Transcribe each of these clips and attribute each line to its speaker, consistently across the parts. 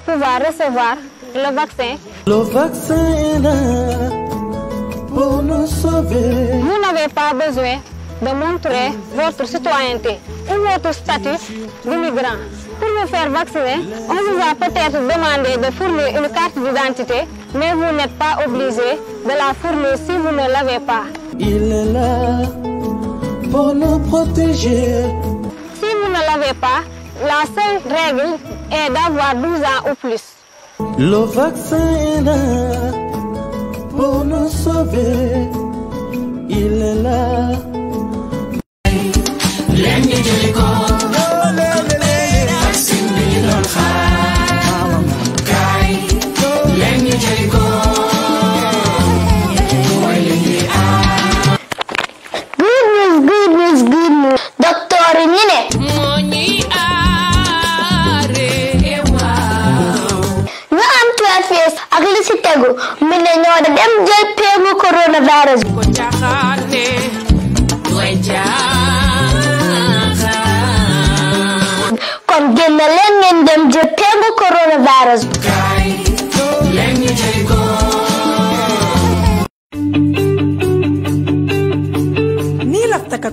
Speaker 1: pouvoir recevoir le vaccin. Le vaccin est là pour nous sauver. Vous n'avez pas besoin de montrer votre citoyenneté ou votre statut d'immigrant. Pour vous faire vacciner, on vous a peut-être demandé de fournir une carte d'identité, mais vous n'êtes pas obligé de la fournir si vous ne l'avez pas. Il est là pour nous protéger. Si vous ne l'avez pas, la seule règle et d'avoir 12 ans ou plus. Le vaccin est là pour nous sauver. Il est là. ne ñoo dem jël peegu coronavirus kon leen ngeen dem jël peegu coronavirus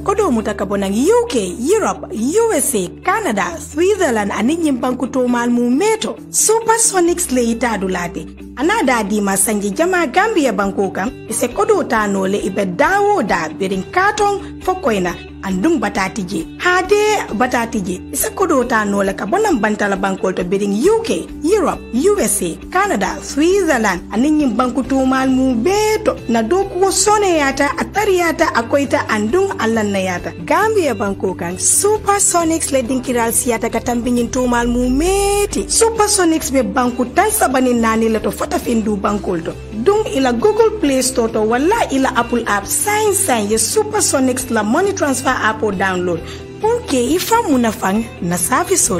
Speaker 1: kodomu taka bonang UK, Europe, USA, Canada, Switzerland ani nyimpankutomal mu meto. supersonic le itadulate a na daa diima sanji jama gambiya banko kam i se kodoo taa noole i be daawoo daa birin katon fo koyna andum batati hade batatije isakodo ta nola ka bonan bantala bankol to birin UK Europe USA Canada Switzerland anin yin banku mal mu beto na dokugo sone yata atariyata akoita andum allan na yata Gambia banko kan Supersonics le dinkiral siyata ka tambinin mal mu meti Supersonics be banku tan sabani nani la to fata findu bankol to dum ila google play store to wala ila apple app Sign sign ye supersonics la money transfer app o download pour que i muna fang na service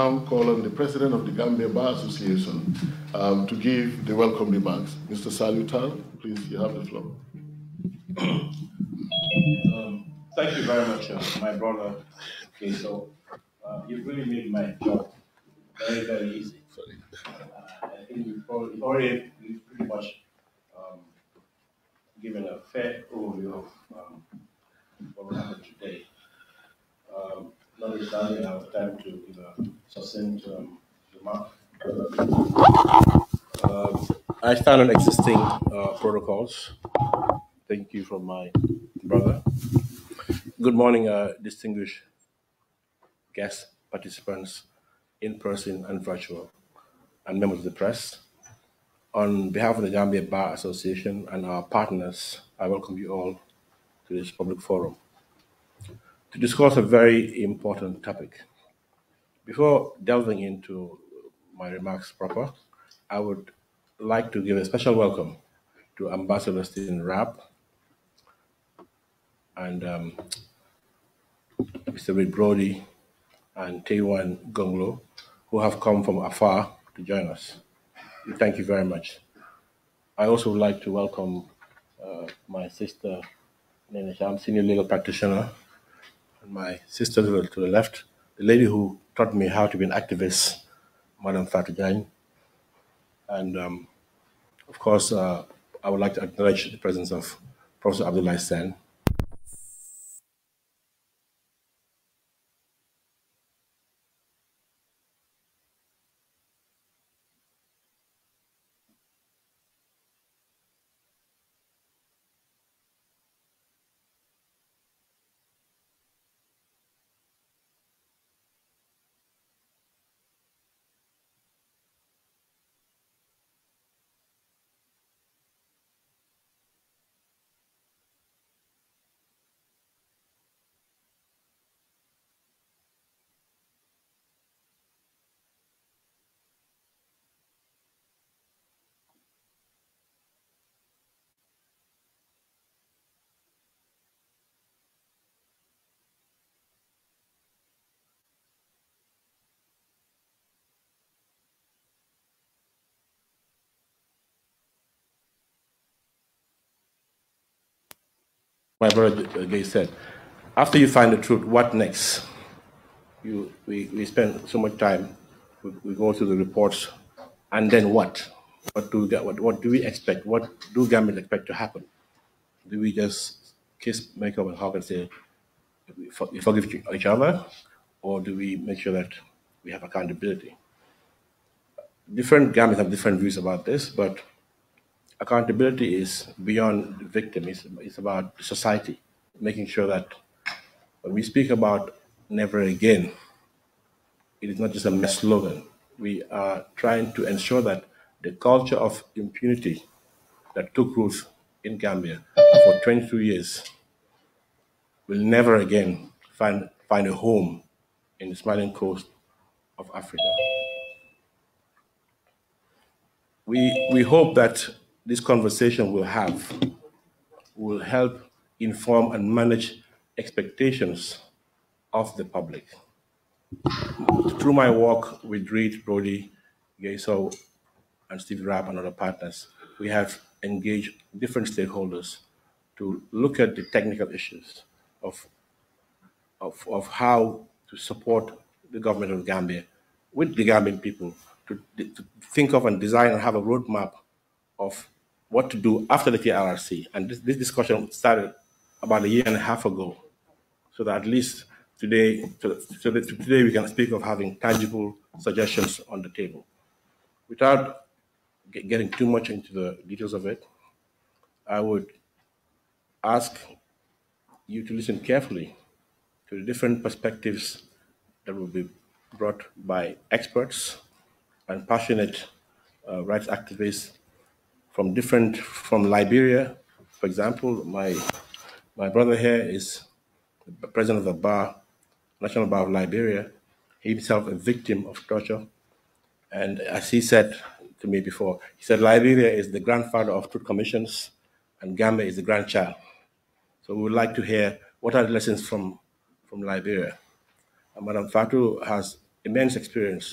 Speaker 2: now call on the president of the Gambia Bar Association um, to
Speaker 3: give the welcome remarks. Mr. Salutal, please, you have the floor.
Speaker 4: Um, thank you very much, uh, my brother. Okay, so uh, you really made my job very, very easy. Uh, I think you've probably already pretty much um, given a fair overview of um, what happened today. Um, understanding our time to succinct um, remark. Uh, I stand on existing uh, protocols. Thank you from my brother. Good morning, uh, distinguished guests, participants in person and virtual, and members of the press. On behalf of the Gambia Bar Association and our partners, I welcome you all to this public forum to discuss a very important topic. Before delving into my remarks proper, I would like to give a special welcome to Ambassador Stephen Rapp and um, Mr. Reed Brody and Taiwan Gonglo, who have come from afar to join us. Thank you very much. I also would like to welcome uh, my sister, Nene Sham, senior legal practitioner and my sister to the, to the left, the lady who taught me how to be an activist, Madam Fatigan. And um, of course, uh, I would like to acknowledge the presence of Professor Abdullah Sen, my brother Gay uh, said, after you find the truth, what next? You, we, we spend so much time, we, we go through the reports, and then what? What do, we what, what do we expect? What do Gambians expect to happen? Do we just kiss, make up, and hug and say, we, we forgive each other? Or do we make sure that we have accountability? Different Gambians have different views about this, but accountability is beyond the victim, it's, it's about society, making sure that when we speak about never again, it is not just a slogan. We are trying to ensure that the culture of impunity that took root in Gambia for 22 years will never again find, find a home in the smiling coast of Africa. We, we hope that this conversation will have will help inform and manage expectations of the public. Through my work with Reed, Brody, Yeso, and Steve Rapp and other partners, we have engaged different stakeholders to look at the technical issues of, of, of how to support the government of Gambia with the Gambian people to, to think of and design and have a roadmap of what to do after the PRRC. And this, this discussion started about a year and a half ago. So that at least today, so, so today we can speak of having tangible suggestions on the table. Without getting too much into the details of it, I would ask you to listen carefully to the different perspectives that will be brought by experts and passionate uh, rights activists from different from Liberia, for example. My my brother here is the president of the bar, National Bar of Liberia. He himself a victim of torture, and as he said to me before, he said Liberia is the grandfather of truth commissions, and Gambia is the grandchild. So we would like to hear what are the lessons from from Liberia. And Madam Fatu has immense experience,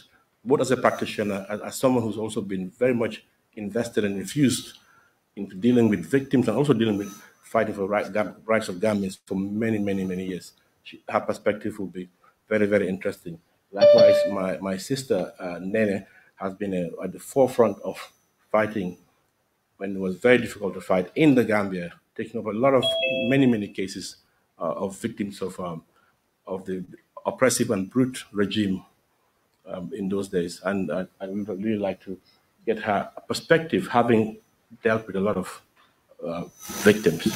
Speaker 4: both as a practitioner, as, as someone who's also been very much invested and infused into dealing with victims and also dealing with fighting for right, rights of Gambians for many, many, many years. She, her perspective will be very, very interesting. Likewise, my, my sister, uh, Nene, has been uh, at the forefront of fighting when it was very difficult to fight in the Gambia, taking up a lot of many, many cases uh, of victims of, um, of the oppressive and brute regime um, in those days. And I, uh, I would really like to get her perspective, having dealt with a lot of uh, victims.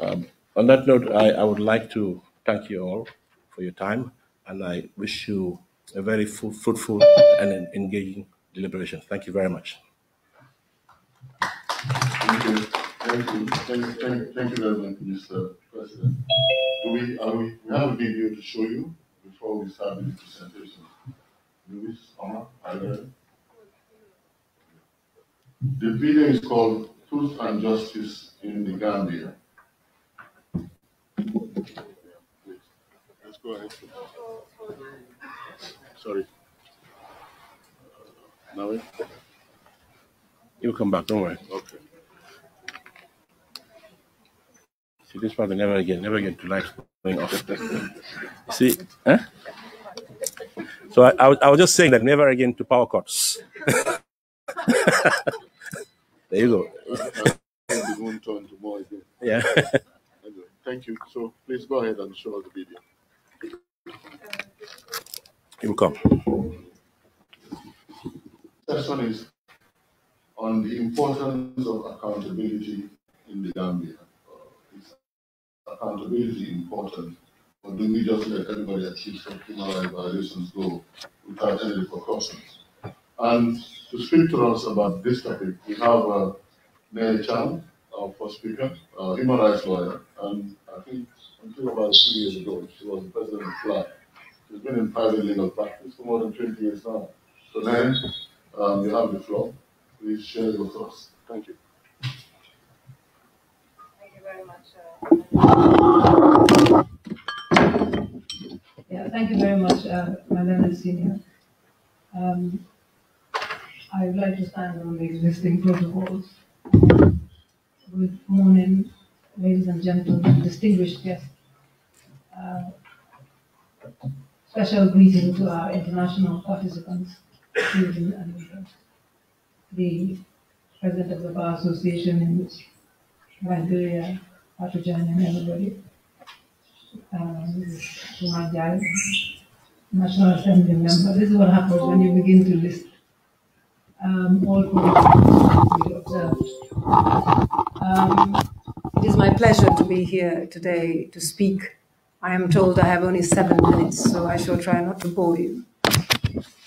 Speaker 4: Um, on that note, I, I, would like to thank you all for your time, and I wish you a very fruitful and engaging deliberation. Thank you very much. Thank you. Thank you. Thank, thank, thank you very much,
Speaker 3: Mr. President. Do we, are we, we have a video to show you before we start the presentation. Luis, Omar, are the video is called Truth and Justice in the Gambia. Let's go ahead. Sorry. Now
Speaker 4: You'll eh? come back, don't worry. Okay. See, this part never again, never again to life. going off. See, huh? Eh? So I, I, I was just saying that never again to power cuts. There you go. yeah. Thank you. So please go ahead and show us the video. You will come.
Speaker 3: Session is on the importance of accountability in the Gambia. Uh, is accountability important, or do we just let everybody achieve some human rights violations go without any repercussions? And to speak to us about this topic, we have uh, Nay Chan, our first speaker, uh, human rights lawyer, and I think until about two years ago, she was the president of FLY. She's been in private legal practice for more than 20 years now. So, Nay, um, you have the floor. Please share your thoughts. Thank you. Thank you very much.
Speaker 5: Uh, yeah, thank you very much, uh, Madam Senior. Um, I would like to stand on the existing protocols. Good morning, ladies and gentlemen, distinguished guests. Uh, special greeting to our international participants, Susan and the president of the Bar Association in Liberia, Artujan, and everybody. Um, National Assembly member. This is what happens when you begin to list um, all we observed. Um, it is my pleasure to be here today to speak. I am told I have only seven minutes, so I shall try not to bore you.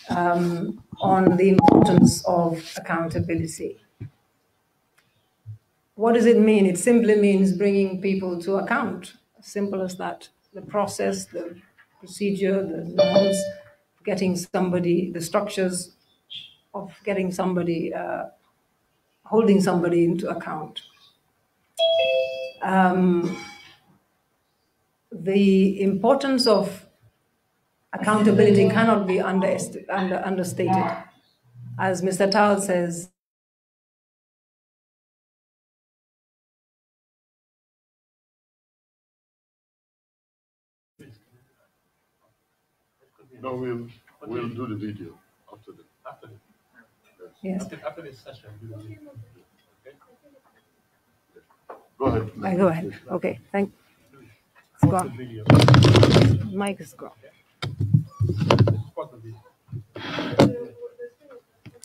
Speaker 5: Um, on the importance of accountability. What does it mean? It simply means bringing people to account, simple as that. The process, the procedure, the norms, getting somebody, the structures of getting somebody, uh, holding somebody into account. Um, the importance of accountability cannot be under, under, understated. As Mr. Tal says,
Speaker 3: No, we'll, we'll do the video after the, after the.
Speaker 5: Yes. Go ahead. go ahead. Okay. Thank. It's Pause the gone. Mic is gone.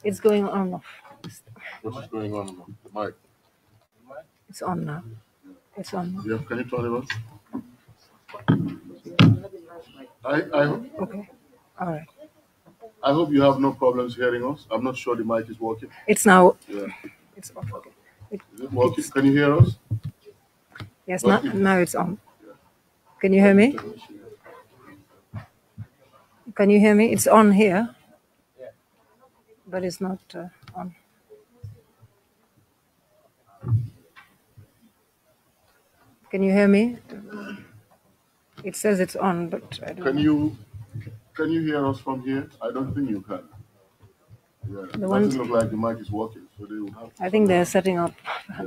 Speaker 5: It's going on and off. What is going on? The mic. It's on now. It's on. now. Yeah,
Speaker 3: can you turn it on? I, I,
Speaker 5: Okay. All right.
Speaker 3: I hope you have no problems hearing us. I'm not sure the mic is working. It's now. Yeah. It's working. Okay. It, working? It's, Can you hear us?
Speaker 5: Yes, now, now it's on. Yeah. Can you hear me? Can you hear me? It's on here, but it's not uh, on. Can you hear me? It says it's on, but I don't Can know. you can
Speaker 3: you hear us from here? I don't think you can. Yeah, the doesn't look like the mic is working, so they will have. I think they're setting up.
Speaker 6: Yeah.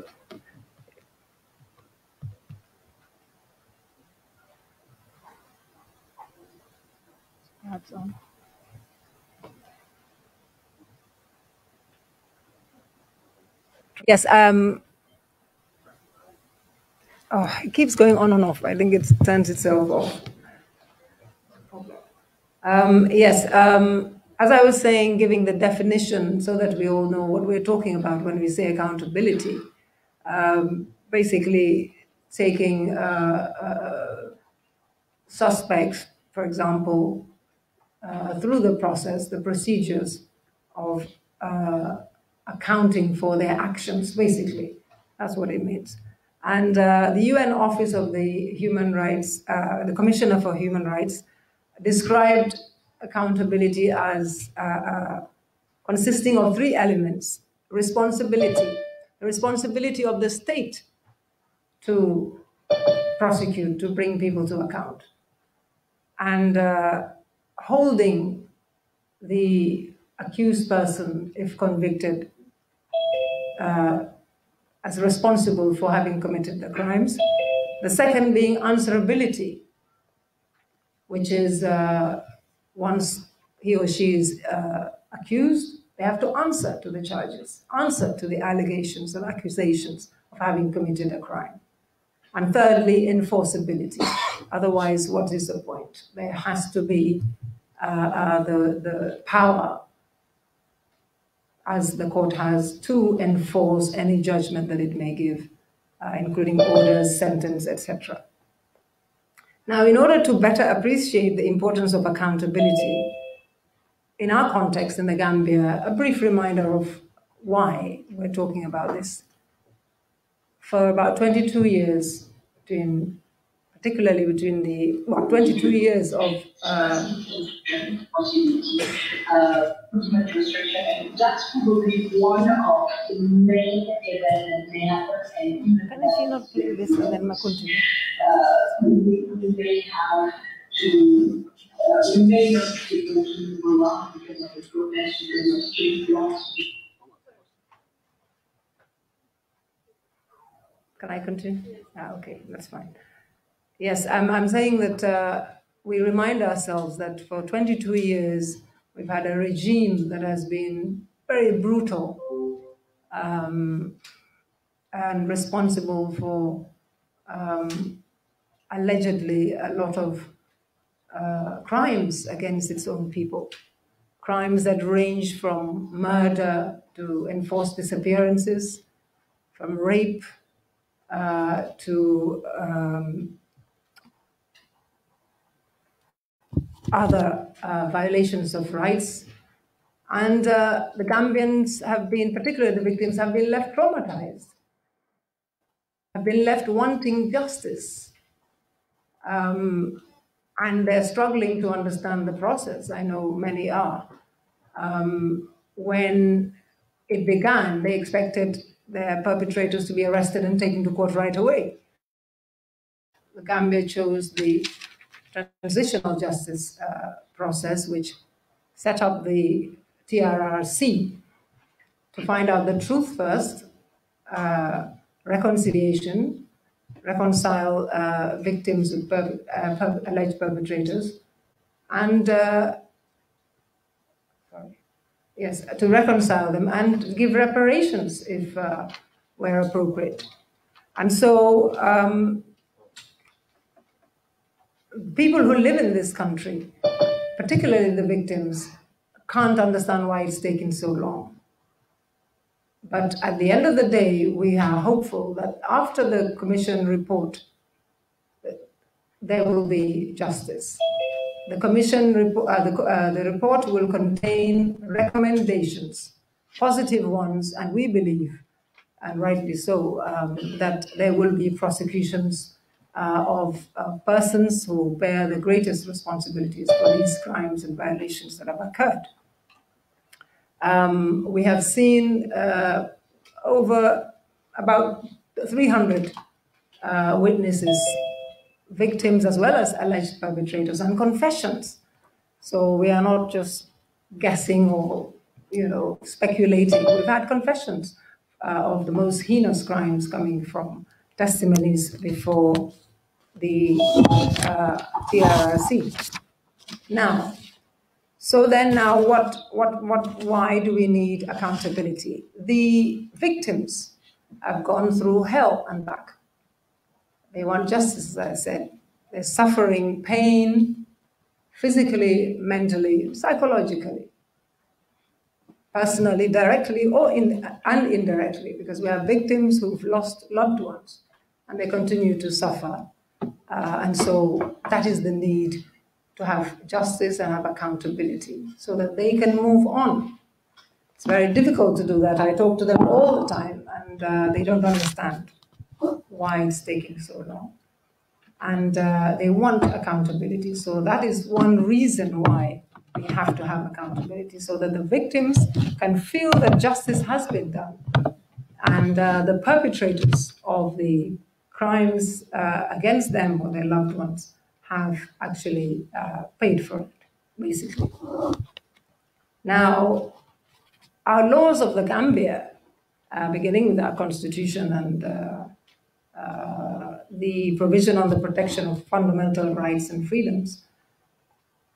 Speaker 5: That's on. Yes. Um. Oh, it keeps going on and off. I think it turns itself off. Um, yes, um, as I was saying, giving the definition so that we all know what we're talking about when we say accountability. Um, basically, taking uh, uh, suspects, for example, uh, through the process, the procedures of uh, accounting for their actions, basically. That's what it means. And uh, the UN Office of the Human Rights, uh, the Commissioner for Human Rights, described accountability as uh, uh, consisting of three elements responsibility, the responsibility of the state to prosecute, to bring people to account, and uh, holding the accused person, if convicted, uh, as responsible for having committed the crimes. The second being answerability, which is uh, once he or she is uh, accused, they have to answer to the charges, answer to the allegations and accusations of having committed a crime. And thirdly, enforceability. Otherwise, what is the point? There has to be uh, uh, the, the power, as the court has, to enforce any judgment that it may give, uh, including orders, sentence, etc. Now, in order to better appreciate the importance of accountability in our context in the Gambia, a brief reminder of why we're talking about this. For about 22 years, during particularly between the well, 22 years of uh,
Speaker 7: movement restriction. And that's probably
Speaker 5: one of
Speaker 6: the main events and main. Can I continue?
Speaker 7: we may have to uh, we may not be able to move because of the protests, street
Speaker 5: Can I continue? Ah, okay, that's fine. Yes, I'm, I'm saying that uh, we remind ourselves that for 22 years, we've had a regime that has been very brutal um, and responsible for um, allegedly a lot of uh, crimes against its own people. Crimes that range from murder to enforced disappearances, from rape uh, to um, other uh, violations of rights. And uh, the Gambians have been, particularly the victims, have been left traumatized, have been left wanting justice. Um, and they're struggling to understand the process. I know many are. Um, when it began, they expected their perpetrators to be arrested and taken to court right away. The Gambia chose the transitional justice uh, process, which set up the TRRC to find out the truth first, uh, reconciliation, reconcile uh, victims with uh, alleged perpetrators, and uh, yes, to reconcile them and give reparations if uh, where appropriate. And so um, people who live in this country, particularly the victims, can't understand why it's taking so long. But at the end of the day, we are hopeful that after the commission report, there will be justice. The commission report, uh, the, uh, the report will contain recommendations, positive ones, and we believe, and rightly so, um, that there will be prosecutions uh, of uh, persons who bear the greatest responsibilities for these crimes and violations that have occurred. Um, we have seen uh, over about 300 uh, witnesses, victims as well as alleged perpetrators, and confessions. So we are not just guessing or you know speculating. We've had confessions uh, of the most heinous crimes coming from testimonies before the uh, TRRC. Now, so then now what, what, what, why do we need accountability? The victims have gone through hell and back. They want justice, as I said. They're suffering pain physically, mentally, psychologically, personally, directly, or in, and indirectly, because we have victims who've lost loved ones and they continue to suffer uh, and so that is the need to have justice and have accountability so that they can move on. It's very difficult to do that. I talk to them all the time and uh, they don't understand why it's taking so long. And uh, they want accountability. So that is one reason why we have to have accountability so that the victims can feel that justice has been done and uh, the perpetrators of the crimes uh, against them or their loved ones have actually uh, paid for it, basically. Now, our laws of the Gambia, uh, beginning with our constitution and uh, uh, the provision on the protection of fundamental rights and freedoms,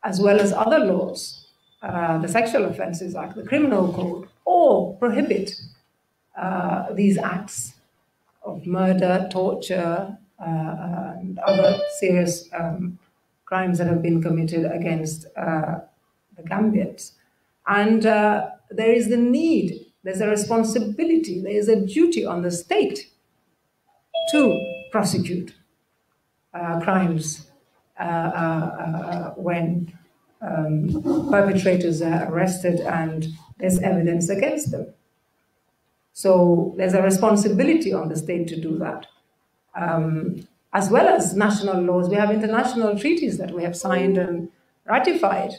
Speaker 5: as well as other laws, uh, the Sexual Offences Act, the Criminal Code, all prohibit these acts of murder, torture, uh, and other serious um, crimes that have been committed against uh, the Gambians. And uh, there is the need, there's a responsibility, there is a duty on the state to prosecute uh, crimes uh, uh, when um, perpetrators are arrested and there's evidence against them. So there's a responsibility on the state to do that. Um, as well as national laws, we have international treaties that we have signed and ratified.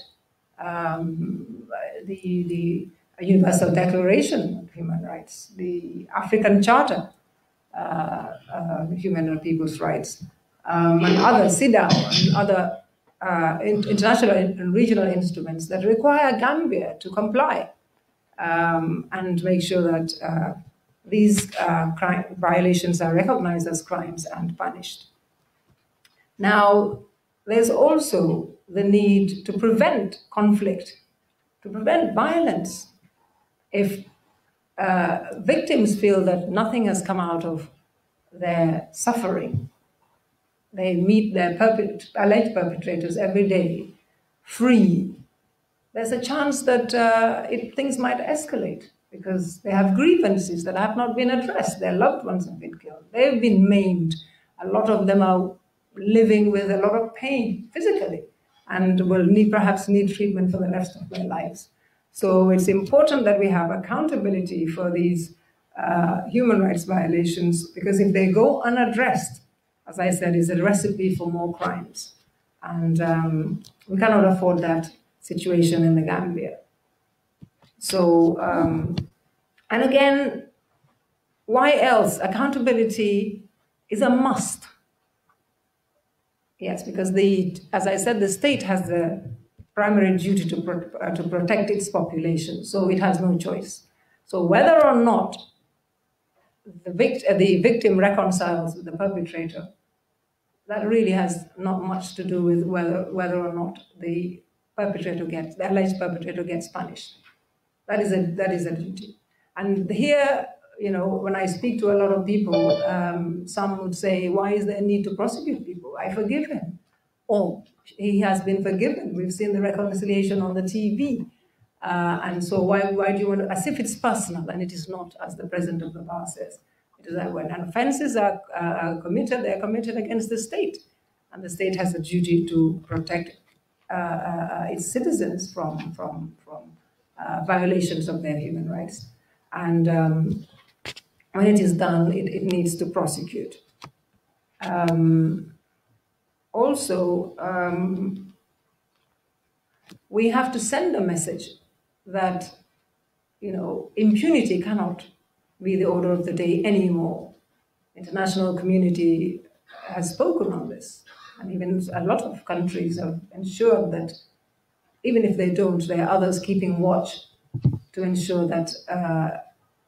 Speaker 5: Um, the, the Universal Declaration of Human Rights, the African Charter uh, um, Human and People's Rights, um, and other CEDAW and other uh, international and regional instruments that require Gambia to comply um, and make sure that uh, these uh, crime violations are recognized as crimes and punished. Now, there's also the need to prevent conflict, to prevent violence. If uh, victims feel that nothing has come out of their suffering, they meet their perpet- alleged perpetrators every day, free there's a chance that uh, it, things might escalate because they have grievances that have not been addressed. Their loved ones have been killed. They've been maimed. A lot of them are living with a lot of pain physically and will need, perhaps need treatment for the rest of their lives. So it's important that we have accountability for these uh, human rights violations because if they go unaddressed, as I said, is a recipe for more crimes. And um, we cannot afford that situation in the Gambia. So, um, and again, why else? Accountability is a must. Yes, because the, as I said, the state has the primary duty to, pro uh, to protect its population, so it has no choice. So whether or not the, vict uh, the victim reconciles with the perpetrator, that really has not much to do with whether, whether or not the perpetrator gets, the alleged perpetrator gets punished. That is a that is a duty. And here, you know, when I speak to a lot of people, um, some would say, "Why is there a need to prosecute people? I forgive him, Oh, he has been forgiven. We've seen the reconciliation on the TV, uh, and so why why do you want to? As if it's personal, and it is not, as the president of the bar says. It is that when offences are, uh, are committed, they are committed against the state, and the state has a duty to protect uh, uh, uh, its citizens from from from violations of their human rights. And um, when it is done, it, it needs to prosecute. Um, also, um, we have to send a message that you know impunity cannot be the order of the day anymore. International community has spoken on this and even a lot of countries have ensured that even if they don't, there are others keeping watch to ensure that uh,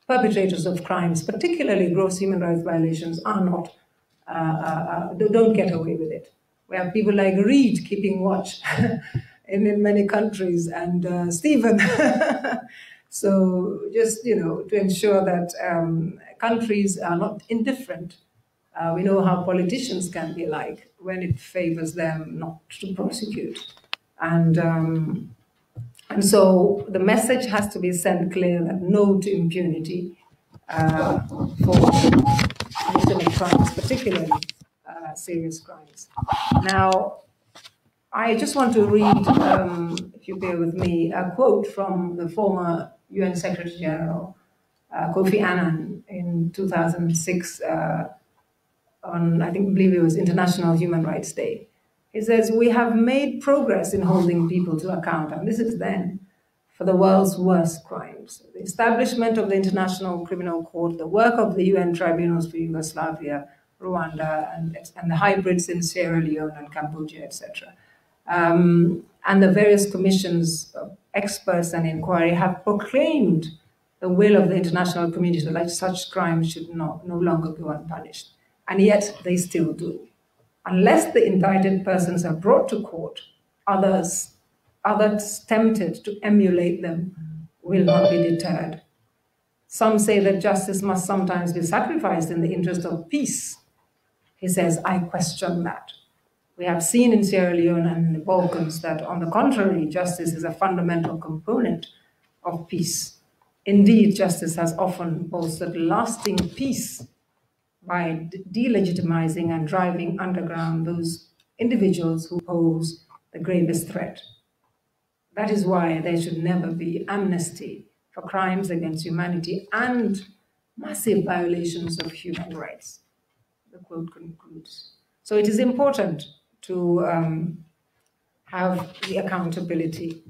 Speaker 5: perpetrators of crimes, particularly gross human rights violations, are not uh, uh, uh don't get away with it. We have people like Reed keeping watch in, in many countries, and uh, Stephen. so just you know to ensure that um, countries are not indifferent uh, we know how politicians can be like when it favors them not to prosecute. And, um, and so the message has to be sent clear that no to impunity uh, for internet crimes, particularly uh, serious crimes. Now, I just want to read, um, if you bear with me, a quote from the former UN Secretary General, uh, Kofi Annan, in 2006. Uh, on, I think, believe it was International Human Rights Day. He says, We have made progress in holding people to account, and this is then, for the world's worst crimes. The establishment of the International Criminal Court, the work of the UN tribunals for Yugoslavia, Rwanda, and, and the hybrids in Sierra Leone and Cambodia, etc. Um, and the various commissions, experts, and inquiry have proclaimed the will of the international community that such crimes should not, no longer go unpunished and yet they still do. Unless the indicted persons are brought to court, others, others tempted to emulate them will not be deterred. Some say that justice must sometimes be sacrificed in the interest of peace. He says, I question that. We have seen in Sierra Leone and the Balkans that, on the contrary, justice is a fundamental component of peace. Indeed, justice has often bolstered lasting peace by delegitimizing and driving underground those individuals who pose the gravest threat. That is why there should never be amnesty for crimes against humanity and massive violations of human rights. The quote concludes. So it is important to um, have the accountability.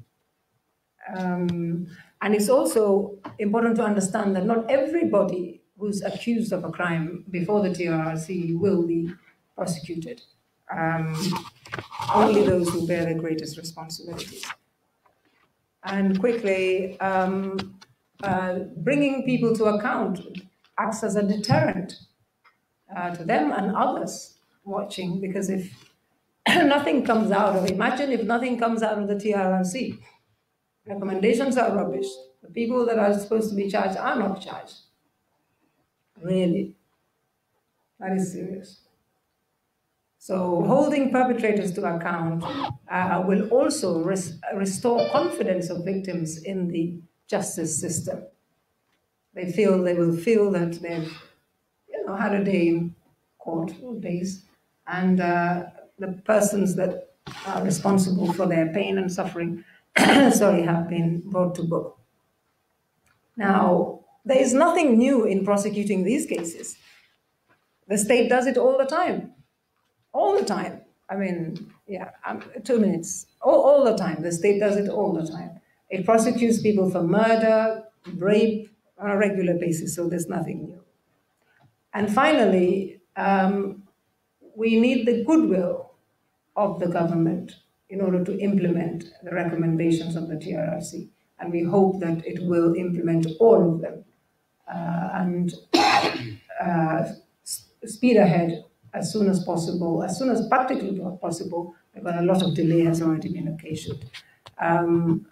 Speaker 5: Um, and it's also important to understand that not everybody who's accused of a crime before the TRRC will be prosecuted. Um, only those who bear the greatest responsibilities. And quickly, um, uh, bringing people to account acts as a deterrent uh, to them and others watching, because if nothing comes out of, imagine if nothing comes out of the TRRC, recommendations are rubbish. The people that are supposed to be charged are not charged really. That is serious. So holding perpetrators to account uh, will also res restore confidence of victims in the justice system. They feel they will feel that they've you know had a day in court days, and uh, the persons that are responsible for their pain and suffering, sorry, have been brought to book. Now, there is nothing new in prosecuting these cases. The state does it all the time. All the time. I mean, yeah, um, two minutes. All, all the time. The state does it all the time. It prosecutes people for murder, rape on a regular basis, so there's nothing new. And finally, um, we need the goodwill of the government in order to implement the recommendations of the TRRC. And we hope that it will implement all of them. Uh, and uh, speed ahead as soon as possible, as soon as practically possible, because a lot of delay has already been occasioned. Um,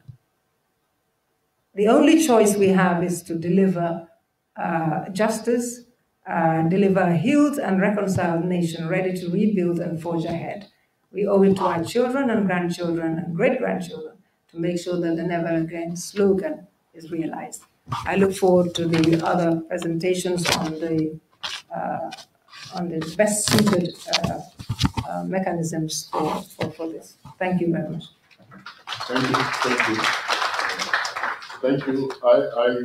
Speaker 5: the only choice we have is to deliver uh, justice, uh, deliver a healed and reconciled nation ready to rebuild and forge ahead. We owe it to our children and grandchildren and great grandchildren to make sure that the never again slogan is realized. I look forward to the other presentations on the uh, on the best suited uh, uh, mechanisms for, for, for this. Thank you very much. Thank you. Thank you.
Speaker 3: Thank you. I, I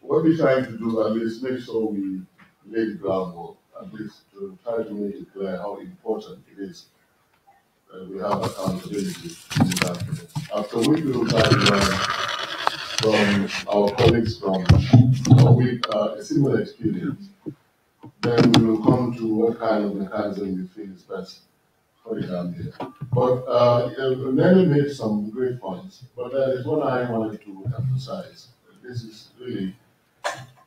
Speaker 3: what we're trying to do at least make sure we lay the groundwork, at least to try to make it clear how important it is that we have accountability in After which we will try to from our colleagues from uh, a similar experience, then we will come to what kind of mechanism you think is best for the here. But uh, Nelly made some great points, but that is what I wanted to emphasize. This is really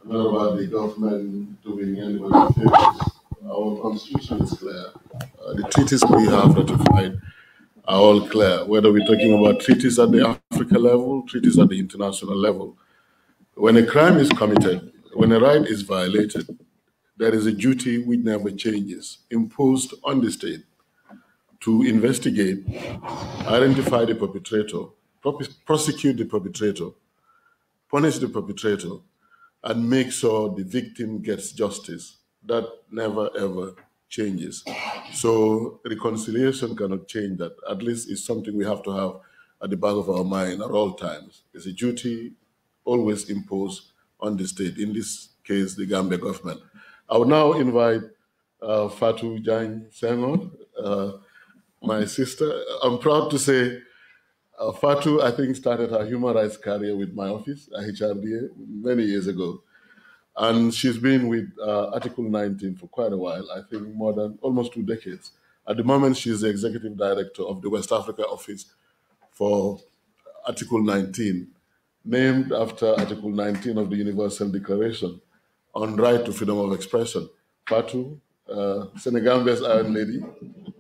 Speaker 3: not about the government doing anybody favors. Our constitution is clear. Uh, the treaties we have ratified are all clear. Whether we're talking about treaties they the Africa level, treaties at the international level. When a crime is committed, when a right is violated, there is a duty which never changes imposed on the state to investigate, identify the perpetrator, prosecute the perpetrator, punish the perpetrator, and make sure the victim gets justice. That never ever changes. So reconciliation cannot change that. At least it's something we have to have at the back of our mind at all times. It's a duty always imposed on the state, in this case, the Gambia government. I will now invite uh, Fatou Jan Sengon, uh, my sister. I'm proud to say uh, Fatou, I think, started her human rights career with my office, HRDA, many years ago. And she's been with uh, Article 19 for quite a while, I think more than almost two decades. At the moment, she's the executive director of the West Africa office for Article 19, named after Article 19 of the Universal Declaration on Right to Freedom of Expression. Patu, uh, Senegambia's Iron Lady,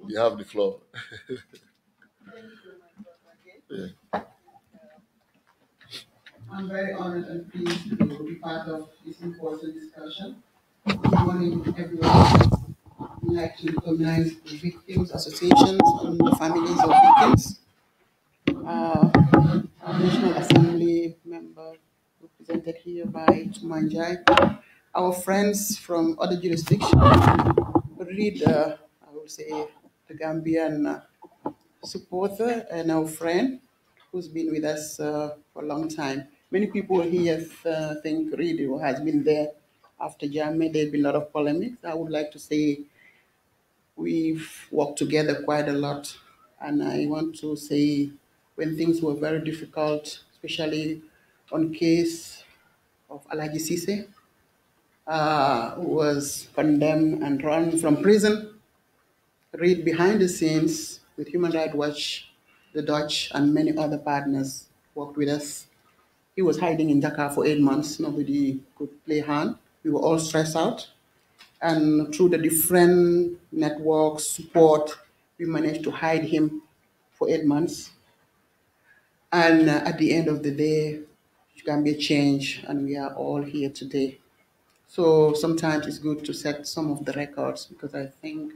Speaker 3: you have the floor. yeah.
Speaker 8: I'm very honored and pleased to be part of this important discussion. Good morning, everyone. I'd like to recognize the Victims Associations and the families of victims uh, National Assembly member represented here by Tumanjai. Our friends from other jurisdictions read, uh, I would say, the Gambian supporter and our friend who's been with us uh, for a long time. Many people here uh, think Reed has been there after Jammeh. There's been a lot of polemics. I would like to say we've worked together quite a lot. And I want to say when things were very difficult, especially on case of Alaji Sise, uh, who was condemned and run from prison. Read behind the scenes with Human Rights Watch, the Dutch, and many other partners worked with us. He was hiding in Dhaka for eight months. Nobody could play hand. We were all stressed out. And through the different networks support, we managed to hide him for eight months. And uh, at the end of the day, you can be a change, and we are all here today. So sometimes it's good to set some of the records because I think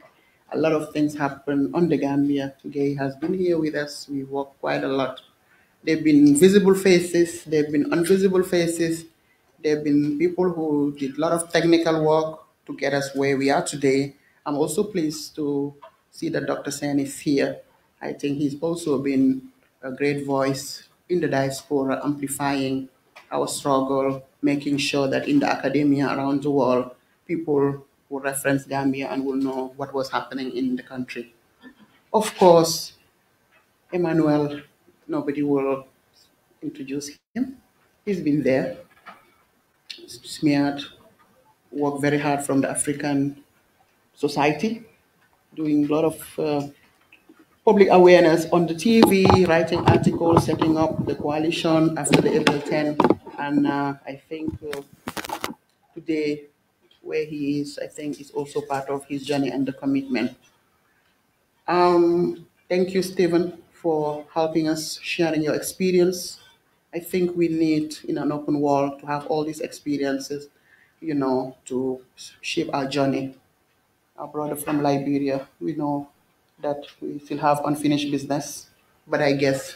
Speaker 8: a lot of things happen on the Gambia. Gay has been here with us. We work quite a lot. They've been visible faces. They've been invisible faces. They've been people who did a lot of technical work to get us where we are today. I'm also pleased to see that Dr. Sen is here. I think he's also been a great voice in the diaspora, amplifying our struggle, making sure that in the academia around the world, people will reference Gambia and will know what was happening in the country. Of course, Emmanuel, nobody will introduce him. He's been there, smeared, worked very hard from the African society, doing a lot of uh, public awareness on the TV, writing articles, setting up the coalition after the April 10. And uh, I think uh, today, where he is, I think is also part of his journey and the commitment. Um, thank you, Stephen, for helping us, sharing your experience. I think we need, in an open world, to have all these experiences, you know, to shape our journey. Our brother from Liberia, we know that we still have unfinished business. But I guess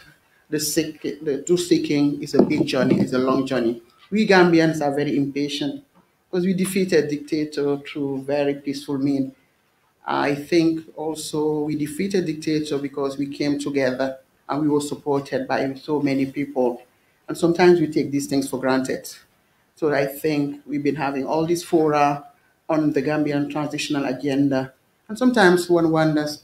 Speaker 8: the seek, the truth seeking is a big journey, it's a long journey. We Gambians are very impatient because we defeated dictator through very peaceful means. I think also we defeated dictator because we came together and we were supported by so many people. And sometimes we take these things for granted. So I think we've been having all these fora on the Gambian transitional agenda. And sometimes one wonders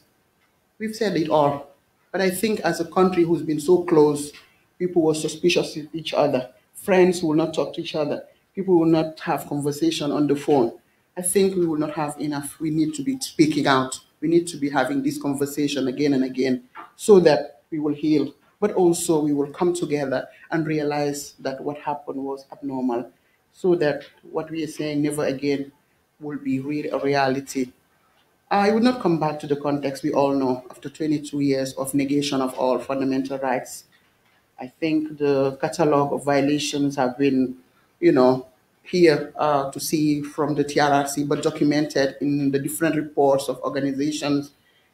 Speaker 8: We've said it all. But I think as a country who's been so close, people were suspicious of each other. Friends will not talk to each other. People will not have conversation on the phone. I think we will not have enough. We need to be speaking out. We need to be having this conversation again and again so that we will heal. But also we will come together and realize that what happened was abnormal so that what we are saying never again will be real reality I would not come back to the context we all know after 22 years of negation of all fundamental rights. I think the catalogue of violations have been, you know, here uh, to see from the TRRC, but documented in the different reports of organizations.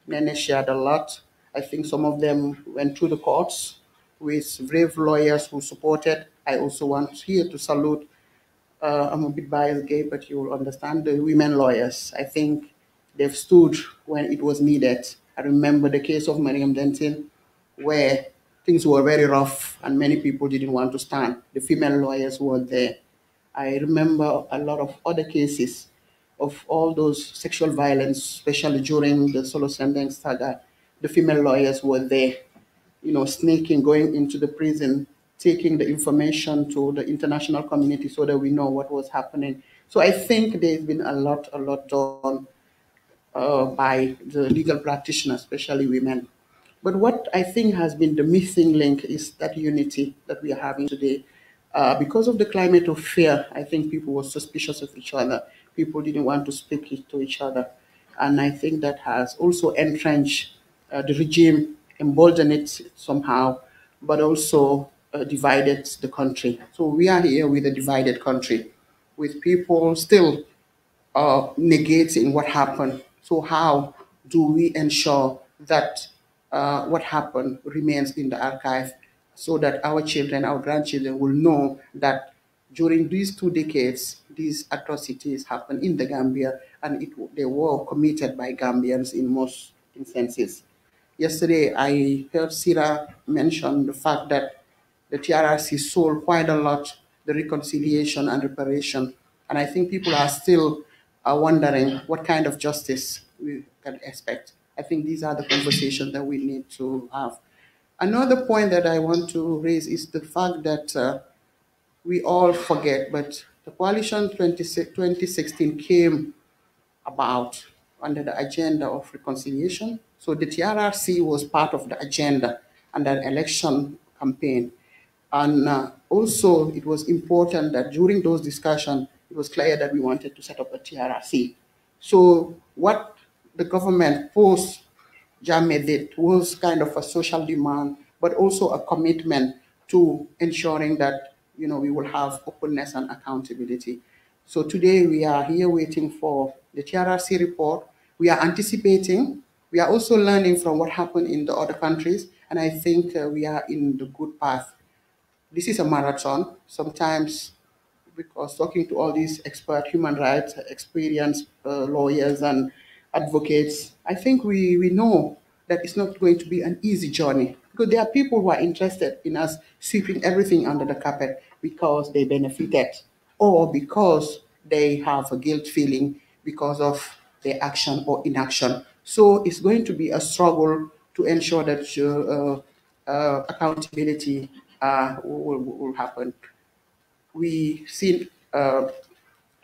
Speaker 8: Many shared a lot. I think some of them went through the courts with brave lawyers who supported. I also want here to salute, uh, I'm a bit biased gay, but you will understand, the women lawyers. I think They've stood when it was needed. I remember the case of Mariam Denton, where things were very rough and many people didn't want to stand. The female lawyers were there. I remember a lot of other cases of all those sexual violence, especially during the solo sending saga. The female lawyers were there, you know, sneaking, going into the prison, taking the information to the international community so that we know what was happening. So I think there's been a lot, a lot done uh, by the legal practitioners, especially women. But what I think has been the missing link is that unity that we are having today. Uh, because of the climate of fear, I think people were suspicious of each other. People didn't want to speak to each other. And I think that has also entrenched uh, the regime, emboldened it somehow, but also uh, divided the country. So we are here with a divided country, with people still uh, negating what happened so how do we ensure that uh, what happened remains in the archive so that our children, our grandchildren will know that during these two decades, these atrocities happened in the Gambia and it, they were committed by Gambians in most instances. Yesterday, I heard Sira mention the fact that the TRRC sold quite a lot the reconciliation and reparation. And I think people are still are wondering what kind of justice we can expect. I think these are the conversations that we need to have. Another point that I want to raise is the fact that uh, we all forget, but the coalition 20, 2016 came about under the agenda of reconciliation. So the TRRC was part of the agenda and the election campaign. And uh, also, it was important that during those discussions, it was clear that we wanted to set up a TRRC. So what the government post JAME did was kind of a social demand, but also a commitment to ensuring that you know we will have openness and accountability. So today we are here waiting for the TRRC report. We are anticipating. We are also learning from what happened in the other countries, and I think uh, we are in the good path. This is a marathon. Sometimes because talking to all these expert human rights experienced uh, lawyers and advocates, I think we, we know that it's not going to be an easy journey because there are people who are interested in us sweeping everything under the carpet because they benefited or because they have a guilt feeling because of their action or inaction. So it's going to be a struggle to ensure that uh, uh, accountability uh, will, will happen we've seen uh,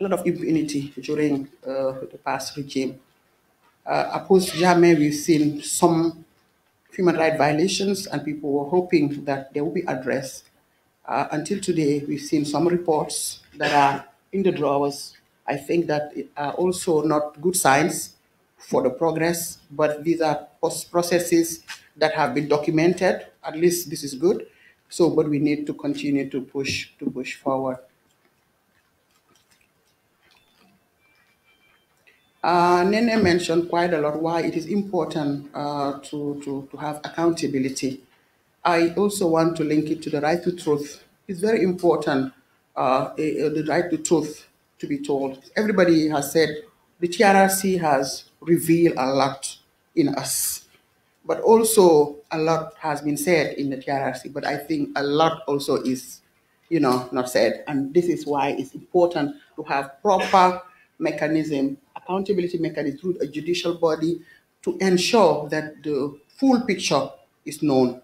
Speaker 8: a lot of impunity during uh, the past regime. Uh, opposed to Jammeh, we've seen some human rights violations, and people were hoping that they will be addressed. Uh, until today, we've seen some reports that are in the drawers. I think that are also not good signs for the progress, but these are processes that have been documented. At least this is good. So, but we need to continue to push to push forward. Uh, Nene mentioned quite a lot why it is important uh, to, to, to have accountability. I also want to link it to the right to truth. It's very important, uh, eh, eh, the right to truth to be told. Everybody has said the TRRC has revealed a lot in us. But also a lot has been said in the TRRC, but I think a lot also is, you know, not said. And this is why it's important to have proper mechanism, accountability mechanism through a judicial body to ensure that the full picture is known.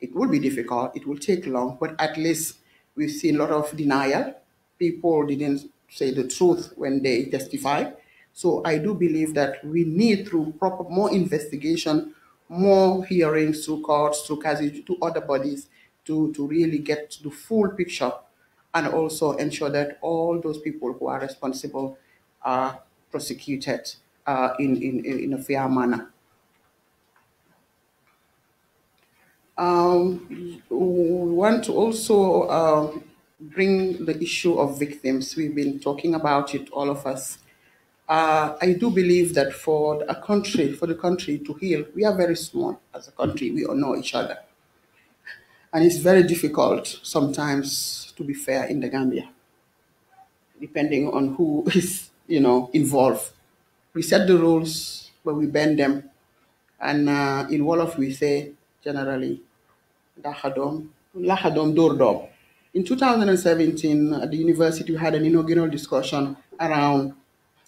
Speaker 8: It will be difficult, it will take long, but at least we've seen a lot of denial. People didn't say the truth when they testify. So I do believe that we need through proper more investigation more hearings through courts, through CASI, to other bodies to, to really get the full picture and also ensure that all those people who are responsible are prosecuted uh, in, in, in a fair manner. Um, we want to also uh, bring the issue of victims. We've been talking about it, all of us, uh, I do believe that for a country, for the country to heal, we are very small as a country. We all know each other, and it's very difficult sometimes to be fair in the Gambia, depending on who is you know involved. We set the rules, but we bend them, and uh, in Wolof we say generally, "Dahadom, lahadom dordom." In 2017, at the university, we had an inaugural discussion around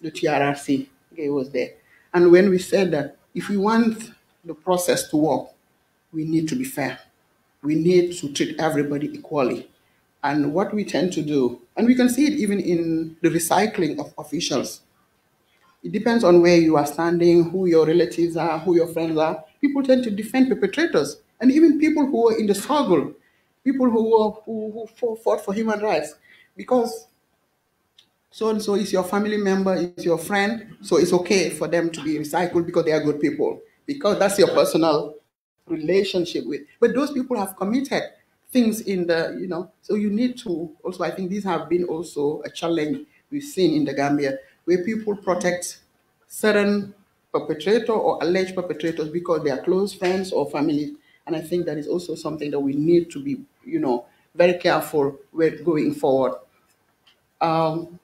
Speaker 8: the TRRC. Okay, was there. And when we said that if we want the process to work, we need to be fair. We need to treat everybody equally. And what we tend to do, and we can see it even in the recycling of officials. It depends on where you are standing, who your relatives are, who your friends are. People tend to defend perpetrators and even people who were in the struggle, people who, were, who, who fought for human rights, because so and so is your family member, is your friend. So it's okay for them to be recycled because they are good people, because that's your personal relationship with. But those people have committed things in the, you know, so you need to also, I think these have been also a challenge we've seen in the Gambia where people protect certain perpetrator or alleged perpetrators because they are close friends or family. And I think that is also something that we need to be, you know, very careful with going forward. Um,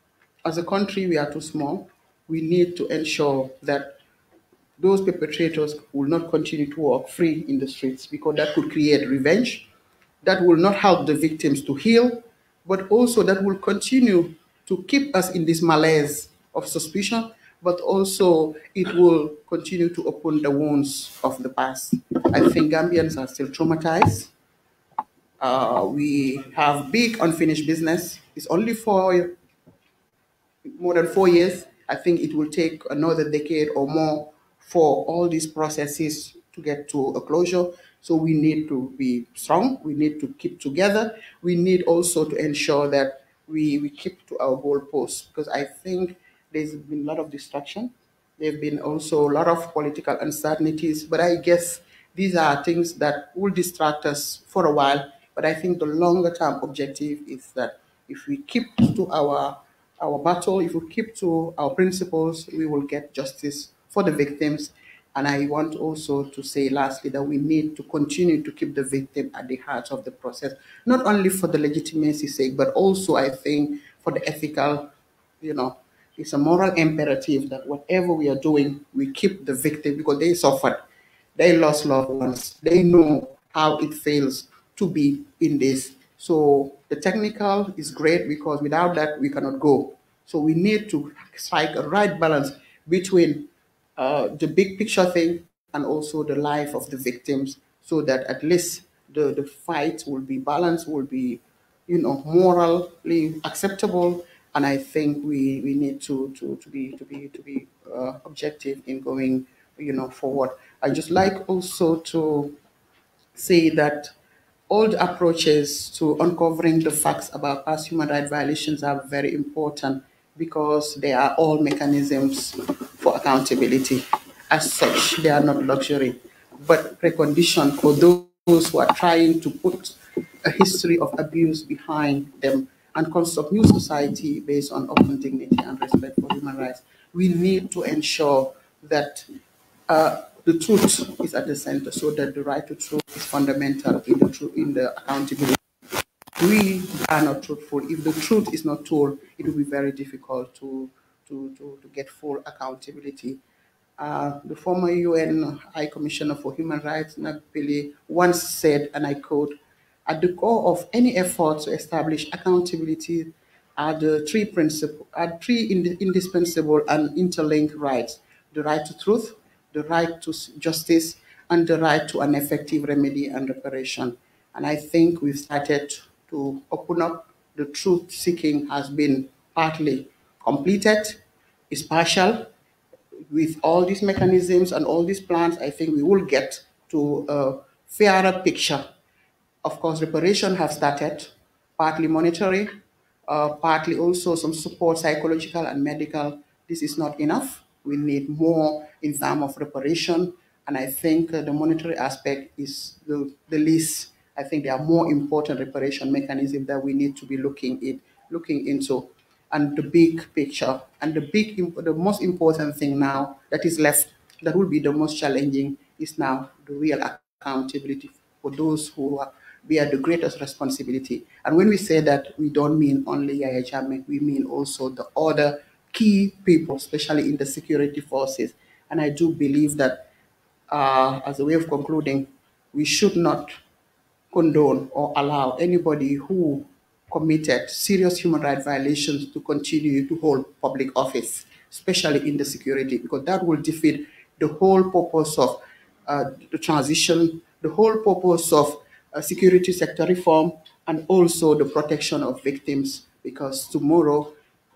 Speaker 8: as a country, we are too small. We need to ensure that those perpetrators will not continue to walk free in the streets because that could create revenge. That will not help the victims to heal, but also that will continue to keep us in this malaise of suspicion, but also it will continue to open the wounds of the past. I think Gambians are still traumatized. Uh, we have big unfinished business. It's only for more than four years. I think it will take another decade or more for all these processes to get to a closure. So we need to be strong. We need to keep together. We need also to ensure that we, we keep to our goalposts because I think there's been a lot of distraction. There have been also a lot of political uncertainties, but I guess these are things that will distract us for a while. But I think the longer term objective is that if we keep to our our battle, if we keep to our principles, we will get justice for the victims. And I want also to say, lastly, that we need to continue to keep the victim at the heart of the process, not only for the legitimacy sake, but also, I think, for the ethical, you know, it's a moral imperative that whatever we are doing, we keep the victim because they suffered, they lost loved ones, they know how it feels to be in this. So the technical is great because without that, we cannot go. So we need to strike a right balance between uh, the big picture thing and also the life of the victims so that at least the, the fight will be balanced, will be, you know, morally acceptable. And I think we, we need to, to, to be to be to be uh, objective in going, you know, forward. I just like also to say that old approaches to uncovering the facts about past human rights violations are very important because they are all mechanisms for accountability. As such, they are not luxury, but precondition for those who are trying to put a history of abuse behind them and construct new society based on open dignity and respect for human rights. We need to ensure that uh, the truth is at the center, so that the right to truth is fundamental in the truth in the accountability. We are not truthful. If the truth is not told, it will be very difficult to to, to, to get full accountability. Uh, the former UN High Commissioner for Human Rights, Nagbili, once said, and I quote, at the core of any effort to establish accountability are the three principle are three ind indispensable and interlinked rights: the right to truth, the right to justice, and the right to an effective remedy and reparation. And I think we've started to open up. The truth seeking has been partly completed, is partial. With all these mechanisms and all these plans, I think we will get to a fairer picture. Of course, reparation have started, partly monetary, uh, partly also some support, psychological and medical. This is not enough. We need more in terms of reparation. And I think uh, the monetary aspect is the, the least. I think there are more important reparation mechanisms that we need to be looking it, looking into, and the big picture and the big, the most important thing now that is left, that will be the most challenging, is now the real accountability for those who are, bear the greatest responsibility. And when we say that, we don't mean only Yaya Jammeh, we mean also the other key people, especially in the security forces. And I do believe that, uh, as a way of concluding, we should not condone or allow anybody who committed serious human rights violations to continue to hold public office, especially in the security, because that will defeat the whole purpose of uh, the transition, the whole purpose of uh, security sector reform, and also the protection of victims, because tomorrow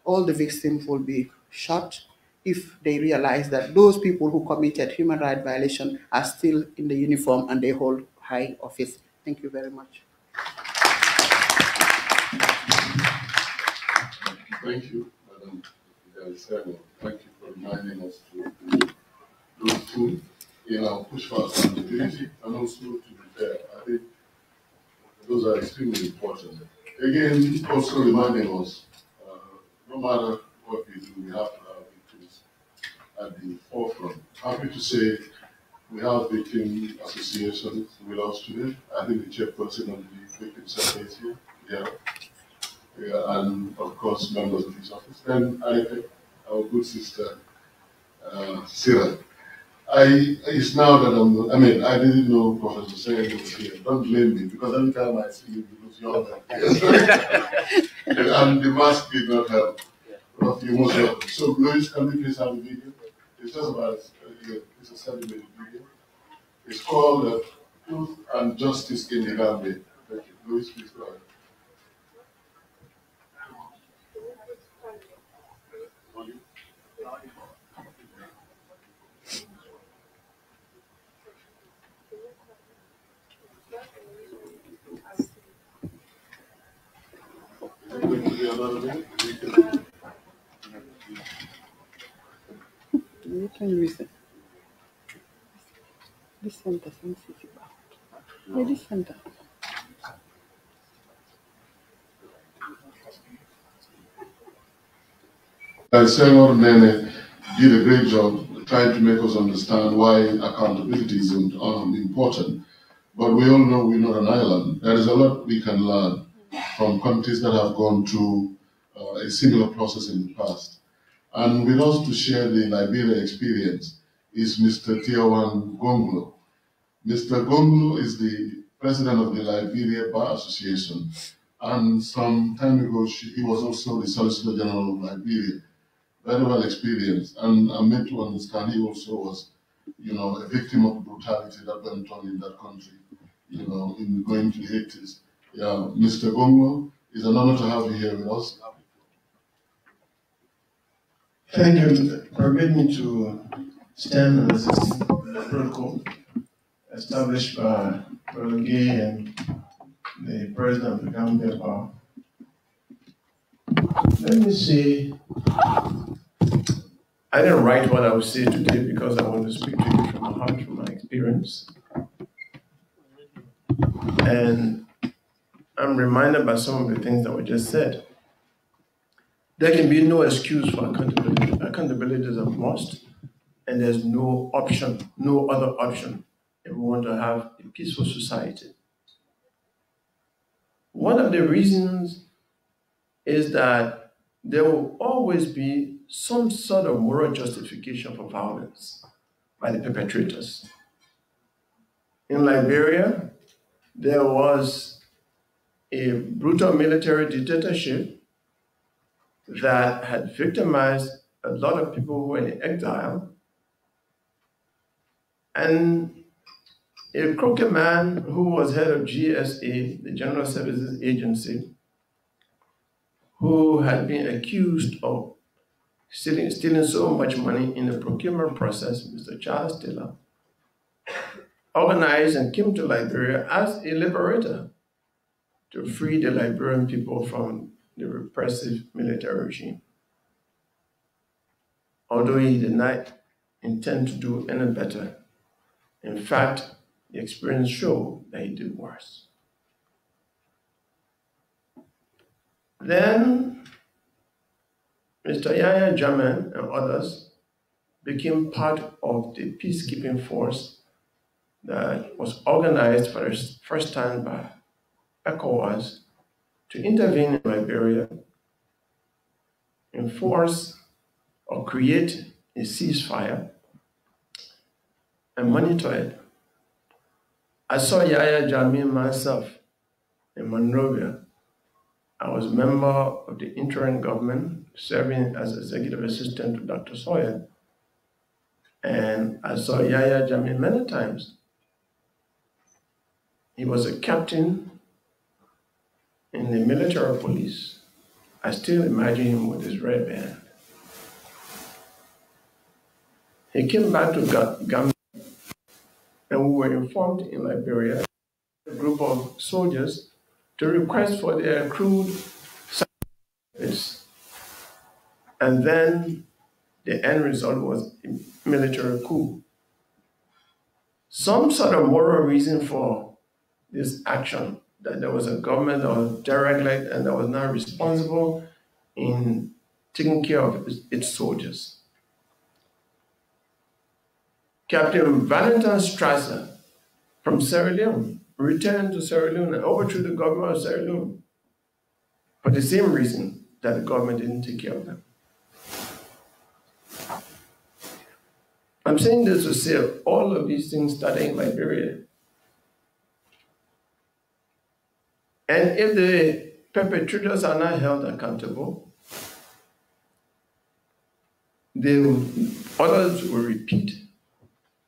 Speaker 8: all the victims will be shot if they realize that those people who committed human rights violation are still in the uniform and they hold high office. Thank you very much. Thank you, Madam
Speaker 3: Thank you for reminding us to do two in our push for accountability and also to be fair. I think those are extremely important. Again, also reminding us matter what we do, we have to have victims at the forefront. Happy to say we have victim association with us today. I think the chairperson of the victim center is here. Yeah. yeah. And of course, members of his office. And I, our good sister, uh, Sarah. I, it's now that I'm, I mean, I didn't know Professor Sayed was here. Don't blame me because every time I see you, because you are there. and um, the mask did not help. But you must help. So, Louis, can you please have the video? It's just about, uh, it's a seven minute video. It's called uh, Truth and Justice in the Gambia. Thank you. Louis, please go ahead. You
Speaker 8: can use it. This center Listen to. this center.
Speaker 3: Senator Nene did a great job trying to make us understand why accountability is important. But we all know we're not an island. There is a lot we can learn from countries that have gone through uh, a similar process in the past. And with us to share the Liberia experience is Mr. Tiawan Gongulo. Mr. Gongulo is the president of the Liberia Bar Association, and some time ago she, he was also the Solicitor General of Liberia. Very well experienced, and I'm meant to understand he also was, you know, a victim of brutality that went on in that country, you know, in going to the 80s. Yeah, Mr. Gonglo, it's an honor to have you here with us.
Speaker 9: Thank you. Permit me to stand on the protocol established by Prolongay and the president of the Gambia Let me say, I didn't write what I would say today because I want to speak to you from my heart, from my experience. And I'm reminded by some of the things that were just said. There can be no excuse for accountability. Accountability is a must, and there's no option, no other option if we want to have a peaceful society. One of the reasons is that there will always be some sort of moral justification for violence by the perpetrators. In Liberia, there was a brutal military dictatorship that had victimized a lot of people who were in exile. And a crooked man who was head of GSA, the General Services Agency, who had been accused of stealing, stealing so much money in the procurement process, Mr. Charles Taylor, organized and came to Liberia as a liberator to free the Liberian people from the repressive military regime. Although he did not intend to do any better, in fact, the experience showed that he did worse. Then, Mr. Yahya Jaman and others became part of the peacekeeping force that was organized for the first time by ECOWAS to intervene in Liberia enforce or create a ceasefire and monitor it. I saw Yaya Jamil myself in Monrovia. I was a member of the interim government, serving as executive assistant to Dr. Sawyer. And I saw Yaya Jamil many times. He was a captain in the military police, I still imagine him with his red band. He came back to Gambia, and we were informed in Liberia, a group of soldiers, to request for their accrued service. And then the end result was a military coup. Some sort of moral reason for this action that there was a government that was derelict and that was not responsible in taking care of its soldiers. Captain Valentine Strasser from Sierra Leone returned to Sierra Leone and overthrew the government of Sierra Leone for the same reason that the government didn't take care of them. I'm saying this to say all of these things started in Liberia And if the perpetrators are not held accountable, they will, others will repeat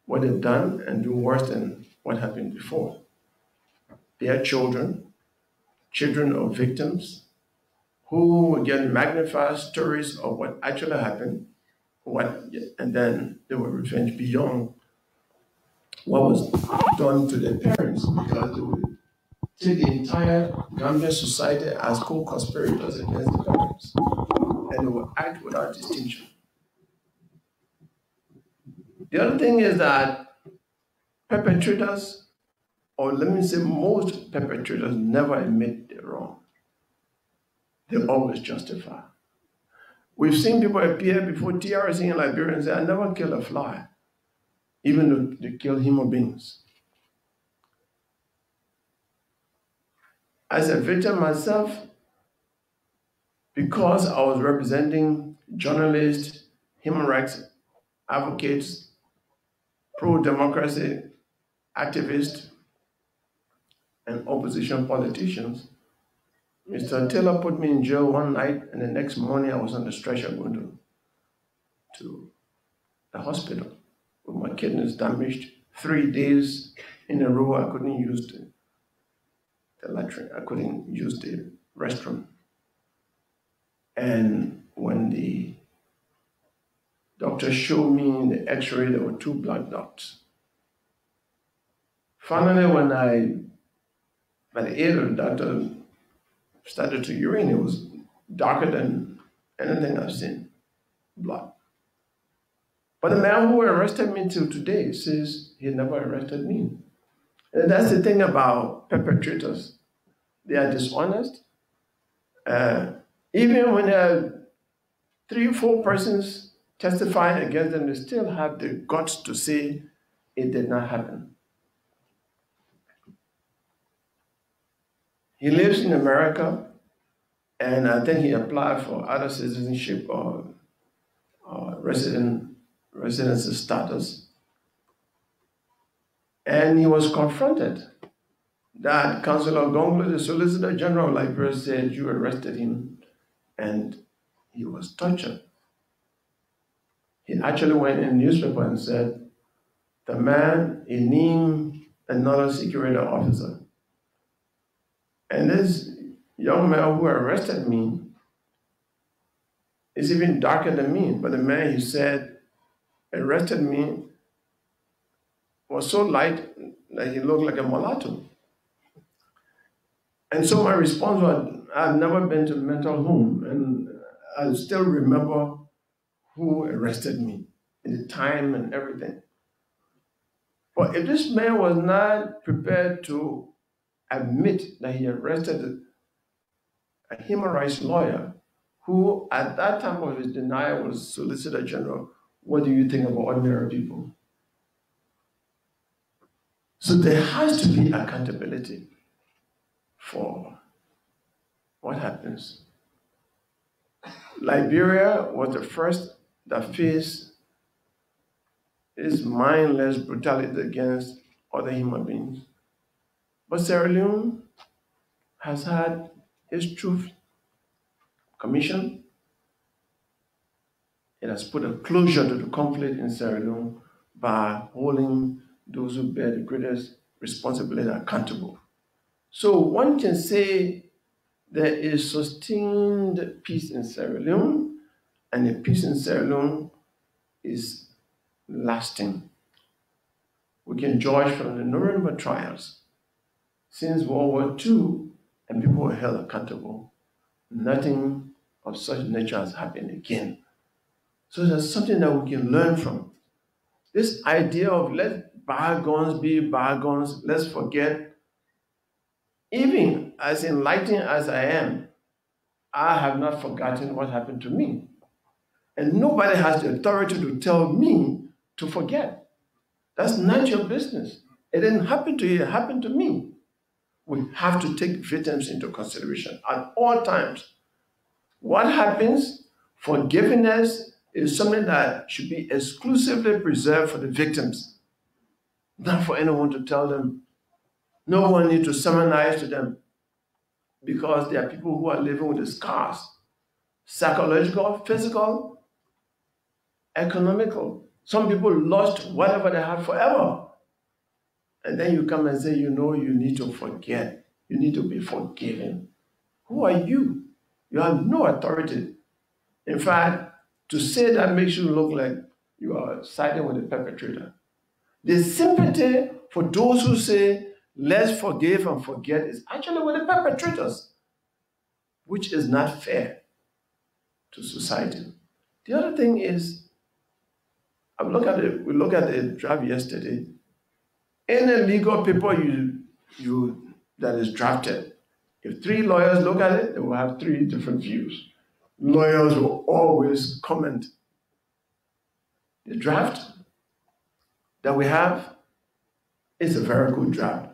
Speaker 9: what they've done and do worse than what happened before. Their children, children of victims, who will get magnified stories of what actually happened, what, and then they will revenge beyond what was done to their parents because they were See the entire Gambian society as co-conspirators against the Gambians, and they will act without distinction. The other thing is that perpetrators, or let me say most perpetrators, never admit they're wrong. They always justify. We've seen people appear before TRC in Liberia and say, I never kill a fly, even though they kill human beings. As a victim myself because I was representing journalists, human rights advocates, pro democracy activists, and opposition politicians. Mr. Taylor put me in jail one night, and the next morning I was on the stretcher going to, to the hospital with my kidneys damaged. Three days in a row, I couldn't use the the electric. I couldn't use the restroom. And when the doctor showed me the x-ray, there were two black dots. Finally, when I, by the of the doctor, started to urine, it was darker than anything I've seen, Blood. But the man who arrested me till today says he never arrested me. And that's the thing about perpetrators. They are dishonest. Uh, even when are uh, three, four persons testify against them, they still have the guts to say it did not happen. He lives in America, and I think he applied for other citizenship or, or resident residency status. And he was confronted that Councilor Gonglo, the Solicitor General of Liberia, said you arrested him and he was tortured. He actually went in the newspaper and said, the man, he named another security officer. And this young man who arrested me is even darker than me, but the man who said, arrested me was so light that he looked like a mulatto. And so my response was, I've never been to mental home, and I still remember who arrested me, and the time and everything. But if this man was not prepared to admit that he arrested a human rights lawyer, who at that time of his denial was Solicitor General, what do you think about ordinary people? So there has to be accountability for what happens. Liberia was the first that faced this mindless brutality against other human beings. But Sierra Leone has had its truth commission. It has put a closure to the conflict in Sierra Leone by holding those who bear the greatest responsibility are accountable. So one can say there is sustained peace in Sierra Leone, and the peace in Sierra Leone is lasting. We can judge from the Nuremberg trials. Since World War II, and people were held accountable, nothing of such nature has happened again. So there's something that we can learn from. This idea of let Bygones be bygones. Let's forget. Even as enlightened as I am, I have not forgotten what happened to me. And nobody has the authority to tell me to forget. That's not your business. It didn't happen to you, it happened to me. We have to take victims into consideration at all times. What happens? Forgiveness is something that should be exclusively preserved for the victims not for anyone to tell them. No one needs to sermonize to them because there are people who are living with the scars psychological, physical, economical. Some people lost whatever they had forever. And then you come and say, you know, you need to forget. You need to be forgiven. Who are you? You have no authority. In fact, to say that makes you look like you are siding with the perpetrator. The sympathy for those who say, let's forgive and forget, is actually with the perpetrators, which is not fair to society. The other thing is, I look at it, we look at the draft yesterday. Any legal paper you, you that is drafted, if three lawyers look at it, they will have three different views. Lawyers will always comment. The draft that we have is a very good draft.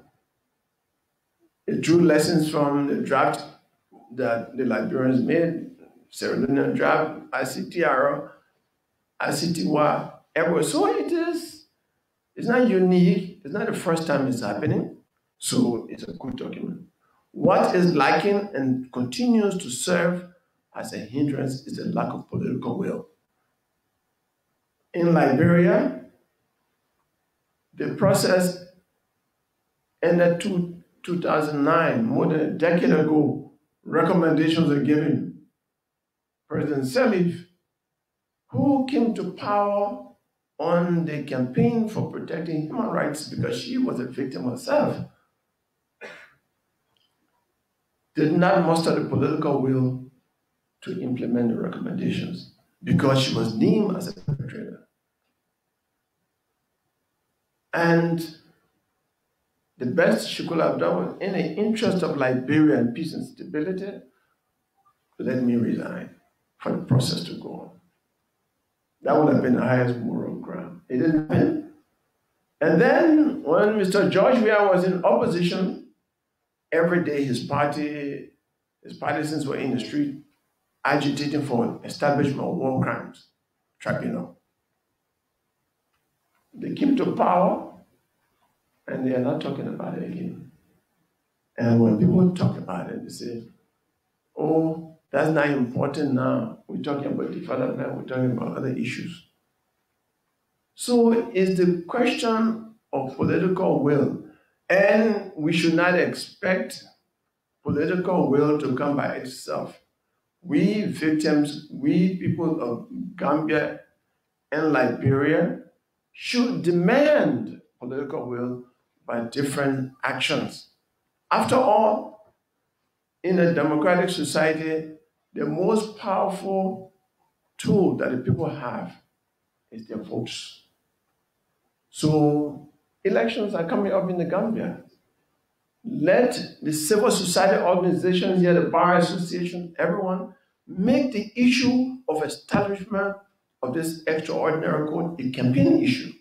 Speaker 9: It drew lessons from the draft that the Liberians made, Sierra Leone draft, ICTR, ICTY, everywhere. So it is, it's not unique, it's not the first time it's happening, so it's a good document. What is lacking and continues to serve as a hindrance is the lack of political will. In Liberia, the process ended two, 2009, more than a decade ago. Recommendations were given. President Selif, who came to power on the campaign for protecting human rights because she was a victim herself, did not muster the political will to implement the recommendations because she was deemed as a perpetrator. And the best she could have done was in the interest of Liberian peace and stability, let me resign for the process to go on. That would have been the highest moral ground. It didn't happen. And then when Mr. George Weah was in opposition, every day his party, his partisans were in the street agitating for establishment of war crimes tribunal. They came to power and they are not talking about it again. And when people talk about it, they say, oh, that's not important now. We're talking about development, we're talking about other issues. So it's the question of political will. And we should not expect political will to come by itself. We victims, we people of Gambia and Liberia, should demand political will by different actions. After all, in a democratic society, the most powerful tool that the people have is their votes. So elections are coming up in the Gambia. Let the civil society organizations here, the Bar Association, everyone, make the issue of establishment of this extraordinary court a campaign issue.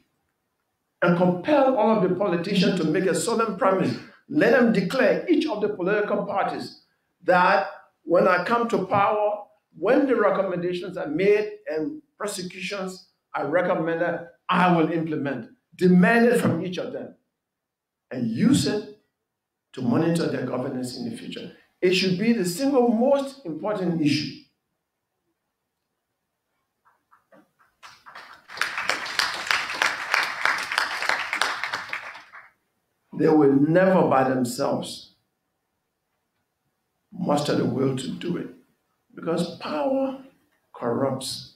Speaker 9: And compel all of the politicians to make a solemn promise. Let them declare, each of the political parties, that when I come to power, when the recommendations are made and prosecutions are recommended, I will implement. Demand it from each of them and use it to monitor their governance in the future. It should be the single most important issue they will never by themselves muster the will to do it because power corrupts.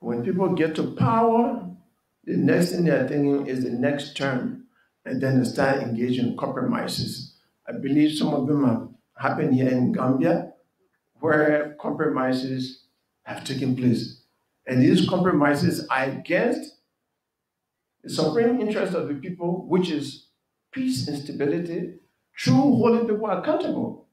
Speaker 9: When people get to power, the next thing they're thinking is the next term, and then they start engaging in compromises. I believe some of them have happened here in Gambia, where compromises have taken place. And these compromises are against the supreme interest of the people, which is peace and stability through holding people accountable.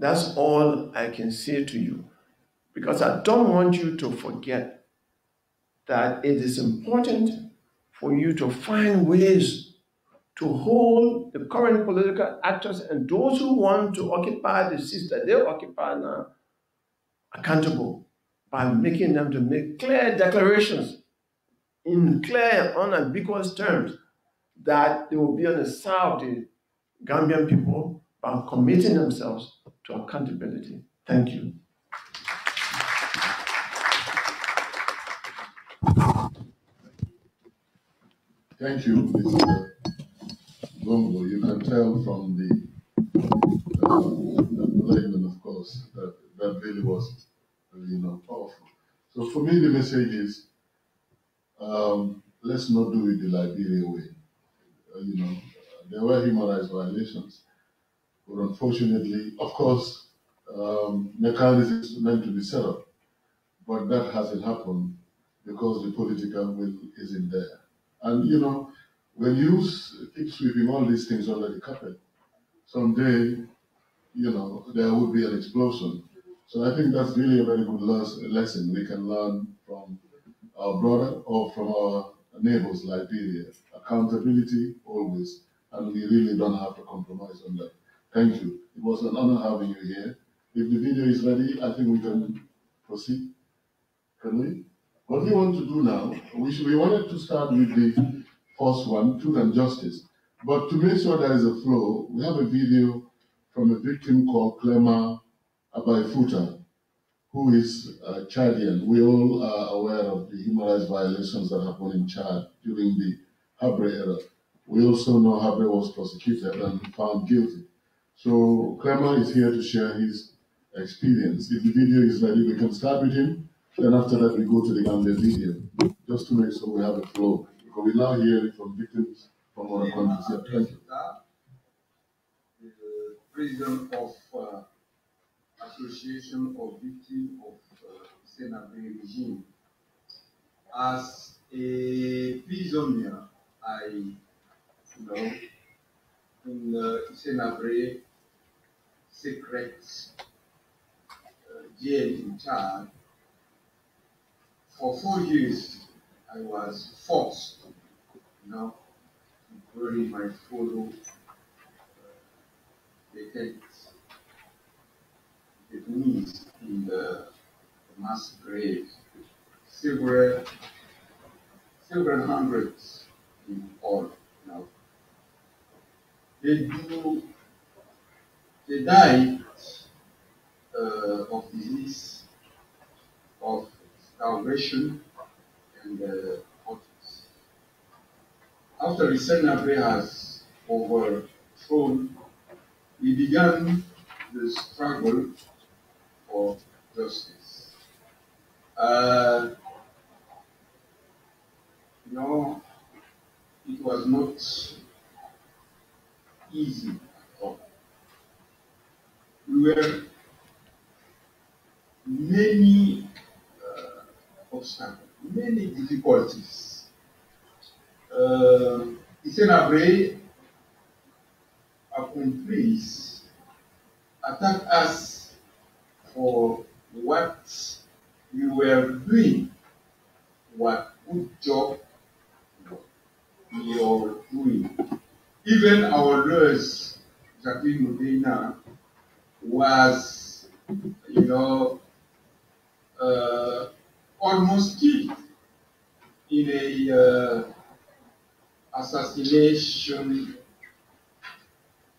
Speaker 9: That's all I can say to you because I don't want you to forget that it is important for you to find ways to hold the current political actors and those who want to occupy the seats that they occupy now accountable by making them to make clear declarations in clear and unambiguous terms that they will be on the side of the Gambian people by committing themselves to accountability. Thank you. Thank
Speaker 3: you, Mr. Bongo. You can tell from the, uh, the statement, of course, that that really was, you know, powerful. So for me, the message is um, let's not do it the Liberia way. Uh, you know, there were human rights violations, but unfortunately, of course, um, mechanisms meant to be set up, but that hasn't happened because the political will isn't there. And you know, when you keep sweeping all these things under the carpet, someday, you know, there will be an explosion. So I think that's really a very good lesson we can learn from our brother or from our neighbors, Liberia. Accountability always, and we really don't have to compromise on that. Thank you. It was an honor having you here. If the video is ready, I think we can proceed. Can we? What we want to do now, we, should, we wanted to start with the first one, Truth and Justice. But to make sure there is a flow, we have a video from a victim called Clema Abaifuta who is uh, Chadian. We all are aware of the human rights violations that happened in Chad during the Habre era. We also know Habre was prosecuted and found guilty. So Kramer is here to share his experience. If the video is ready, we can start with him. Then after that, we go to the Gambia video, just to make sure we have a flow. Because we now hear it from victims from other countries. Yeah, thank you.
Speaker 7: The prison of uh, Association of Victims of uh, Hussein regime. As a prisoner, I, you know, in uh, Hussein secret uh, jail in charge, for four years, I was forced, you know, to bury my photo. Uh, they it means in the, mass grave, several, several hundreds in all. You know. They do, they died uh, of disease, of starvation, and uh, After Isennabe has overthrown, he began the struggle for justice. Uh, you know, it was not easy at all. We were many uh, obstacles, many difficulties. Uh, array accomplice attacked us for what you were doing, what good job you're doing. Even our nurse, Jacqueline Udina, was, you know, uh, almost killed in a uh, assassination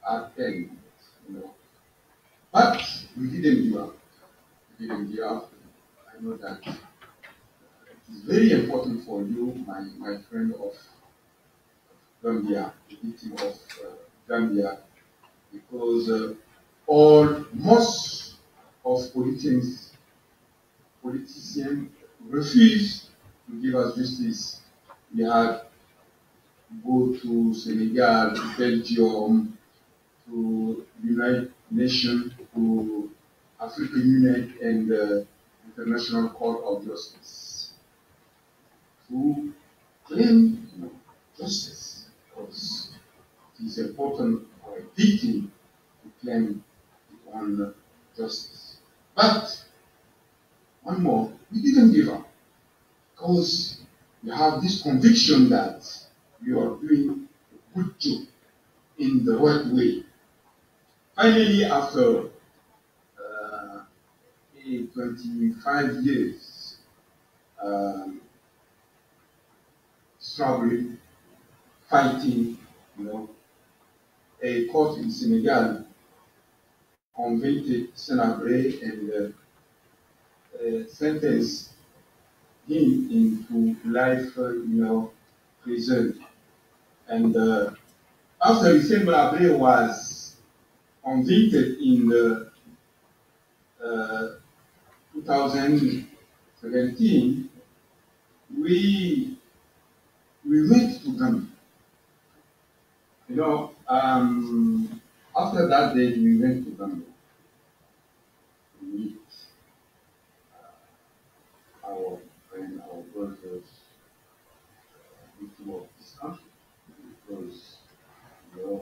Speaker 7: attempt. You know. But we didn't give up year in, year out. I know that it's very important for you, my, my friend of Gambia, the victim of uh, Gambia, because uh, all most of politicians politicians refuse to give us justice. We have go to Senegal, to Belgium, to United Nations, to African Union and the International Court of Justice to claim justice because it is important for a victim to claim on justice. But one more, we didn't give up because you have this conviction that you are doing a good job in the right way. Finally, after in 25 years um, struggling, fighting, you know, a court in Senegal convicted Senabre and uh, uh, sentenced him into life, uh, you know, prison. And uh, after Senabre was convicted in the uh, uh 2017, we we went to Ghana. You know, um, after that day, we went to Ghana We meet uh, our our brothers, uh, this country, because you know,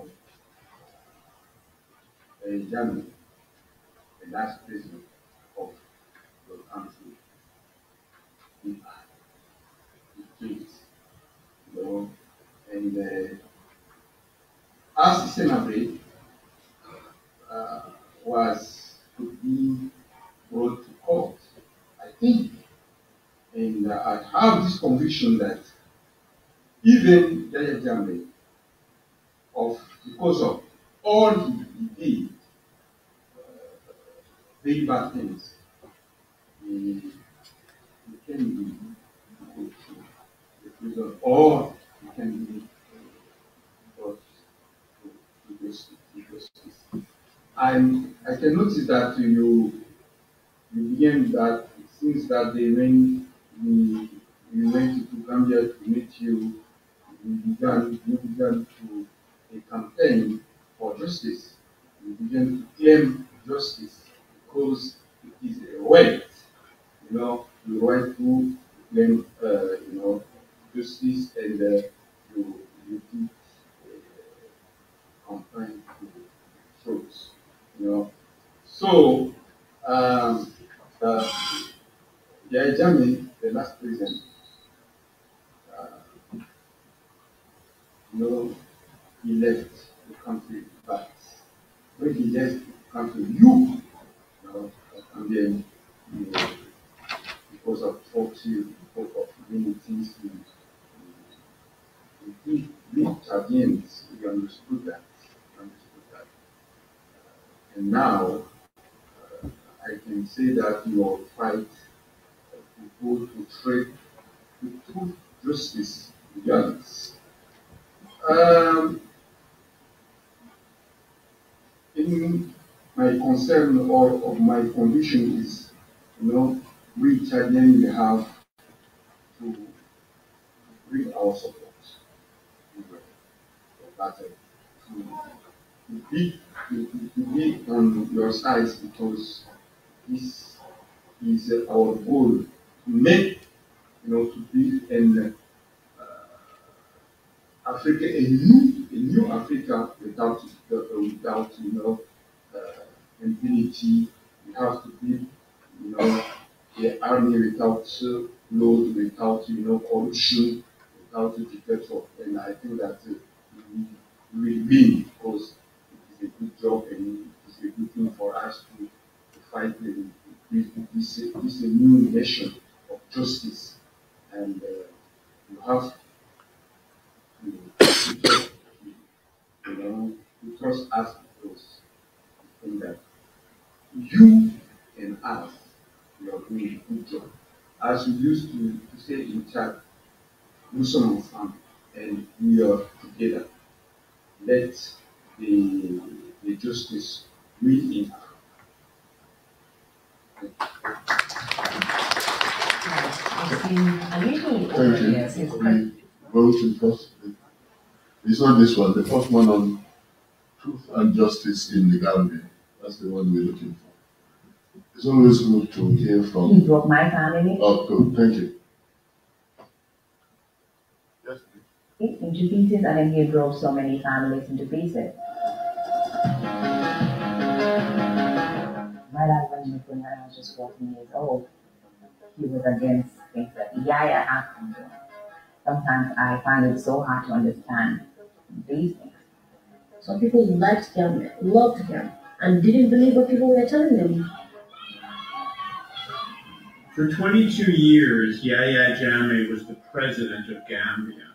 Speaker 7: a uh, German, So, and uh, the sustainably uh, was to be brought to court, I think. And uh, I have this conviction that even Daniel Jambe, of because of all he, he did, very bad things, uh, he, he result, or it can be brought And I can notice that you you began that since that day when we, we went to Gambia to meet you, we began we began to a campaign for justice. We began to claim justice because it is a right, you know, the right to claim, uh, you know, justice and uh, you, you did uh, confine to truth. You know. So um, uh, Germany, the last president, uh, you know, he left the country, but when he left the country, you, you know, and then you know, because of proxy, because of many things, you know, we looked again, we understood that. We understood that. and now, uh, I can say that will fight to uh, go to trade to truth, justice, balance. Um, in my concern or, of my condition is, you know, we Italian we have to bring our support battle. be, on your side because this is our goal. Make you know to build an uh, Africa a new a new Africa without without you know uh, impunity. We have to build you know the army without uh, load, without you know corruption, without the dictatorship, and I think that. Uh, with me because it is a good job and it is a good thing for us to, to fight. And it is a, a new nation of justice, and uh, you have to, you know, to trust us because think that you and us we are doing a good job. As we used to, to say in chat, are some fun and we are together let the, the justice win in. Thank
Speaker 3: you. Yes, first. It's not this one. The first one on truth and justice in the Gambia. That's the one we're looking for. It's always good to hear from. He broke my family. Oh, good. Thank you.
Speaker 6: into pieces and then he broke so many families into pieces. My dad went when I was just 14 years old. He was against things that Yaya had done. Sometimes I find it so hard to understand these things. Some people liked him, loved him, and didn't believe what people were telling them.
Speaker 10: For 22 years, Yaya Jammeh was the president of Gambia.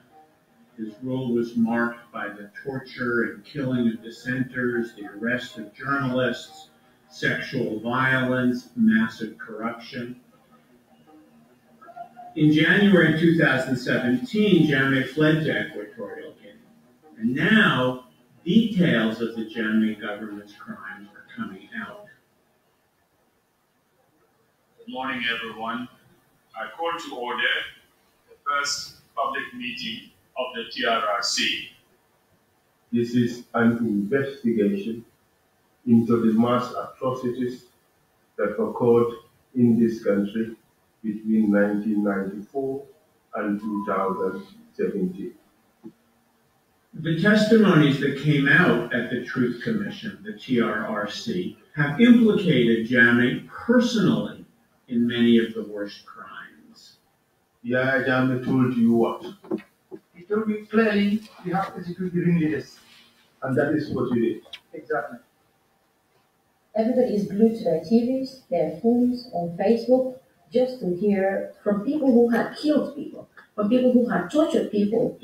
Speaker 10: His rule was marked by the torture and killing of dissenters, the arrest of journalists, sexual violence, massive corruption. In January 2017, Jammeh fled to Equatorial Guinea. And now, details of the Jammeh government's crimes are coming out. Good morning, everyone.
Speaker 11: I call to order the first public meeting of the TRRC.
Speaker 7: This is an investigation into the mass atrocities that occurred in this country between 1994 and
Speaker 10: 2017. The testimonies that came out at the Truth Commission, the TRRC, have implicated Jammeh personally in many of the worst crimes. Yeah, Jammeh told you what?
Speaker 7: Tell you clearly you have to execute the ringleaders. And that is what you did. Exactly.
Speaker 6: Everybody is glued to their TVs, their
Speaker 5: phones, on Facebook, just to hear from people who had killed people, from people who had tortured people.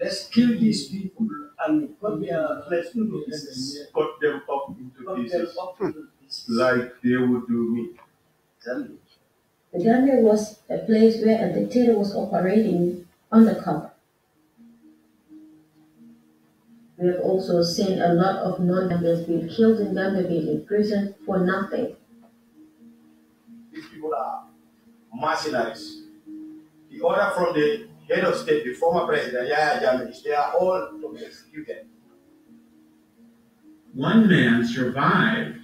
Speaker 7: Let's kill these people and cut their flesh into pieces. Cut them up into pieces. Like they would do me. Tell me.
Speaker 1: The Gambia was a place where a dictator was operating undercover. We have also seen a lot of non members being killed in Gambia, being imprisoned for nothing.
Speaker 11: These people are mercenaries. The order from the head of state, the former president, Yahya Jammeh, they are all to be executed.
Speaker 10: One man survived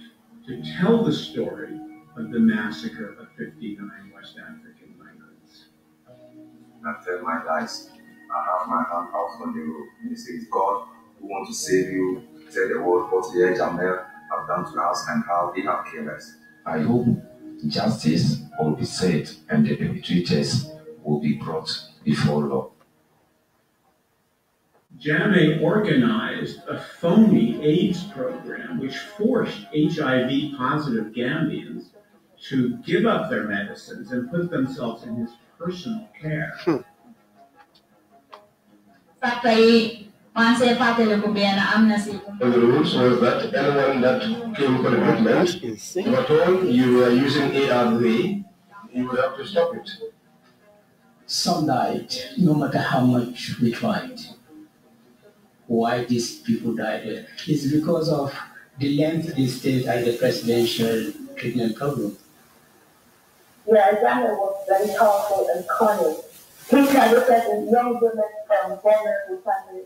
Speaker 10: to tell the story of the massacre 59 West African migrants.
Speaker 7: After my guys, I have my also knew He is God who want to save you, tell the world what the Jamel have done to us and how they have killed us. I hope
Speaker 1: justice will be said and the perpetrators
Speaker 7: will be brought before law.
Speaker 10: JAMA organized a phony AIDS program which forced HIV positive Gambians to give up their medicines and put themselves in his personal care. Hmm.
Speaker 1: the
Speaker 7: rules were that anyone that came for treatment, you were all you were using ARV, you would have to stop it. Some died, no matter how much we tried. Why these people died? It's because of the length they stayed at the presidential treatment program
Speaker 6: whereas Ghana was very powerful and cunning. He can look at the young women from vulnerable families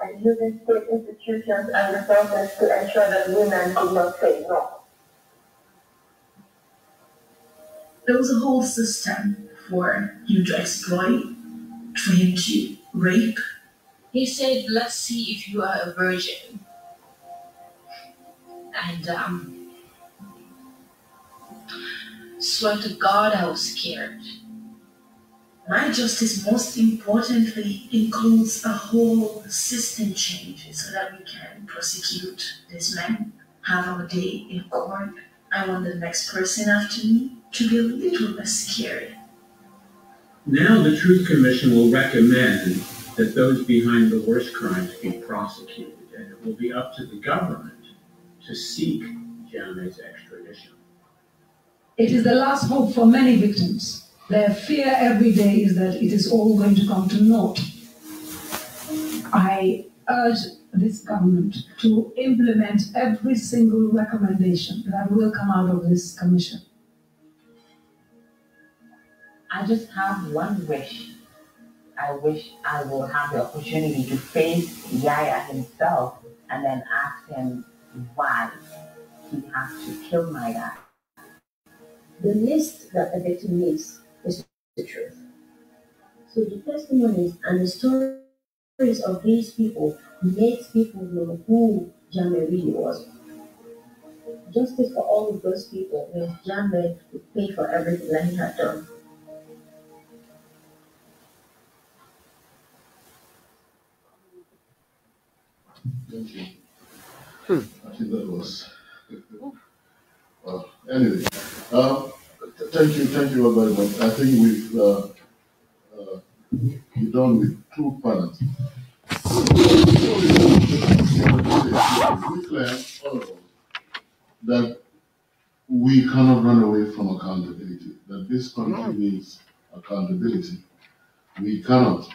Speaker 6: and using state institutions and resources to ensure that women could not say no. There was a whole system for you to exploit, for him to rape. He said, let's see if you are a virgin. And um, Swear to God I was scared. My justice most importantly includes a whole system change so that we can prosecute this man, have our day in court. I want the next person after me to be a little less scared.
Speaker 10: Now the Truth Commission will recommend that those behind the worst crimes be prosecuted, and it will be up to the government to seek Jame's extradition.
Speaker 5: It is the last hope for many victims. Their fear every day is that it is all going to come to naught. I urge this government to implement every single recommendation that will come out of this commission. I just
Speaker 6: have one wish. I wish I will have the opportunity to face Yaya himself and then ask him why he has to kill my dad the list that the victim leaves is the truth.
Speaker 1: So the testimonies and the stories of these people makes people know who Jamed really was. Justice for all of
Speaker 6: those people means Jamed would pay for everything that he had done.
Speaker 3: Hmm. I think that was uh, anyway, uh, thank you, thank you very much. I think we've uh, uh, we're done with two panels. We claim, that we cannot run away from accountability, that this country needs accountability. We cannot,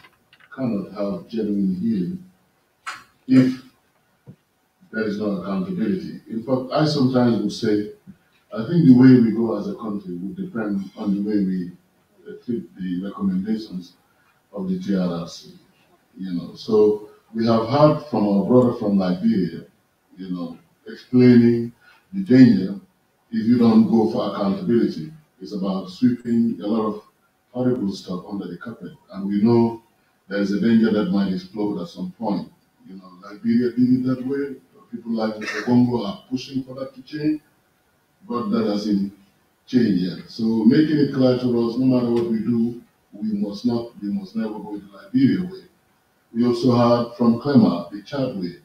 Speaker 3: cannot have genuine healing if there is no accountability. In fact, I sometimes would say I think the way we go as a country will depend on the way we uh, treat the recommendations of the TRRC. You know, so we have heard from our brother from Liberia, you know, explaining the danger if you don't go for accountability. It's about sweeping a lot of horrible stuff under the carpet. And we know there's a danger that might explode at some point. You know, Liberia did it that way. People like Mr. Bongo are pushing for that to change. But that has not change yet. So making it clear to us, no matter what we do, we must not, we must never go the Liberia way. We also heard from Clemmer, the Chad way.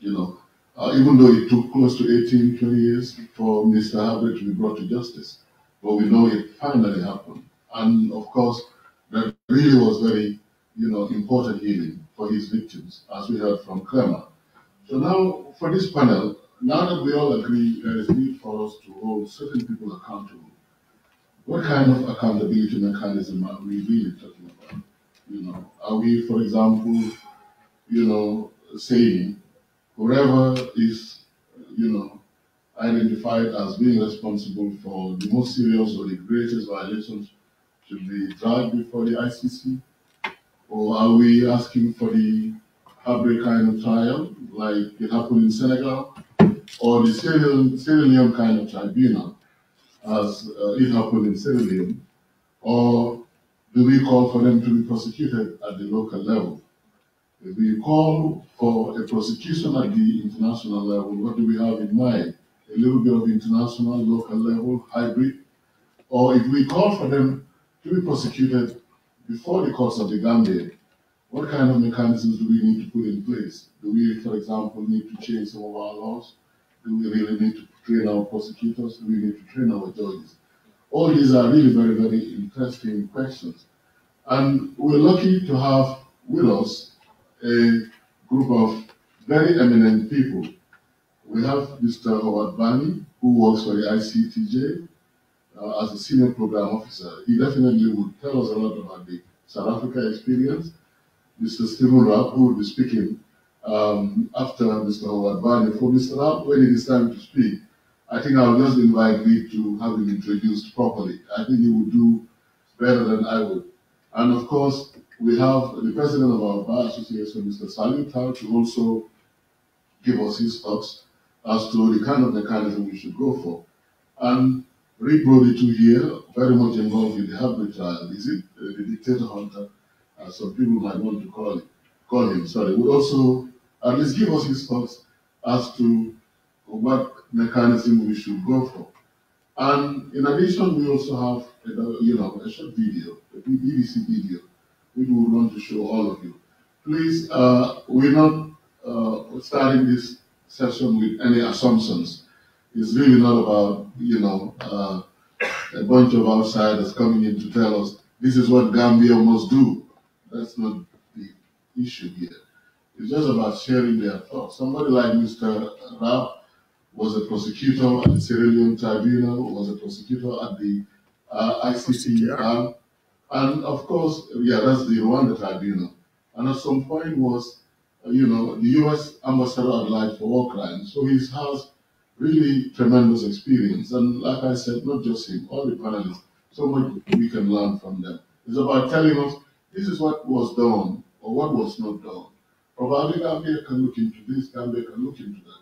Speaker 3: You know, uh, even though it took close to 18, 20 years for Mr. Harvey to be brought to justice, but we know it finally happened. And of course, that really was very, you know, important healing for his victims, as we heard from Clemmer. So now, for this panel, now that we all agree there is need for us to hold certain people accountable, what kind of accountability mechanism are we really talking about? You know, are we, for example, you know, saying whoever is, you know, identified as being responsible for the most serious or the greatest violations should be tried before the ICC? Or are we asking for the heartbreak kind of trial, like it happened in Senegal, or the Sierra, Sierra Leone kind of tribunal, as uh, it happened in Sierra Leone, or do we call for them to be prosecuted at the local level? If we call for a prosecution at the international level, what do we have in mind? A little bit of international, local level, hybrid? Or if we call for them to be prosecuted before the courts of the Gambia, what kind of mechanisms do we need to put in place? Do we, for example, need to change some of our laws? we really need to train our prosecutors, we need to train our judges. All these are really very, very interesting questions. And we're lucky to have with us a group of very eminent people. We have Mr. Howard Bani, who works for the ICTJ uh, as a senior program officer. He definitely would tell us a lot about the South Africa experience. Mr. Stephen Rapp, who will be speaking um, after Mr. Howard Bani. For Mr. Lam, when it is time to speak, I think I'll just invite Lee to have him introduced properly. I think he would do better than I would. And of course, we have the president of our bar association, Mr. Salim Tao, to also give us his thoughts as to the kind of mechanism we should go for. And Rick Brody, too, here, very much involved in the Habit trial, is it? Uh, the dictator hunter, as some people might want to call, it, call him, sorry, We also at least give us his thoughts as to what mechanism we should go for. And in addition, we also have a, you know, a short video, a BBC video, which we want to show all of you. Please, uh, we're not uh, starting this session with any assumptions. It's really not about, you know, uh, a bunch of outsiders coming in to tell us this is what Gambia must do. That's not the issue here. It's just about sharing their thoughts. Somebody like Mr. Rao was a prosecutor at the Sierra Leone Tribunal, was a prosecutor at the uh, ICC, um, and of course, yeah, that's the Rwanda Tribunal. And at some point was, you know, the U.S. ambassador at large for war crimes. So he has really tremendous experience. And like I said, not just him, all the panelists, so much we can learn from them. It's about telling us this is what was done or what was not done. Probably Gambia can look into this, Gambia can look into that.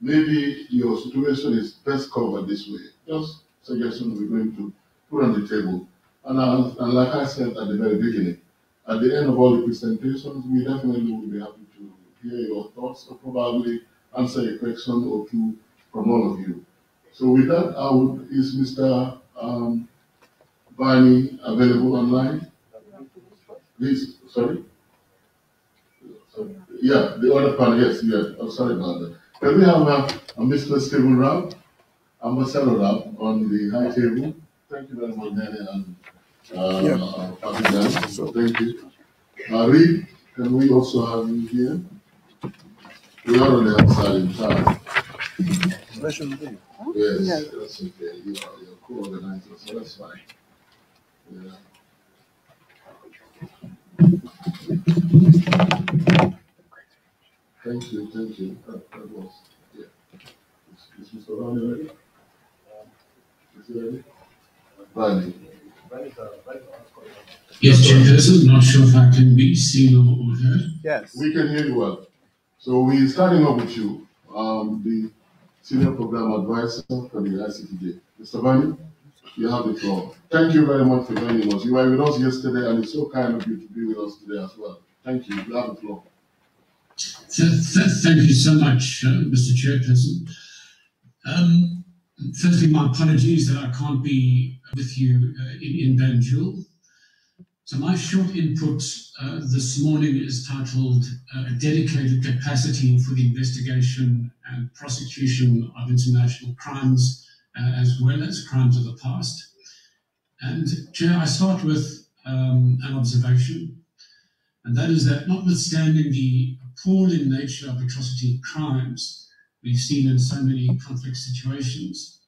Speaker 3: Maybe your situation is best covered this way. Just suggestion we're going to put on the table. And, as, and like I said at the very beginning, at the end of all the presentations, we definitely will be happy to hear your thoughts or probably answer a question or two from all of you. So with that, I would, is Mr. Um, Barney available online? Please, sorry? Yeah, the other panel. yes, yeah. Oh, sorry about that. Can we have uh, a Mr. Stephen Rab, a Marcelo Rab on the high table? Thank you very much, Danny and uh, Yeah. uh, Papi Dan. So thank you. Uh, Reed, can we also have you here?
Speaker 1: We are on the outside. in time. Yes, that's okay. You are, you're co-organizer, so that's fine.
Speaker 6: Yeah.
Speaker 3: Thank you, thank you. That, uh, that was, yeah. Is, is Mr. Rani ready? Um, is he ready? Rani.
Speaker 2: Yes, Chair not sure if I can be seen or heard.
Speaker 3: Yes. We can hear you well. So we're starting off with you, um, the Senior Program Advisor for the ICTJ. Mr. Vani, you have the floor. Thank you very much for joining us. You were with us yesterday, and it's so kind of you to be with us today as well. Thank you. You have the floor.
Speaker 2: Thank you so much, uh, Mr. Chairperson. Um, firstly, my apologies that I can't be with you uh, in, in Banjul. So my short input uh, this morning is titled A uh, Dedicated Capacity for the Investigation and Prosecution of International Crimes uh, as well as Crimes of the Past. And Chair, I start with um, an observation, and that is that notwithstanding the appalling nature of atrocity crimes we've seen in so many conflict situations,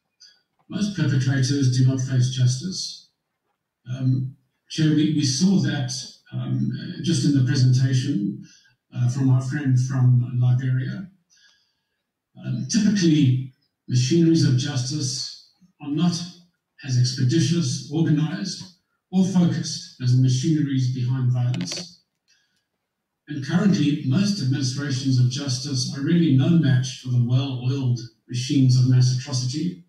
Speaker 2: most perpetrators do not face justice. Um, Chair, we, we saw that um, just in the presentation uh, from our friend from Liberia. Um, typically, machineries of justice are not as expeditious, organized, or focused as the machineries behind violence. And currently, most administrations of justice are really no match for the well oiled machines of mass atrocity.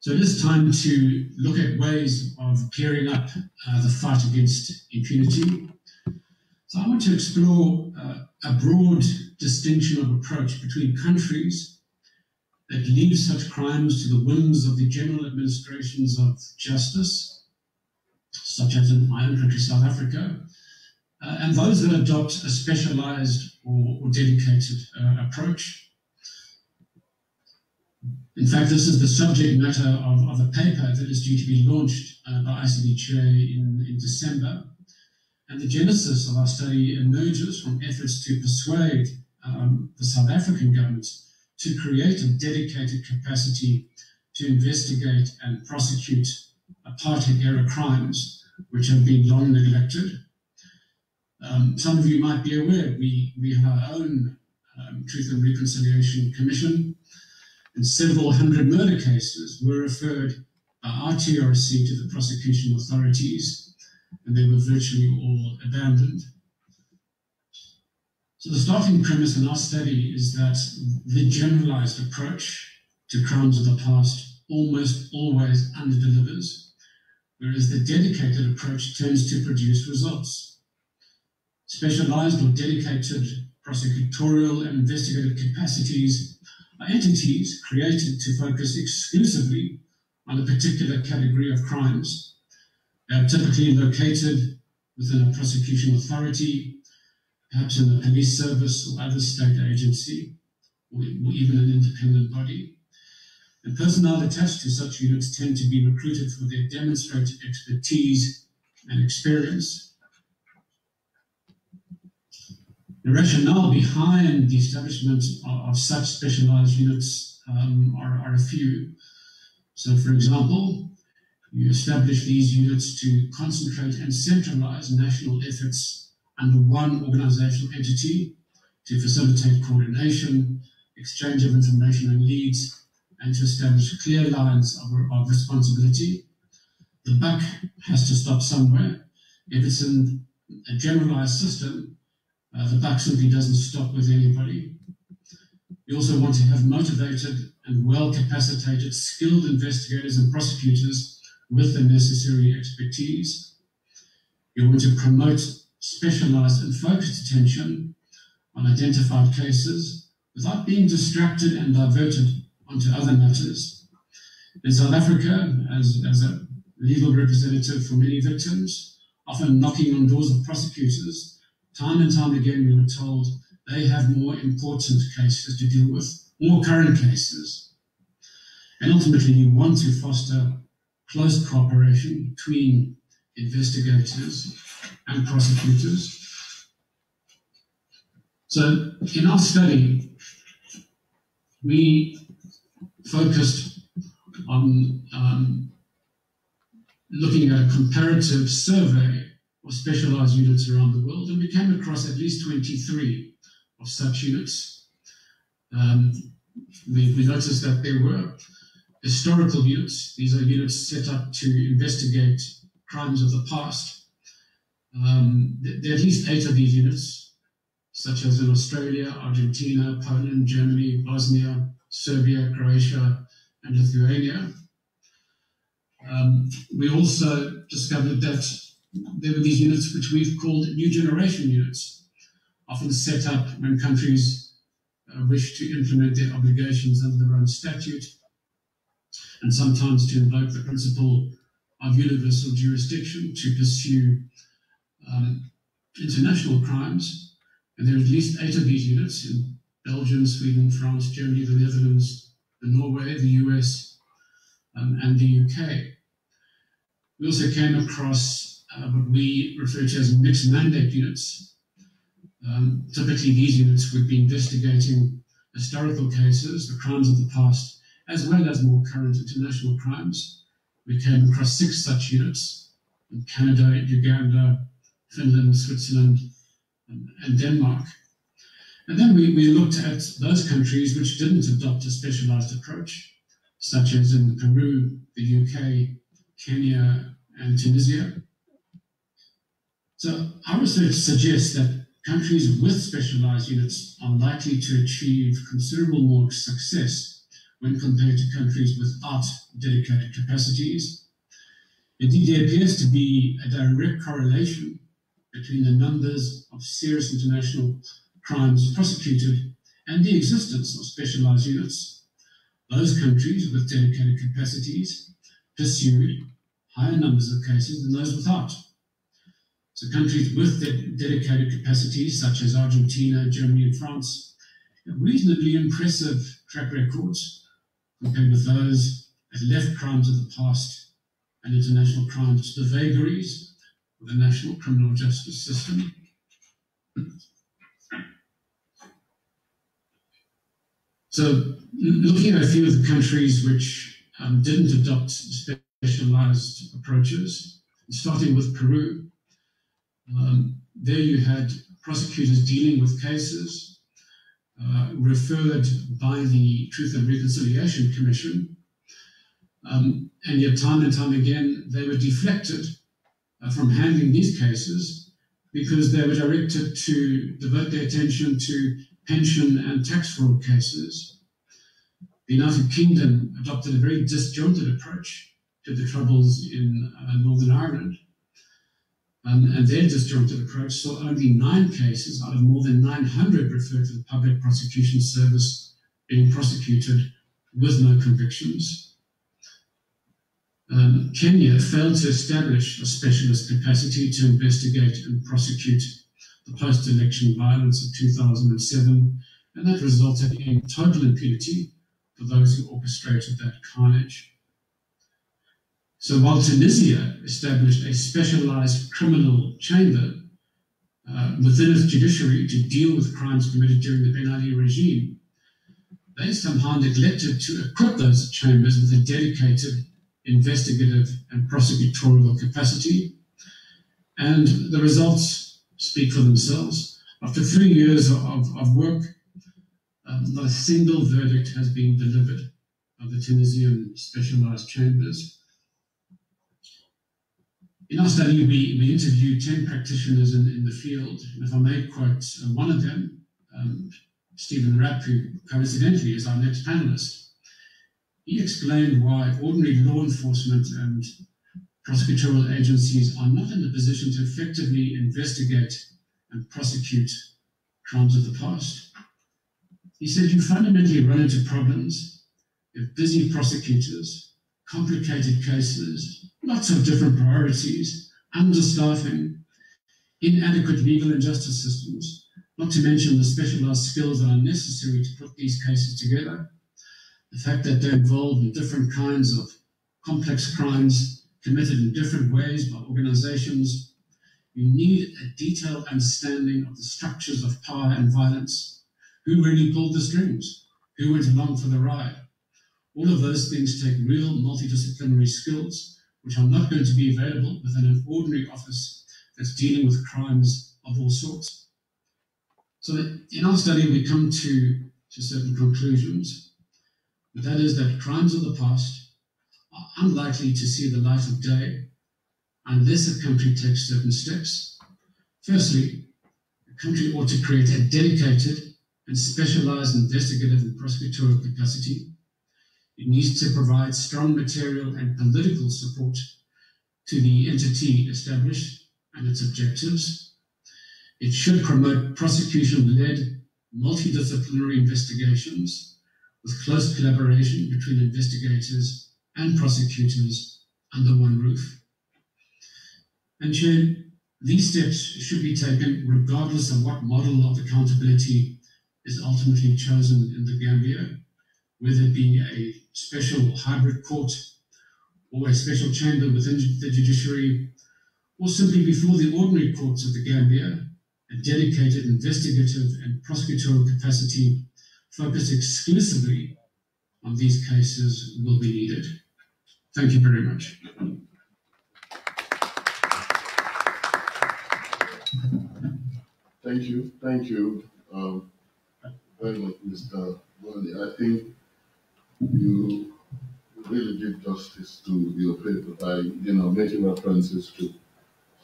Speaker 2: So it is time to look at ways of clearing up uh, the fight against impunity. So I want to explore uh, a broad distinction of approach between countries that leave such crimes to the whims of the general administrations of justice, such as in my own country, South Africa, uh, and those that adopt a specialized or, or dedicated uh, approach. In fact, this is the subject matter of, of a paper that is due to be launched uh, by ICDJ in, in December. And the genesis of our study emerges from efforts to persuade um, the South African government to create a dedicated capacity to investigate and prosecute apartheid era crimes, which have been long neglected um, some of you might be aware we, we have our own um, Truth and Reconciliation Commission, and several hundred murder cases were referred by our TRC to the prosecution authorities, and they were virtually all abandoned. So the starting premise in our study is that the generalized approach to crimes of the past almost always underdelivers, whereas the dedicated approach tends to produce results specialized or dedicated prosecutorial and investigative capacities are entities created to focus exclusively on a particular category of crimes. They are typically located within a prosecution authority, perhaps in the police service or other state agency, or even an independent body. The personnel attached to such units tend to be recruited for their demonstrated expertise and experience The rationale behind the establishment of, of such specialized units um, are, are a few. So, for example, you establish these units to concentrate and centralize national efforts under one organizational entity to facilitate coordination, exchange of information and leads, and to establish clear lines of, of responsibility. The buck has to stop somewhere. If it's in a generalized system, uh, the buck simply doesn't stop with anybody. We also want to have motivated and well capacitated, skilled investigators and prosecutors with the necessary expertise. We want to promote specialized and focused attention on identified cases without being distracted and diverted onto other matters. In South Africa, as, as a legal representative for many victims, often knocking on doors of prosecutors, time and time again, we were told they have more important cases to deal with, more current cases. And ultimately, you want to foster close cooperation between investigators and prosecutors. So, in our study, we focused on um, looking at a comparative survey or specialized units around the world, and we came across at least 23 of such units. Um, we, we noticed that there were historical units. These are units set up to investigate crimes of the past. Um, there are at least eight of these units, such as in Australia, Argentina, Poland, Germany, Bosnia, Serbia, Croatia, and Lithuania. Um, we also discovered that there were these units which we've called new generation units, often set up when countries uh, wish to implement their obligations under the Rome Statute, and sometimes to invoke the principle of universal jurisdiction to pursue um, international crimes. And there are at least eight of these units in Belgium, Sweden, France, Germany, the Netherlands, the Norway, the US, um, and the UK. We also came across uh, what we refer to as mixed mandate units. Um, typically, these units would be investigating historical cases, the crimes of the past, as well as more current international crimes. We came across six such units in Canada, Uganda, Finland, Switzerland, and, and Denmark. And then we, we looked at those countries which didn't adopt a specialized approach, such as in Peru, the UK, Kenya, and Tunisia. So our research suggests that countries with specialized units are likely to achieve considerable more success when compared to countries without dedicated capacities. Indeed, there appears to be a direct correlation between the numbers of serious international crimes prosecuted and the existence of specialized units. Those countries with dedicated capacities pursued higher numbers of cases than those without. So countries with dedicated capacities, such as Argentina, Germany, and France, have reasonably impressive track records compared with those that left crimes of the past and international crimes to the vagaries of the national criminal justice system. So, looking at a few of the countries which um, didn't adopt specialized approaches, starting with Peru, um, there you had prosecutors dealing with cases uh, referred by the Truth and Reconciliation Commission, um, and yet time and time again they were deflected uh, from handling these cases because they were directed to divert their attention to pension and tax fraud cases. The United Kingdom adopted a very disjointed approach to the troubles in uh, Northern Ireland um, and their disjointed approach saw only nine cases out of more than 900 referred to the Public Prosecution Service being prosecuted with no convictions. Um, Kenya failed to establish a specialist capacity to investigate and prosecute the post election violence of 2007, and that resulted in total impunity for those who orchestrated that carnage. So while Tunisia established a specialized criminal chamber uh, within its judiciary to deal with crimes committed during the Ben Ali regime. They somehow neglected to equip those chambers with a dedicated investigative and prosecutorial capacity. And the results speak for themselves. After three years of, of work, um, not a single verdict has been delivered by the Tunisian specialized chambers. In our study, we, we interviewed 10 practitioners in, in the field, and if I may quote uh, one of them, um, Stephen Rapp, who coincidentally is our next panelist, he explained why ordinary law enforcement and prosecutorial agencies are not in the position to effectively investigate and prosecute crimes of the past. He said you fundamentally run into problems if busy prosecutors, complicated cases, lots of different priorities, understaffing, inadequate legal and justice systems, not to mention the specialized skills that are necessary to put these cases together. The fact that they're involved in different kinds of complex crimes committed in different ways by organizations. You need a detailed understanding of the structures of power and violence. Who really pulled the strings? Who went along for the ride? All of those things take real multidisciplinary skills which are not going to be available within an ordinary office that's dealing with crimes of all sorts. So in our study, we come to, to certain conclusions, but that is that crimes of the past are unlikely to see the light of day unless a country takes certain steps. Firstly, a country ought to create a dedicated and specialized investigative and prosecutorial capacity it needs to provide strong material and political support to the entity established and its objectives. It should promote prosecution-led multidisciplinary investigations with close collaboration between investigators and prosecutors under one roof. And Chair, these steps should be taken regardless of what model of accountability is ultimately chosen in the Gambia, whether it be a special hybrid court or a special chamber within the judiciary or simply before the ordinary courts of the Gambia, a dedicated investigative and prosecutorial capacity focused exclusively on these cases will be needed. Thank you very much.
Speaker 3: Thank you. Thank you um, very much, Mr. Burley. I think you really did justice to your paper by, you know, making references to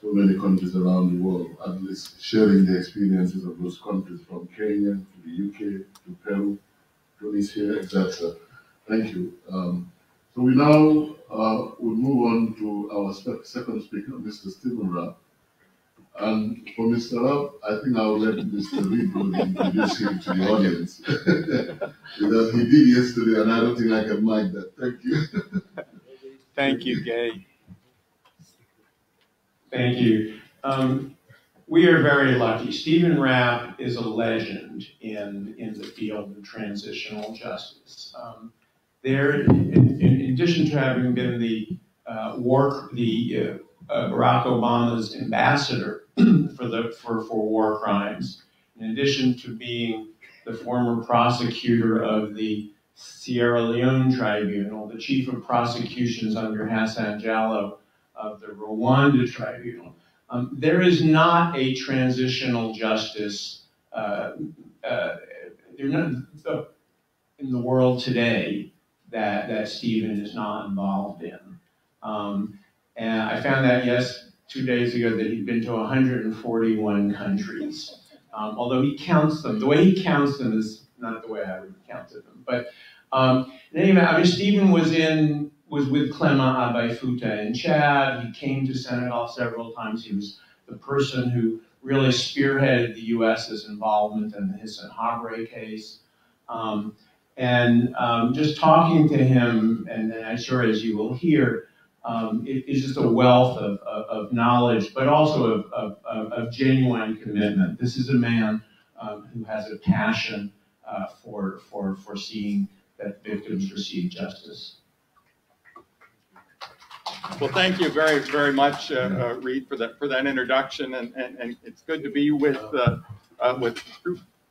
Speaker 3: so many countries around the world, at least sharing the experiences of those countries from Kenya to the UK to Peru, Tunisia, etc. Thank you. Um, so we now uh, will move on to our second speaker, Mr. Stephen Rapp. And for Mr. Rapp, I think I'll let Mr. Rico introduce him to the audience. because he did yesterday, and I don't think I can
Speaker 7: mind that. Thank you.
Speaker 10: Thank you, Gay. Thank you. Um, we are very lucky. Stephen Rapp is a legend in, in the field of transitional justice. Um, there, in, in, addition to having been the uh, war, the uh, uh, Barack Obama's ambassador for, the, for, for war crimes. In addition to being the former prosecutor of the Sierra Leone Tribunal, the chief of prosecutions under Hassan Jallo of the Rwanda Tribunal. Um, there is not a transitional justice uh, uh, not, uh, in the world today that, that Stephen is not involved in. Um, and I found that, yes, two days ago that he'd been to 141 countries. Um, although he counts them, the way he counts them is not the way I would count them. But um, anyway, I mean, Stephen was in was with Clement Abayfuta in Chad. He came to Senegal several times. He was the person who really spearheaded the U.S.'s involvement in the Hissan Habre case. Um, and um, just talking to him, and, and I'm sure as you will hear, um, is just a wealth of, of, of knowledge, but also of, of, genuine commitment. This is a man um, who has a passion uh, for, for, for seeing that victims receive justice.
Speaker 12: Well, thank you very, very much, uh, uh, Reed, for that for that introduction, and, and, and it's good to be with uh, uh with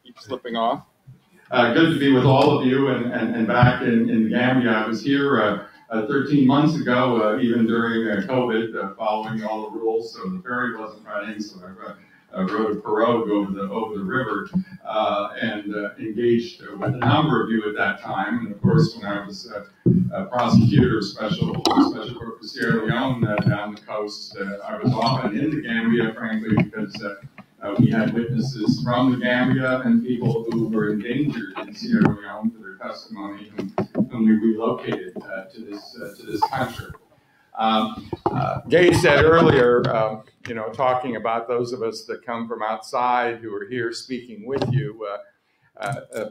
Speaker 12: keep slipping off. Uh, good to be with all of you, and, and, and back in, in Gambia. I was here uh, uh, 13 months ago, uh, even during uh, COVID, uh, following all the rules, so the ferry wasn't running, so I rode uh, a pirogue over the, over the river uh, and engaged with a number of you at that time. And of course, when I was a prosecutor, special, special court for Sierra Leone down the coast, I was often in the Gambia, frankly, because we had witnesses from the Gambia and people who were endangered in Sierra Leone testimony, when we relocated uh, to this uh, to this country. Um, uh, Gay said earlier, um, you know, talking about those of us that come from outside who are here speaking with you.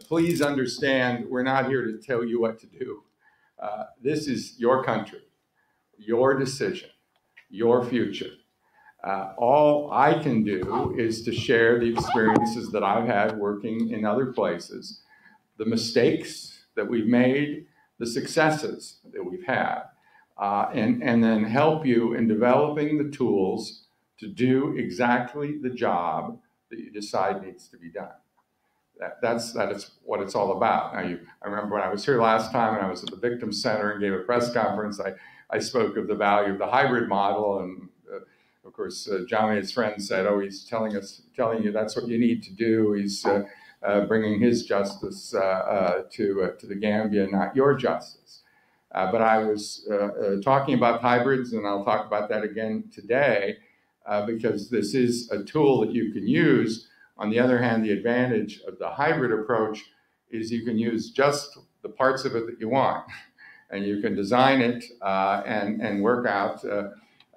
Speaker 12: please understand, we're not here to tell you what to do. this is your country, your decision, your future. Uh, all I can do is to share the experiences that I've had working in other places the mistakes that we've made, the successes that we've had, uh, and, and then help you in developing the tools to do exactly the job that you decide needs to be done. That, that's that is what it's all about. Now, you, I remember when I was here last time and I was at the Victim Center and gave a press conference, I, I spoke of the value of the hybrid model. And uh, of course, uh, John and his friend said, Oh, he's telling us, telling you that's what you need to do. He's uh, uh, bringing his justice uh, uh, to, to the Gambia, not your justice. but I was talking about hybrids, and I'll talk about that again today, because this is a tool that you can use. On the other hand, the advantage of the hybrid approach is you can use just the parts of it that you want, and you can design it uh, and, and work out uh,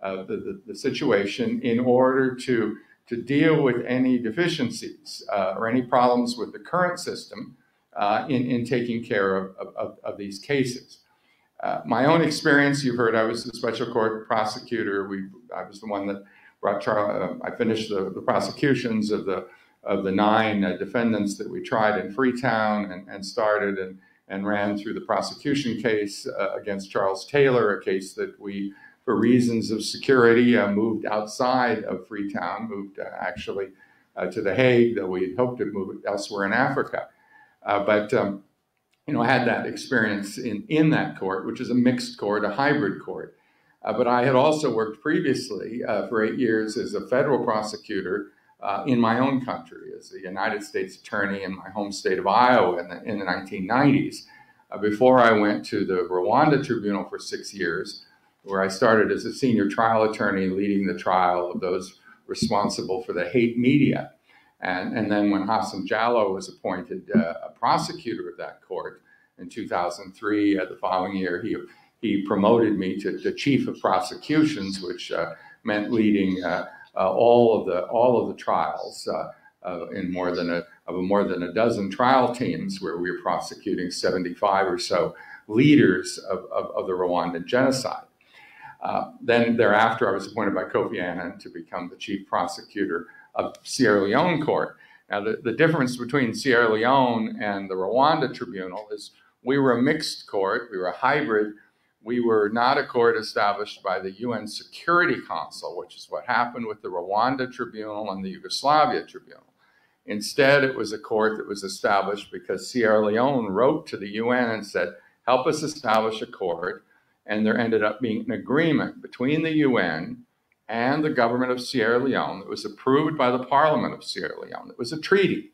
Speaker 12: uh, the, the, the, situation in order to to deal with any deficiencies uh, or any problems with the current system uh, in, in taking care of, of, of these cases. Uh, my own experience, you've heard, I was the special court prosecutor. We, I was the one that brought trial. Uh, I finished the, the, prosecutions of the of the nine uh, defendants that we tried in Freetown and, and started and, and ran through the prosecution case uh, against Charles Taylor, a case that we for reasons of security, uh, moved outside of Freetown, moved uh, actually uh, to The Hague, though we had hoped to move elsewhere in Africa. Uh, but, um, you know, I had that experience in, in that court, which is a mixed court, a hybrid court. Uh, but I had also worked previously uh, for eight years as a federal prosecutor in my own country, as a United States attorney in my home state of Iowa in the, in the 1990s. before I went to the Rwanda tribunal for six years, where I started as a senior trial attorney leading the trial of those responsible for the hate media. And, and then when Hassan Jallow was appointed uh, a prosecutor of that court in 2003, uh, the following year, he, he promoted me to the chief of prosecutions, which uh, meant leading uh, uh, all, of the, all of the trials uh, in more than a, of a more than a dozen trial teams where we were prosecuting 75 or so leaders of, of, of the Rwandan genocide. Uh, then thereafter, I was appointed by Kofi Annan to become the chief prosecutor of Sierra Leone court. Now, the, the difference between Sierra Leone and the Rwanda tribunal is we were a mixed court, we were a hybrid. We were not a court established by the UN Security Council, which is what happened with the Rwanda tribunal and the Yugoslavia tribunal. Instead, it was a court that was established because Sierra Leone wrote to the UN and said, help us establish a court and there ended up being an agreement between the UN and the government of Sierra Leone that was approved by the parliament of Sierra Leone. It was a treaty.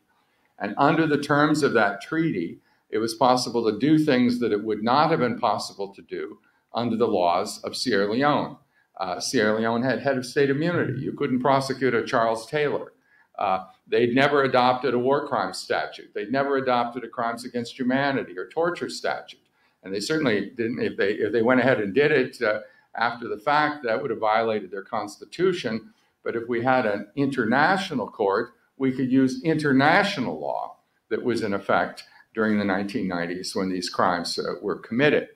Speaker 12: And under the terms of that treaty, it was possible to do things that it would not have been possible to do under the laws of Sierra Leone. Uh, Sierra Leone had head of state immunity. You couldn't prosecute a Charles Taylor. Uh, they'd never adopted a war crime statute. They'd never adopted a crimes against humanity or torture statute. And they certainly didn't, if they, if they went ahead and did it uh, after the fact, that would have violated their constitution. But if we had an international court, we could use international law that was in effect during the 1990s when these crimes uh, were committed.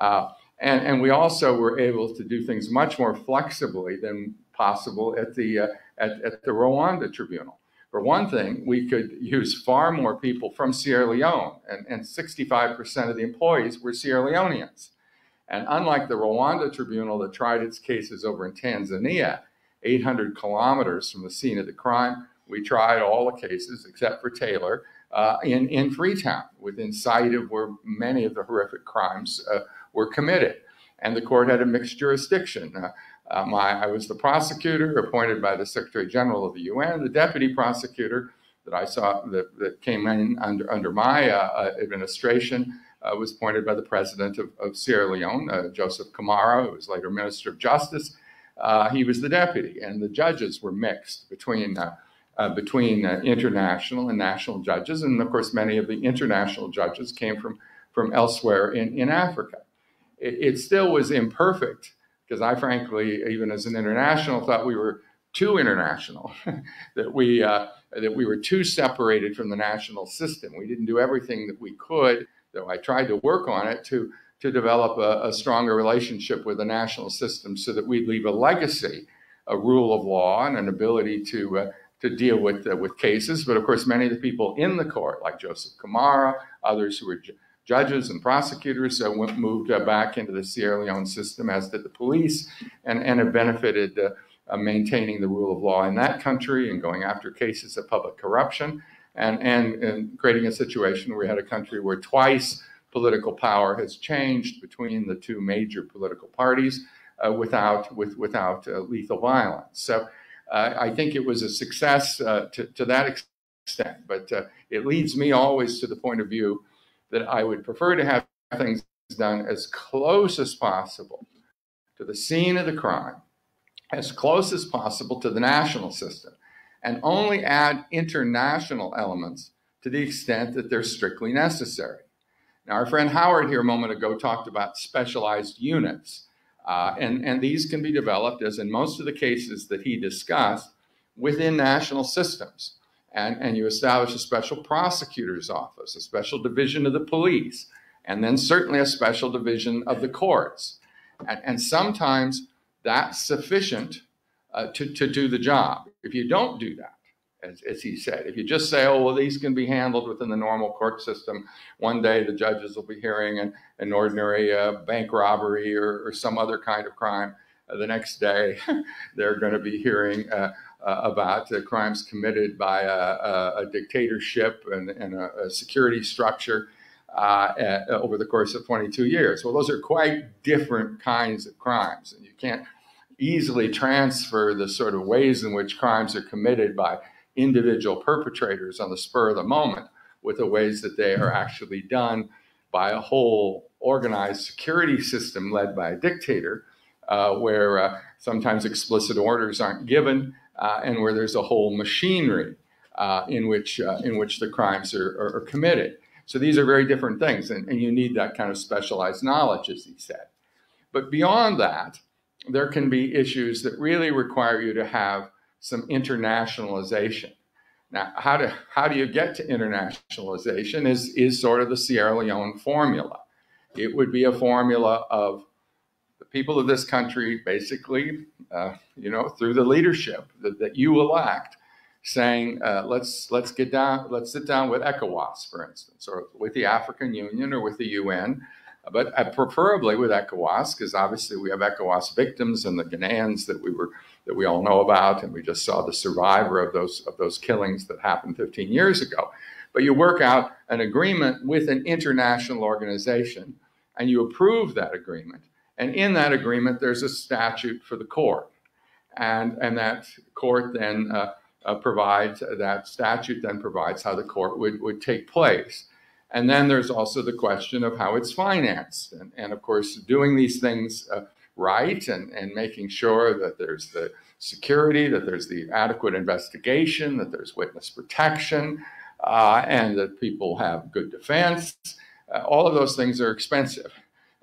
Speaker 12: Uh, and, and, we also were able to do things much more flexibly than possible at the, uh, at, at, the Rwanda tribunal. For one thing, we could use far more people from Sierra Leone, and, and 65% of the employees were Sierra Leoneans. And unlike the Rwanda tribunal that tried its cases over in Tanzania, 800 kilometers from the scene of the crime, we tried all the cases except for Taylor uh, in, in Freetown, within sight of where many of the horrific crimes uh, were committed. And the court had a mixed jurisdiction. Uh, um, I, I, was the prosecutor appointed by the Secretary General of the UN, the deputy prosecutor that I saw that, that came in under, under my uh, uh administration. Uh, was appointed by the president of, of Sierra Leone, uh, Joseph Kamara, who was later Minister of Justice. Uh, he was the deputy, and the judges were mixed between uh, between international and national judges, and of course, many of the international judges came from from elsewhere in in Africa. It, it still was imperfect because I frankly, even as an international, thought we were too international, that we uh, that we were too separated from the national system. We didn't do everything that we could, though I tried to work on it to to develop a, a stronger relationship with the national system, so that we'd leave a legacy, a rule of law, and an ability to. Uh, to deal with uh, with cases, but of course, many of the people in the court, like Joseph Kamara, others who were judges and prosecutors uh, went, moved uh, back into the Sierra Leone system, as did the police, and, and have benefited uh, maintaining the rule of law in that country and going after cases of public corruption and, and, and creating a situation where we had a country where twice political power has changed between the two major political parties uh, without, with, without uh, lethal violence. So uh, I think it was a success to, to that extent, but it leads me always to the point of view that I would prefer to have things done as close as possible to the scene of the crime, as close as possible to the national system, and only add international elements to the extent that they're strictly necessary. Now, our friend Howard here a moment ago talked about specialized units, uh, and, and these can be developed, as in most of the cases that he discussed, within national systems and, and you establish a special prosecutor's office, a special division of the police, and then certainly a special division of the courts. And, and sometimes that's sufficient uh, to, to do the job. If you don't do that, as, as, he said. If you just say, oh, well, these can be handled within the normal court system, one day the judges will be hearing an, an ordinary uh, bank robbery or, or, some other kind of crime. Uh, the next day, they're going to be hearing uh, uh, about crimes committed by a, a, a dictatorship and, and a, a, security structure uh, at, over the course of 22 years. Well, those are quite different kinds of crimes, and you can't easily transfer the sort of ways in which crimes are committed by individual perpetrators on the spur of the moment with the ways that they are actually done by a whole organized security system led by a dictator, uh, where uh, sometimes explicit orders aren't given, uh, and where there's a whole machinery uh, in which uh, in which the crimes are, are, are, committed. So these are very different things, and, and you need that kind of specialized knowledge, as he said. But beyond that, there can be issues that really require you to have some internationalization. Now, how do, how do you get to internationalization is, is sort of the Sierra Leone formula. It would be a formula of people of this country, basically, uh, you know, through the leadership that, that you elect, saying, uh, let's, let's get down, let's sit down with ECOWAS, for instance, or with the African Union or with the UN, but uh, preferably with ECOWAS, because obviously we have ECOWAS victims and the Ghanaians that we were, that we all know about, and we just saw the survivor of those, of those killings that happened 15 years ago. But you work out an agreement with an international organization and you approve that agreement and in that agreement, there's a statute for the court. And, and that court then uh, uh, provides, that statute then provides how the court would, would take place. And then there's also the question of how it's financed. And, and of course, doing these things uh, right and, and making sure that there's the security, that there's the adequate investigation, that there's witness protection, uh, and that people have good defense, uh, all of those things are expensive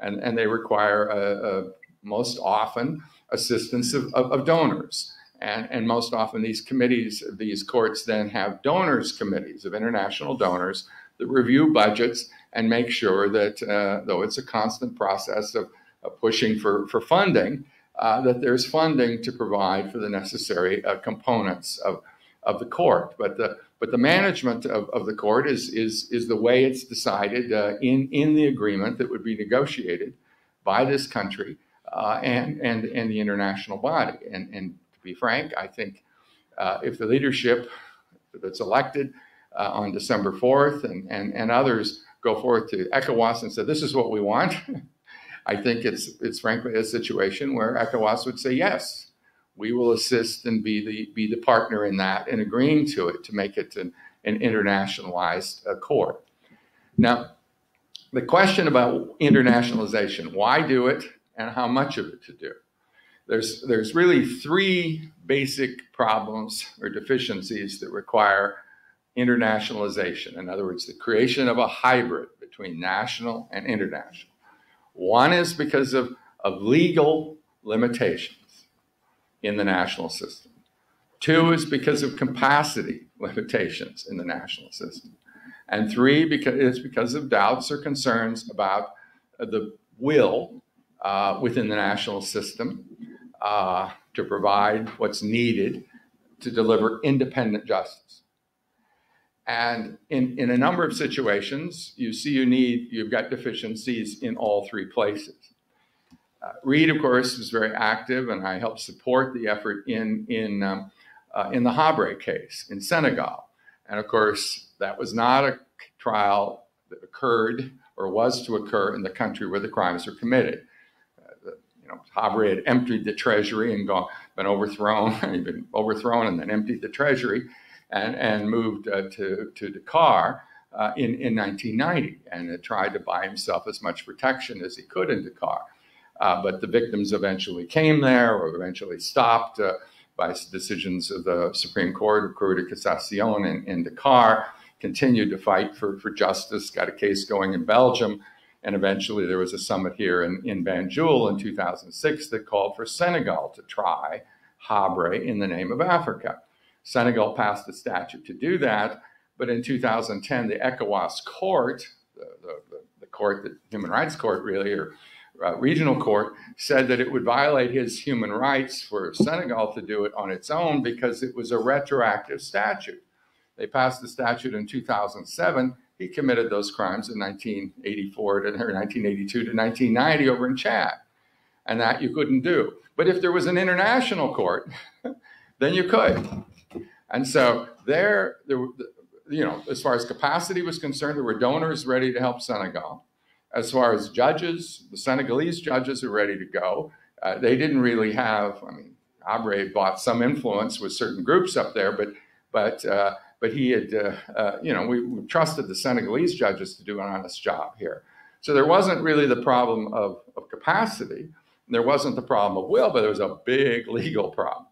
Speaker 12: and, and they require a, a most often assistance of, of, of donors. And, and, most often these committees, these courts then have donors committees of international donors that review budgets and make sure that, uh, though it's a constant process of, of pushing for, for funding, uh, that there's funding to provide for the necessary uh, components of, of the court. But the, but the management of, of the court is, is, is the way it's decided uh, in, in the agreement that would be negotiated by this country uh, and, and, and the international body. And, and to be frank, I think uh, if the leadership that's elected uh, on December 4th and, and, and others go forth to ECOWAS and say, this is what we want, I think it's, it's frankly a situation where ECOWAS would say yes we will assist and be the be the partner in that and agreeing to it to make it an, an internationalized accord. Uh, now, the question about internationalization, why do it and how much of it to do? There's, there's really three basic problems or deficiencies that require internationalization. In other words, the creation of a hybrid between national and international. One is because of, of legal limitation in the national system. Two is because of capacity limitations in the national system. And three because, is because of doubts or concerns about uh, the will uh, within the national system uh, to provide what's needed to deliver independent justice. And in, in a number of situations, you see you need, you've got deficiencies in all three places. Uh, Reed, of course, was very active, and I helped support the effort in in um, uh, in the Habre case in Senegal. And of course, that was not a trial that occurred or was to occur in the country where the crimes were committed. Uh, the, you know, Habre had emptied the treasury and gone, been overthrown. he'd been overthrown and then emptied the treasury, and and moved uh, to to Dakar. Uh, in, in 1990, and tried to buy himself as much protection as he could in Dakar. Uh, but the victims eventually came there or eventually stopped uh, by decisions of the Supreme Court, of Cour de Cassation in, in Dakar, continued to fight for, for justice, got a case going in Belgium. And eventually there was a summit here in, in Banjul in 2006 that called for Senegal to try Habre in the name of Africa. Senegal passed a statute to do that. But in 2010, the ECOWAS court, the, the, the, court, the human rights court really, or uh, regional court said that it would violate his human rights for Senegal to do it on its own because it was a retroactive statute. They passed the statute in 2007. He committed those crimes in 1984 to, or 1982 to 1990 over in Chad. And that you couldn't do. But if there was an international court, then you could. And so there, there, you know, as far as capacity was concerned, there were donors ready to help Senegal. As far as judges, the Senegalese judges are ready to go. Uh, they didn't really have, I mean, Abre bought some influence with certain groups up there, but, but, uh, but he had, uh, uh, you know, we, we, trusted the Senegalese judges to do an honest job here. So there wasn't really the problem of, of capacity. There wasn't the problem of will, but there was a big legal problem.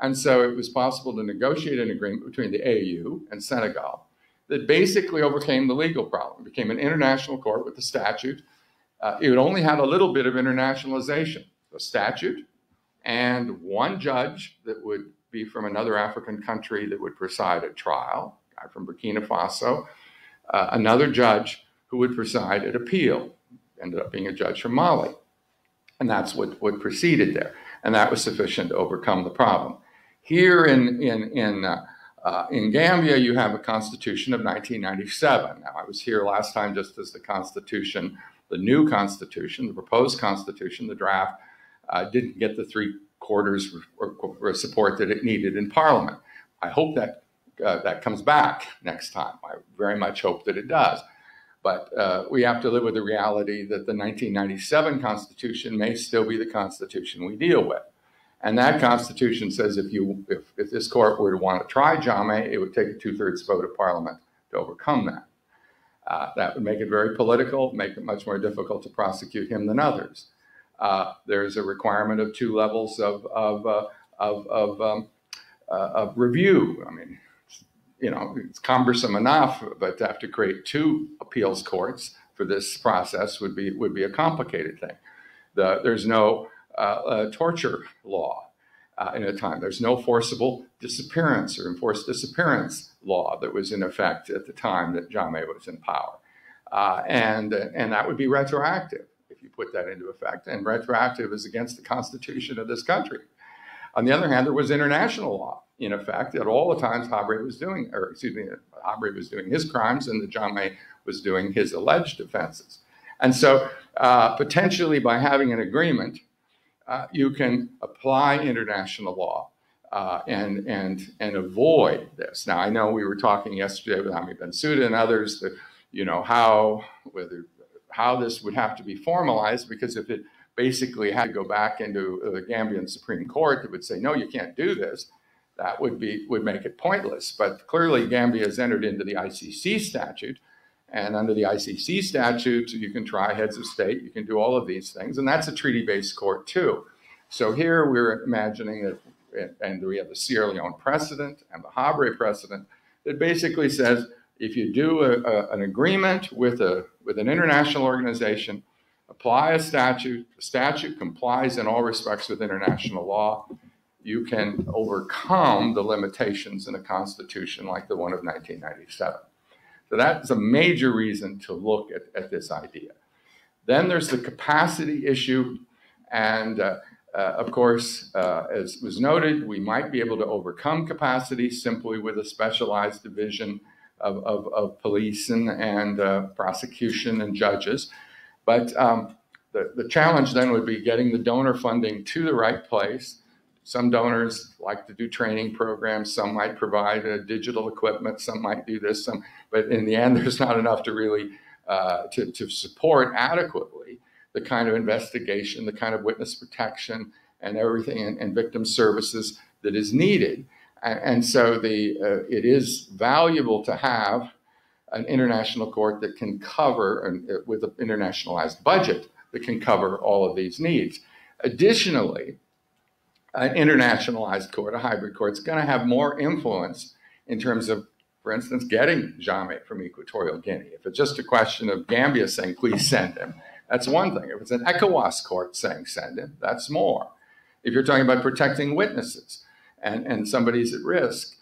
Speaker 12: And so it was possible to negotiate an agreement between the AU and Senegal that basically overcame the legal problem. It became an international court with a statute. Uh, it only have a little bit of internationalization, a statute, and one judge that would be from another African country that would preside at trial, guy from Burkina Faso, uh, another judge who would preside at appeal, ended up being a judge from Mali. And that's what, what proceeded there. And that was sufficient to overcome the problem. Here in, in, in uh, uh, in Gambia, you have a constitution of 1997. Now, I was here last time just as the constitution, the new constitution, the proposed constitution, the draft, uh, didn't get the three quarters support that it needed in parliament. I hope that uh, that comes back next time. I very much hope that it does. But uh, we have to live with the reality that the 1997 Constitution may still be the Constitution we deal with. And that mm-hmm. constitution says if, you, if, if this court were to want to try Jame, it would take a two thirds vote of parliament to overcome that. Uh, that would make it very political, make it much more difficult to prosecute him than others. Uh, there's a requirement of two levels of, of, uh, of, of, um, uh, of, review. I mean, you know, it's cumbersome enough, but to have to create two appeals courts for this process would be, would be a complicated thing. The, there's no uh, torture law uh, in a time. There's no forcible disappearance or enforced disappearance law that was in effect at the time that Jammeh was in power. Uh, and, and that would be retroactive if you put that into effect. And retroactive is against the Constitution of this country. On the other hand, there was international law in effect at all the times Habre was doing, or excuse me, Habre was doing his crimes and the Jame was doing his alleged offenses. And so, uh, potentially by having an agreement uh, you can apply international law uh, and, and, and avoid this. Now, I know we were talking yesterday with Ami Bensuda and others that, you know, how, whether, how this would have to be formalized, because if it basically had to go back into the Gambian Supreme Court that would say, no, you can't do this, that would, be, would make it pointless. But clearly, Gambia has entered into the ICC statute, and under the ICC statutes, you can try heads of state, you can do all of these things. And that's a treaty based court, too. So here we're imagining that, and we have the Sierra Leone precedent and the Habre precedent that basically says if you do a, a, an agreement with, a, with an international organization, apply a statute, the statute complies in all respects with international law, you can overcome the limitations in a constitution like the one of 1997. So that's a major reason to look at, at this idea. Then there's the capacity issue. And uh, uh, of course, uh, as was noted, we might be able to overcome capacity simply with a specialized division of, of, of police and, and uh, prosecution and judges. But um, the, the challenge then would be getting the donor funding to the right place some donors like to do training programs. Some might provide a uh, digital equipment. Some might do this. Some, but in the end, there's not enough to really uh, to, to support adequately the kind of investigation, the kind of witness protection, and everything, and, and victim services that is needed. And, and so the uh, it is valuable to have an international court that can cover an, uh, with an internationalized budget that can cover all of these needs. Additionally, an internationalized court, a hybrid court, is going to have more influence in terms of, for instance, getting Jame from Equatorial Guinea. If it's just a question of Gambia saying, please send him, that's one thing. If it's an ECOWAS court saying, send him, that's more. If you're talking about protecting witnesses and, and somebody's at risk,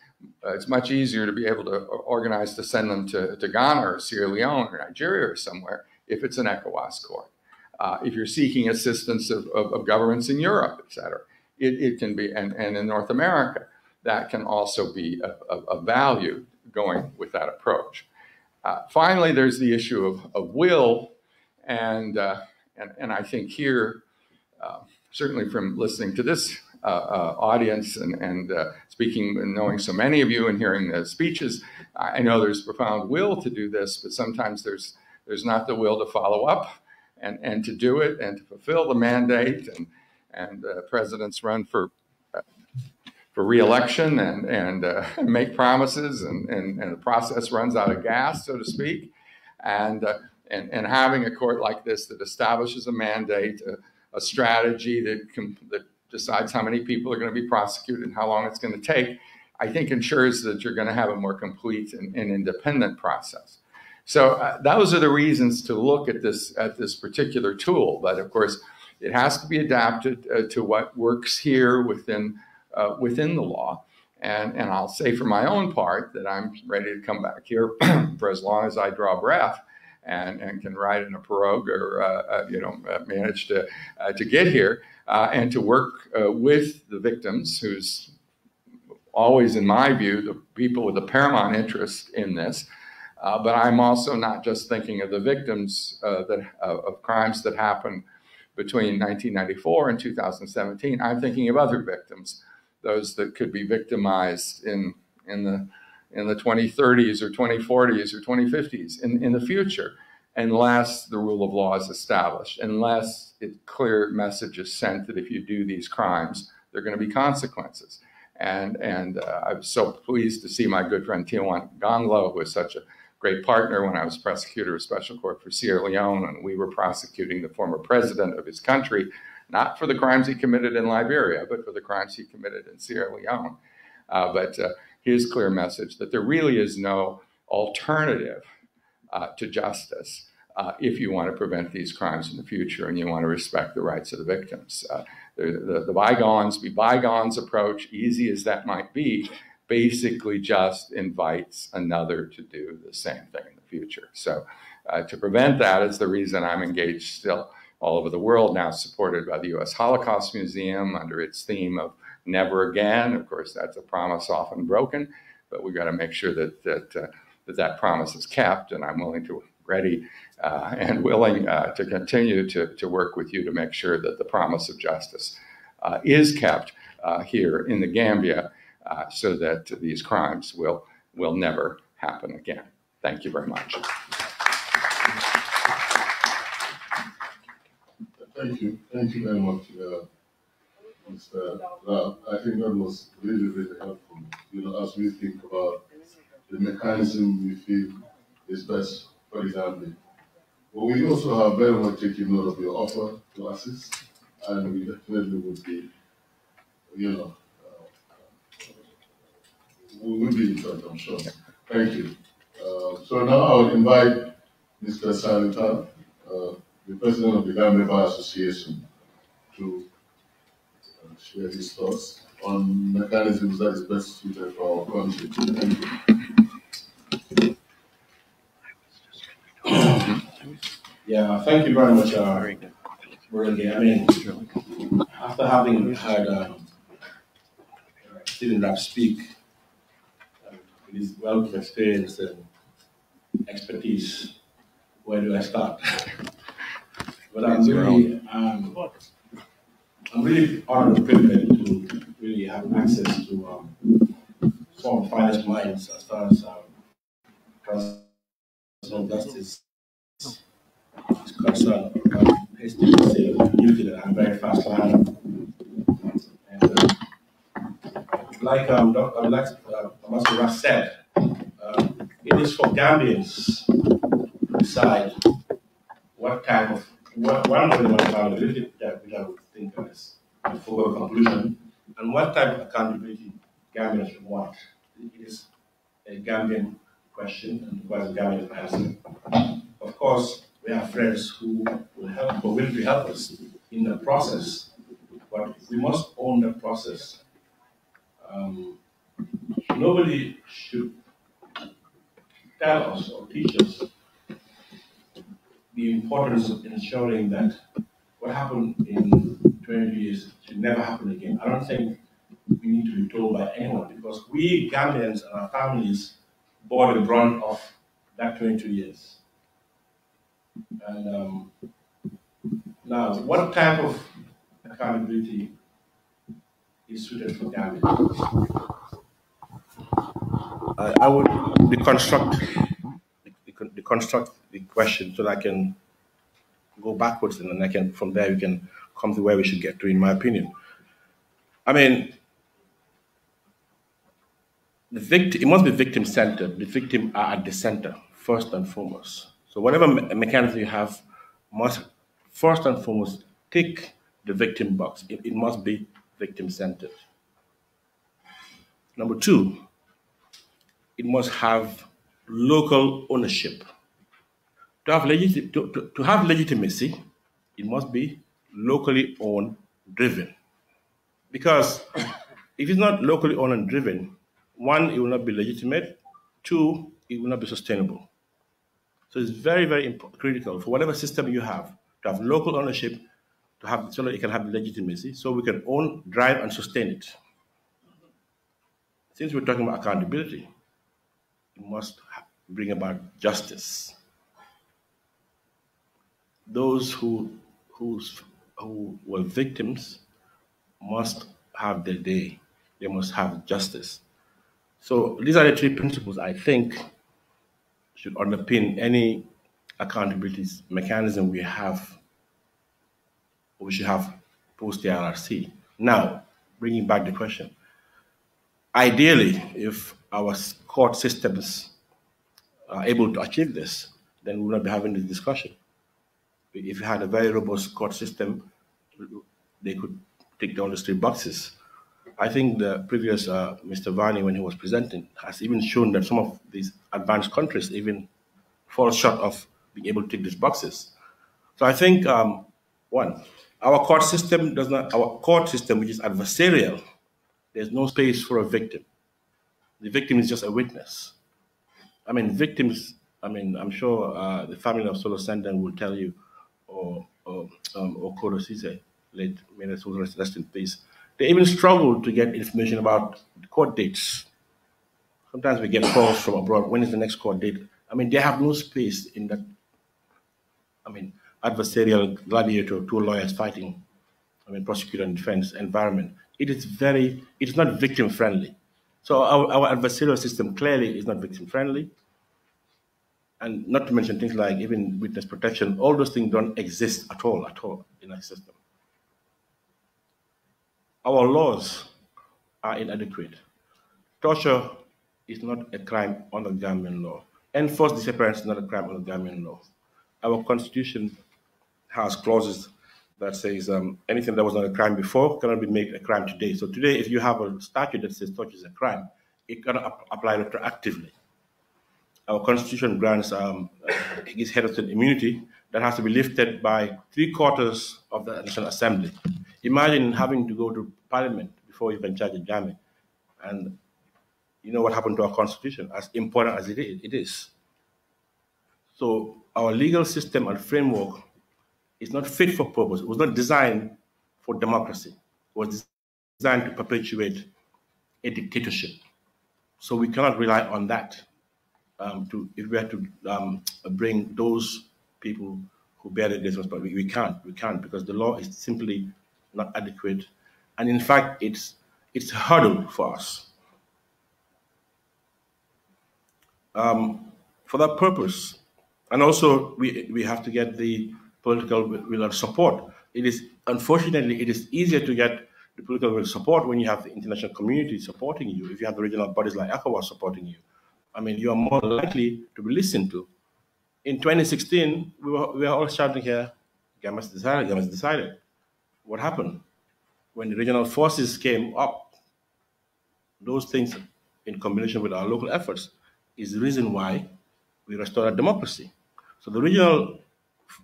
Speaker 12: uh, it's much easier to be able to organize to send them to, to Ghana or Sierra Leone or Nigeria or somewhere if it's an ECOWAS court. Uh, if you're seeking assistance of, of, of governments in Europe, et cetera it, it can be, and, and in North America, that can also be a, a, a value going with that approach. Uh, finally, there's the issue of, of will, and, uh, and, and I think here, uh, certainly from listening to this uh, uh, audience and, and uh, speaking and knowing so many of you and hearing the speeches, I know there's profound will to do this, but sometimes there's there's not the will to follow up and, and to do it and to fulfill the mandate and and uh, presidents run for uh, for reelection and and uh, make promises, and, and, and the process runs out of gas, so to speak, and. And, and, having a court like this that establishes a mandate, a, a strategy that, can, that, decides how many people are going to be prosecuted and how long it's going to take, I think ensures that you're going to have a more complete and, and independent process. So uh, those are the reasons to look at this at this particular tool. But of course, it has to be adapted uh, to what works here within, uh, within the law. And, and I'll say for my own part that I'm ready to come back here for as long as I draw breath and, and can ride in a pirogue or, uh, uh you know, uh, manage to, uh, to get here and to work with the victims who's always, in my view, the people with the paramount interest in this. Uh, but I'm also not just thinking of the victims uh, that, uh, of crimes that happen between 1994 and 2017, I'm thinking of other victims, those that could be victimized in, in, the, in the 2030s or 2040s or 2050s in, in the future, unless the rule of law is established, unless it clear message is sent that if you do these crimes, there are going to be consequences. And, and uh, I was so pleased to see my good friend Tiwan Gonlo, who is such a great partner when I was prosecutor of special court for Sierra Leone, and we were prosecuting the former president of his country, not for the crimes he committed in Liberia, but for the crimes he committed in Sierra Leone. Uh, but uh, his clear message that there really is no alternative uh, to justice uh, if you want to prevent these crimes in the future and you want to respect the rights of the victims. Uh, the, the, the bygones be bygones approach, easy as that might be, basically just invites another to do the same thing in the future. So uh, to prevent that is the reason I'm engaged still all over the world, now supported by the U.S. Holocaust Museum under its theme of never again. Of course, that's a promise often broken, but we've got to make sure that that, uh, that, that promise is kept, and I'm willing to ready uh, and willing uh, to continue to, to work with you to make sure that the promise of justice uh, is kept uh, here in the Gambia uh, so that these crimes will, will never happen again. Thank you very much.
Speaker 7: Thank you. Thank you very much,
Speaker 3: uh, Mr. I think that was really, really helpful. You know, as we think about the mechanism we feel is best for example. But we also have very much taken note of your offer to assist, and we definitely would be, you know, we will be in touch, I'm sure. Thank you. Uh, so now I will invite Mr. Salita, uh, the president of the Gambia Association, to uh, share his thoughts on mechanisms that is best suited for
Speaker 4: our country. Thank you. Yeah, thank you very much, uh, Burundi. I mean, after having heard um, Stephen Rapp speak, with his wealth of experience and expertise, where do I start? but I'm really, um, I'm really honored and privileged to really have access to um, some of the finest minds as far as um, personal justice is concerned. I'm very fast learner. like um, Dr. Um, uh, Ambassador said, um, it is for Gambians to
Speaker 1: decide what kind of, what, one of them accountability that we have
Speaker 4: think of this before conclusion, and what type of accountability Gambians should want. It is a Gambian question and requires a Gambian answer. Of course, we have friends who will help, but will help us in the process, but we must own the process um, nobody should tell us or teach us the importance of ensuring that what happened in 20 years should never happen again. I don't think we need to be told by anyone because we Gambians and our families bore the brunt of that 22 years. And um, now, what type of accountability the students with damage. Uh, I would deconstruct deconstruct the question so that I can go backwards and then I can from there we can come to where we should get to in my opinion. I mean the victim it must be victim centered. The victim are at the center first and foremost. So whatever me mechanism you have must first and foremost take the victim box. It, it must be victim-centered. Number two, it must have local ownership. To have, to, to have legitimacy, it must be locally owned, driven. Because if it's not locally owned and driven, one, it will not be legitimate. Two, it will not be sustainable. So it's very, very critical for whatever system you have to have local ownership to have so that it can have legitimacy, so we can own, drive, and sustain it. Since we're talking about accountability, it must bring about justice. Those who, who, who were victims must have their day. They must have justice. So these are the three principles I think should underpin any accountability mechanism we have we should have post the RRC. Now, bringing back the question. Ideally, if our court systems are able to achieve this, then we will not be having this discussion. If you had a very robust court system, they could tick down those three boxes. I think the previous uh, Mr. Vani, when he was presenting, has even shown that some of these advanced countries even fall short of being able to tick these boxes. So I think, um, one, our court system does not, our court system, which is adversarial, there's no space for a victim. The victim is just a witness. I mean, victims, I mean, I'm sure uh, the family of Solo Sandan will tell you, or, or, um, or Koro Sise, late, may rest in peace. They even struggle to get information about court dates. Sometimes we get calls from abroad. When is the next court date? I mean, they have no space in that. I mean, adversarial gladiator, two lawyers fighting, I mean, prosecutor and defense environment. It is very, it is not victim friendly. So our, our adversarial system clearly is not victim friendly. And not to mention things like even witness protection, all those things don't exist at all, at all in our system. Our laws are inadequate. Torture is not a crime under Gambian law. Enforced disappearance is not a crime under Gambian law. Our constitution has clauses that says um, anything that was not a crime before cannot be made a crime today. So today, if you have a statute that says touch is a crime, it cannot ap- apply retroactively. Our constitution grants um, his uh, head of state immunity that has to be lifted by three quarters of the National Assembly. Imagine having to go to Parliament before you can charge a jamming. And you know what happened to our constitution, as important as it is. It is. So our legal system and framework it's not fit for purpose. It was not designed for democracy. It was designed to perpetuate a dictatorship. So we cannot rely on that um, to if we had to um, bring those people who bear the responsibility. But we, we can't. We can't because the law is simply not adequate, and in fact, it's it's a hurdle for us. Um, for that purpose, and also we we have to get the political will and support. It is unfortunately it is easier to get the political will support when you have the international community supporting you. If you have the regional bodies like ECOWAS supporting you, I mean you are more likely to be listened to. In 2016, we were, we were all shouting here, Gamma's decided, Gamma's decided. What happened? When the regional forces came up, those things in combination with our local efforts is the reason why we restored our democracy. So the regional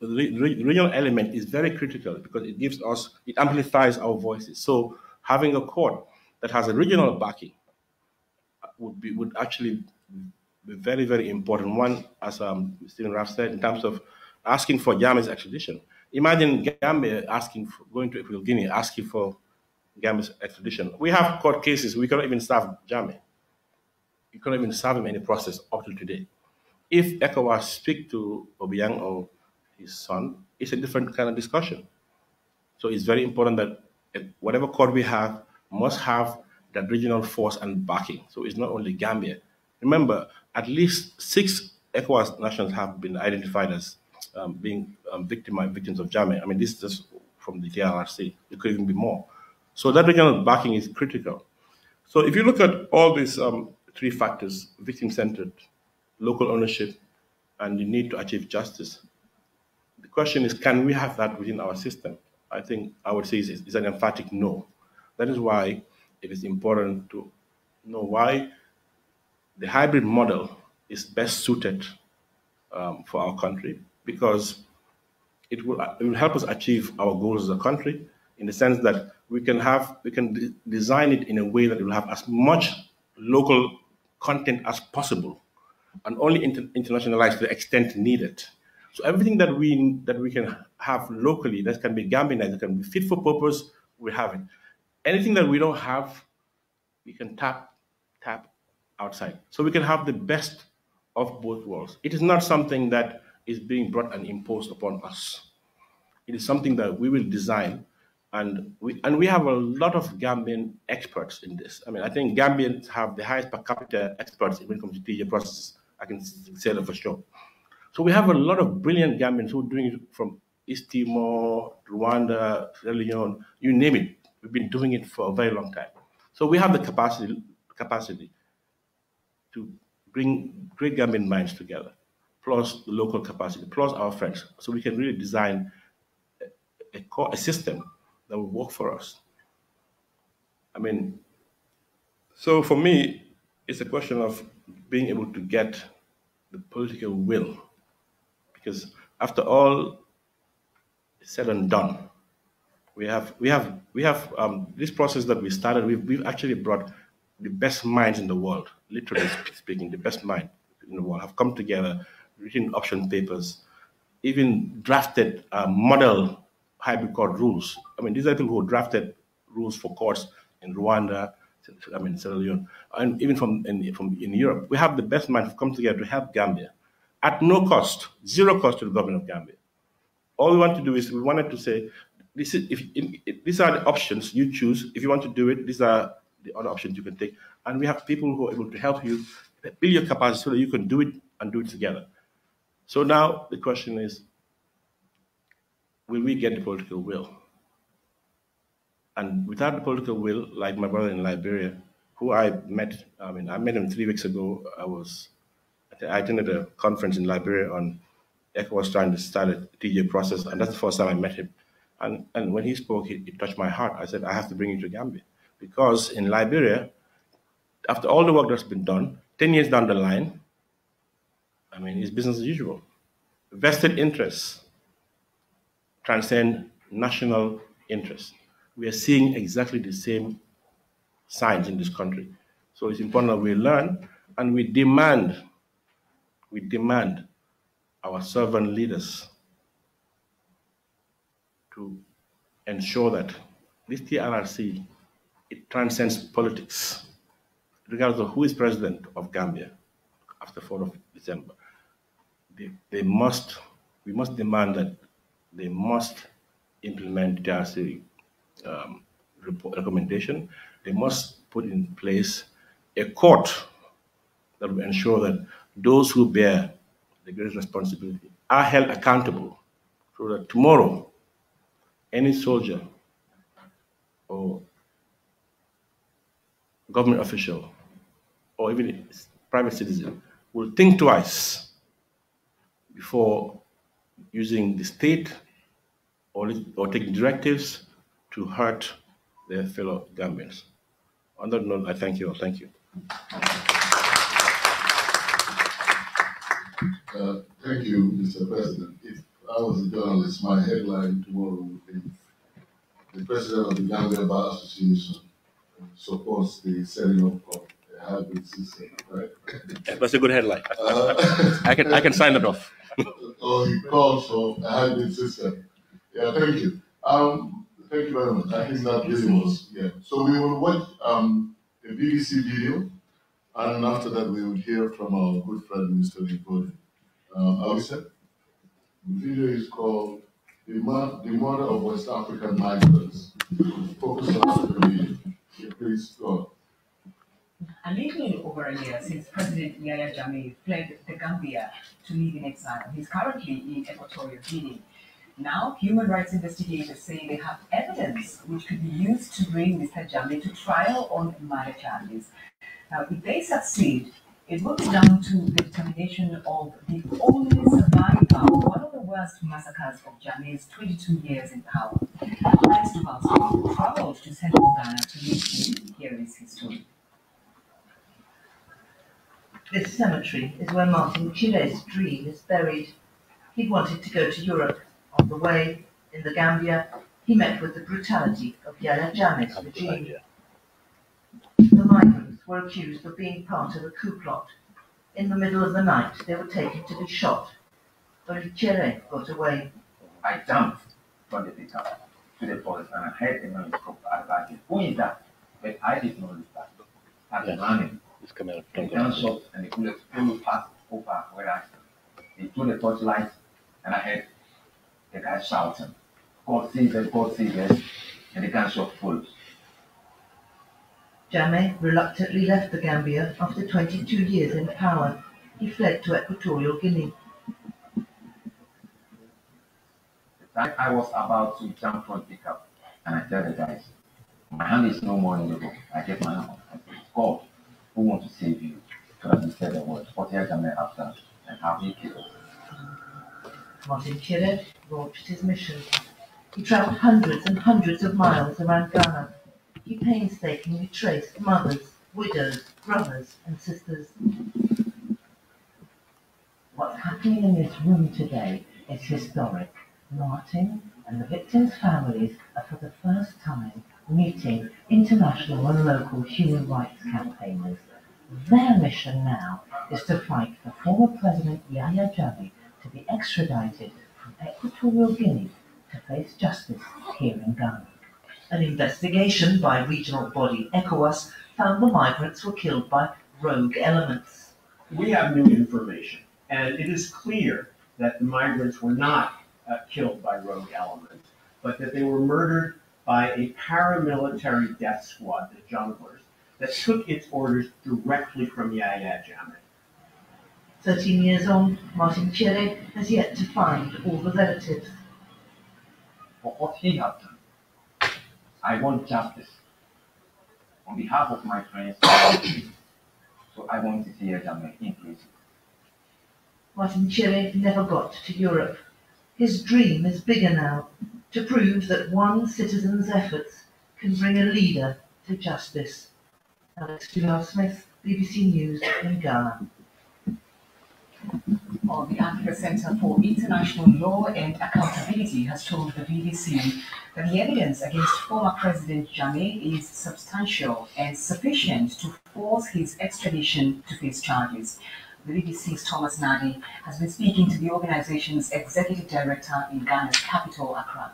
Speaker 4: re, regional real element is very critical because it gives us, it amplifies our voices. So having a court that has a regional backing uh, would be would actually be very very important. One, as um, Stephen Raff said, in terms of asking for Jammeh's extradition. Imagine Gambia asking for, going to Equatorial Guinea asking for Gambia's extradition. We have court cases. We cannot even serve Jammeh. You cannot even serve him any process up to today. If ECOWAS speak to Obiang or his son, it's a different kind of discussion. So it's very important that eh, whatever court we have must have that regional force and backing. So it's not only Gambia. Remember, at least six ECOWAS nations have been identified as um, being um, victimized, victims of jamming. I mean, this is just from the DRC. It could even be more. So that regional backing is critical. So if you look at all these um, three factors, victim-centered, local ownership, and the need to achieve justice, the question is, can we have that within our system? I think I would say is, is an emphatic no. That is why it is important to know why the hybrid model is best suited um, for our country because it will, it will help us achieve our goals as a country in the sense that we can have we can de design it in a way that it will have as much local content as possible and only inter internationalize to the extent needed. So everything that we that we can have locally that can be Gambianized, that can be fit for purpose, we have it. Anything that we don't have, we can tap tap outside. So we can have the best of both worlds. It is not something that is being brought and imposed upon us. It is something that we will design and we and we have a lot of Gambian experts in this. I mean, I think Gambians have the highest per capita experts when it comes to TJ processes. I can say that for sure. So we have a lot of brilliant Gambians who are doing it from East Timor, Rwanda, Sierra Leone, you name it. We've been doing it for a very long time. So we have the capacity capacity to bring great Gambian minds together, plus the local capacity, plus our friends. So we can really design a, a, a system that will work for us. I mean, so for me, it's a question of being able to get the political will because after all said and done, we have we have we have um, this process that we started. We've, we've actually brought the best minds in the world, literally speaking, the best mind in the world have come together, written option papers, even drafted model hybrid court rules. I mean, these are people who drafted rules for courts in Rwanda, I mean Sierra Leone, and even from in, from in Europe. We have the best minds who've come together to help Gambia at no cost, zero cost to the government of Gambia. All we want to do is we wanted to say, this is, if, if, these are the options you choose. If you want to do it, these are the other options you can take. And we have people who are able to help you build your capacity so that you can do it and do it together. So now the question is, will we get the political will? And without the political will, like my brother in Liberia, who I met, I mean, I met him three weeks ago. I was I attended a conference in Liberia on ECOWAS trying to start a TJ process, and that's the first time I met him. And, and when he spoke, it, it touched my heart. I said, I have to bring you to Gambia. Because in Liberia, after all the work that's been done, 10 years down the line, I mean, it's business as usual. Vested interests transcend national interests. We are seeing exactly the same signs in this country. So it's important that we learn and we demand we demand our sovereign leaders to ensure that this TRRC it transcends politics, regardless of who is president of Gambia after 4th of December. They, they must, we must demand that they must implement TRC um, report, recommendation. They must put in place a court that will ensure that those who bear the greatest responsibility are held accountable so that tomorrow any soldier or government official or even private citizen will think twice before using the state or, or taking directives to hurt their fellow Gambians. On that note, I thank you all. Thank you. Uh,
Speaker 3: thank you, Mr. President. If I was a journalist, my headline tomorrow would be the president of the Gambia Bar Association supports the setting up of a hybrid system, right?
Speaker 4: That's a good headline. Uh, I can I can sign it off. or
Speaker 3: oh, he calls for a hybrid system. Yeah, thank you. Um, thank you very much. I think that really was yeah. So we will watch um, a BBC video. And after that, we would hear from our good friend, Mr. Nikode. Uh, The video is called the, Ma- the Mother of West African Migrants. Focus on the media. Please go
Speaker 7: a little over a year since President Yahya Jammeh fled the Gambia to live in exile. He's currently in
Speaker 5: Equatorial Guinea. Now, human rights investigators say they have evidence which could be used to bring Mr. Jammeh to trial on murder charges. Now, if they succeed,
Speaker 6: it will be down to the determination of the only survivor of one of the worst massacres of Jammeh's 22 years in power. Thanks to us, we to Senegal Ghana to meet him Here is his story. This cemetery is where Martin Chile's dream is buried. He wanted to go to Europe. On the way, in the Gambia, he met with the brutality of Yahya Jammeh's regime. The were accused of being part of a coup plot. In the middle of the night, they were taken to be shot. Orichere got away. I jumped
Speaker 7: from the pickup to the police and I heard a noise from Arbaki. Who is that? But I did not know that. I yes. running. It's coming out from the gunshot and the bullet flew past over where I stood. They threw the torchlight and I heard the guy shouting, God save us, God save us, and the gunshot
Speaker 6: followed. Jammeh reluctantly left The Gambia after twenty-two years in power; he fled to Equatorial Guinea.
Speaker 7: I was about to jump from the pickup, and I tell the guys, my hand is no more in the book. I get my hand. I God, who wants to save you? Because he said the word, what here can I after, and how he killed.
Speaker 6: Martin Kidd launched his mission. He traveled hundreds and hundreds of miles around Ghana he painstakingly traced mothers, widows, brothers, and sisters. What's happening in this room today is historic. Martin and the victims' families are for the first time meeting international and local human rights campaigners. Their mission now is to fight for former President Yahya Jammeh to be extradited from Equatorial Guinea to face justice here in Ghana. An investigation by regional body ECOWAS found the migrants were killed by rogue
Speaker 10: elements. We have new information, and it is clear that the migrants were not uh, killed by rogue elements, but that they were murdered by a paramilitary death squad, the Junglers, that took its orders directly from Yahya Jammeh.
Speaker 6: 13 years on, Martin Chere has yet to find all the relatives. I want justice on behalf of my friends. so I want to see a German in prison. Martin Chile never got to Europe. His dream is bigger now to prove that one citizen's efforts can bring a leader to justice. Alex Duval Smith, BBC News in Ghana. Well, the Africa Center for International
Speaker 5: Law and Accountability has told the BBC that the evidence against former President Jammeh is substantial and sufficient to force his extradition
Speaker 6: to face charges. The BBC's Thomas Nadi has been speaking to the organization's executive
Speaker 11: director in Ghana's capital, Accra.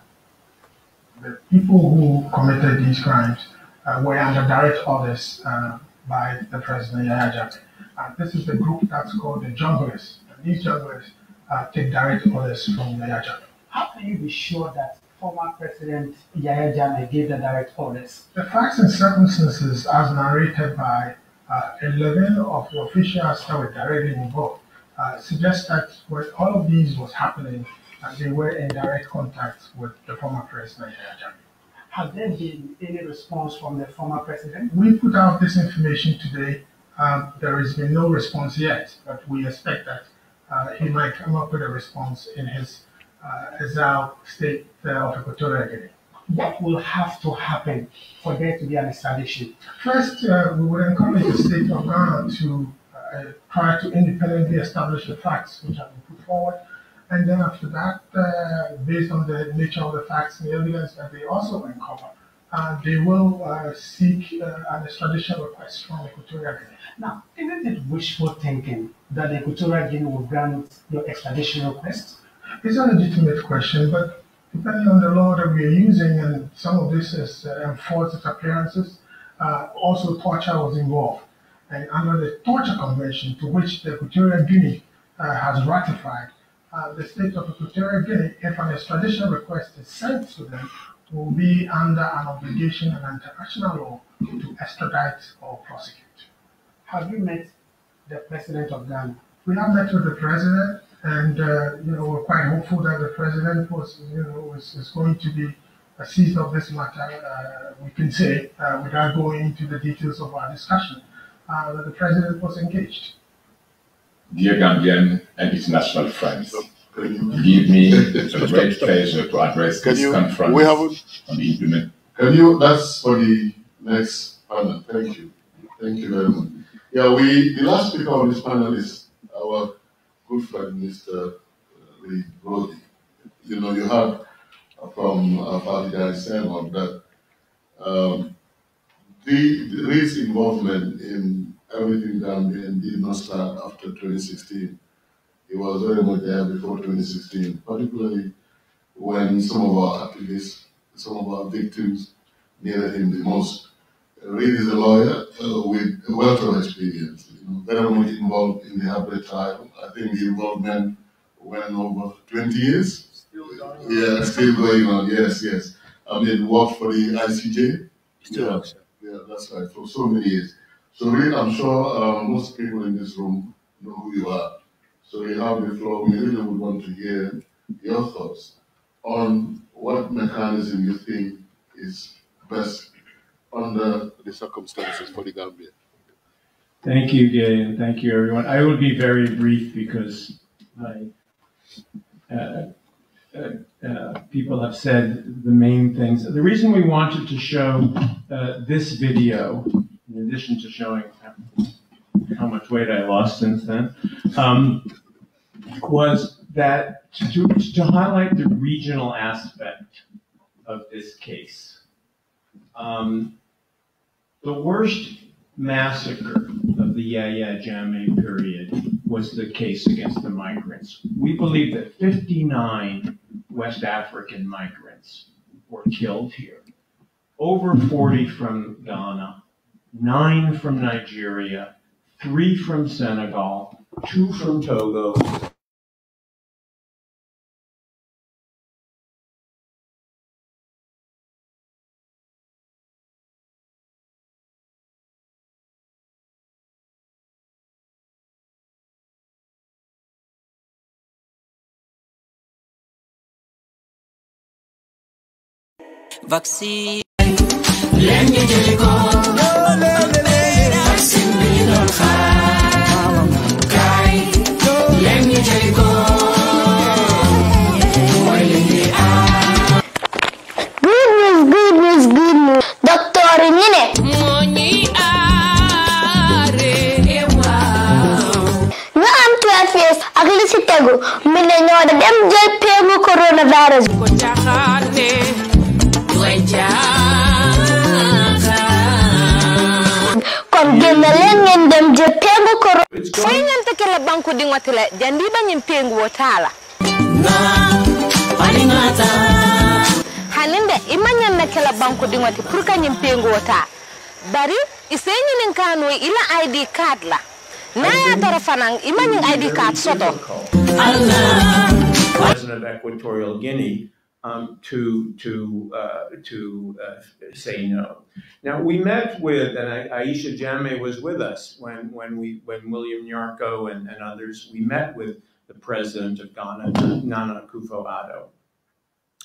Speaker 11: The people who committed these crimes uh, were under direct orders uh, by the President Yahya Jammeh and this is the group that's called the junglers. And these junglers uh, take direct orders from Yahya Jammeh. How can you be sure that former President Yahya Jammeh gave the direct orders? The facts and circumstances, as narrated by uh, 11 of the officials that were directly involved, uh, suggest that when all of these was happening, uh, they were in direct contact with the former President Yahya Jammeh. Has there been any response from the former president? We put out this information today um, there has been no response yet, but we expect that uh, he might come up with a response in his uh, Azal state uh, of Equatorial Guinea. What will have to happen for there to be an establishment? First, uh, we would encourage the state of Ghana to uh, try to independently establish the facts which have been put forward. And then after that, based on the nature of the facts and the evidence that they also uncover, and uh, they will uh, seek uh, an extradition request from Equatorial Guinea. Now, isn't it wishful thinking that Equatorial Guinea will grant your extradition request? It's a legitimate question, but depending on the law that we are using, and some of this is uh, enforced appearances, also torture was involved. And under the Torture Convention, to which the Equatorial Guinea has ratified, uh, the state of Equatorial Guinea, if an extradition request is sent to them, will be under an obligation under international law to extradite or prosecute. Have you met the president of Ghana? We have met with the president, and uh, you know we're quite hopeful that the president was you know was, is going to be seized of this matter. Uh, we can say uh, without going into the details of our discussion uh, that the president was engaged.
Speaker 7: Dear Gambian and international friends. Give
Speaker 3: me, a great pleasure to address Can this you- conference we have, on the implement. Can you, that's for the next panel, thank you, thank you very much. Yeah, we, the last speaker on this panel is our good friend, Mr. Uh, Lee Brody. You know, you heard from uh, Father Gary Sandon that, um, the, the Lee's involvement in everything Gambian did not start after twenty sixteen. It was very much there before 2016, particularly when some of our activists, some of our victims needed him the most. Reed is a lawyer uh, with a wealth of experience, you know, very much involved in the Habre trial. I think the involvement went over 20 years. Still going on. Yeah, still going on. Yes, yes. I mean, worked for the ICJ. Still yeah. yeah, that's right. For so many years. So, Reed, I'm sure uh, most people in this room know who you are. So you have the floor. We really would want to hear your thoughts on what mechanism
Speaker 10: you think is best under the circumstances for the Gambia. Thank you, Gay, and thank you, everyone. I will be very brief because I, uh, uh, uh, people have said the main things. The reason we wanted to show uh, this video, in addition to showing how much weight I lost since then, um, was that to, to highlight the regional aspect of this case, um, the worst massacre of the Ya Jammeh period was the case against the migrants. We believe that 59 West African migrants were killed here, over 40 from Ghana, nine from Nigeria, three from Senegal, two from Togo,
Speaker 7: vaccine
Speaker 1: leen ñu jëli ko vaccine bi ñu doon xaar kaay leen ñu jëli ko mooy li ñuy aar good news good news good am 12 years ak li tegu mu ne ñoo dem jël peegu coronavirus gemelen ngen dem je pengu koro sai ngen te kela banku ding watila jandi ba nyen pengu wotala na palingata haninde imanyan na kela banku ding wati purka nyen pengu wota bari isenyi nin ila id card la na ya tara id card soto Allah
Speaker 10: President of Equatorial Guinea um, to to uh, to uh, say no. Now we met with, and Aisha Jame was with us when when we when William Nyarko and, and others we met with the president of Ghana, Nana Akufo-Addo,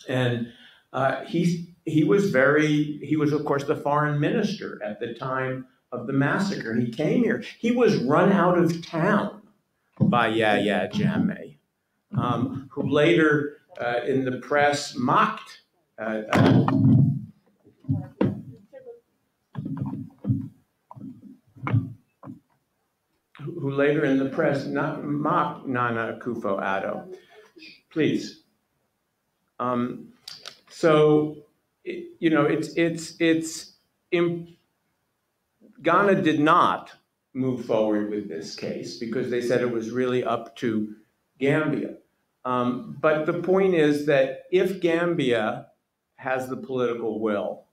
Speaker 10: and uh, he he was very he was of course the foreign minister at the time of the massacre. He came here. He was run out of town by Yahya Jammeh, um, who later uh, in the press mocked. Uh, uh who later in the press not mocked Nana Akufo Addo. Please. Um, so, it, you know, it's, it's, it's, Ghana did not move forward with this case because they said it was really up to Gambia. Um, but the point is that if Gambia has the political will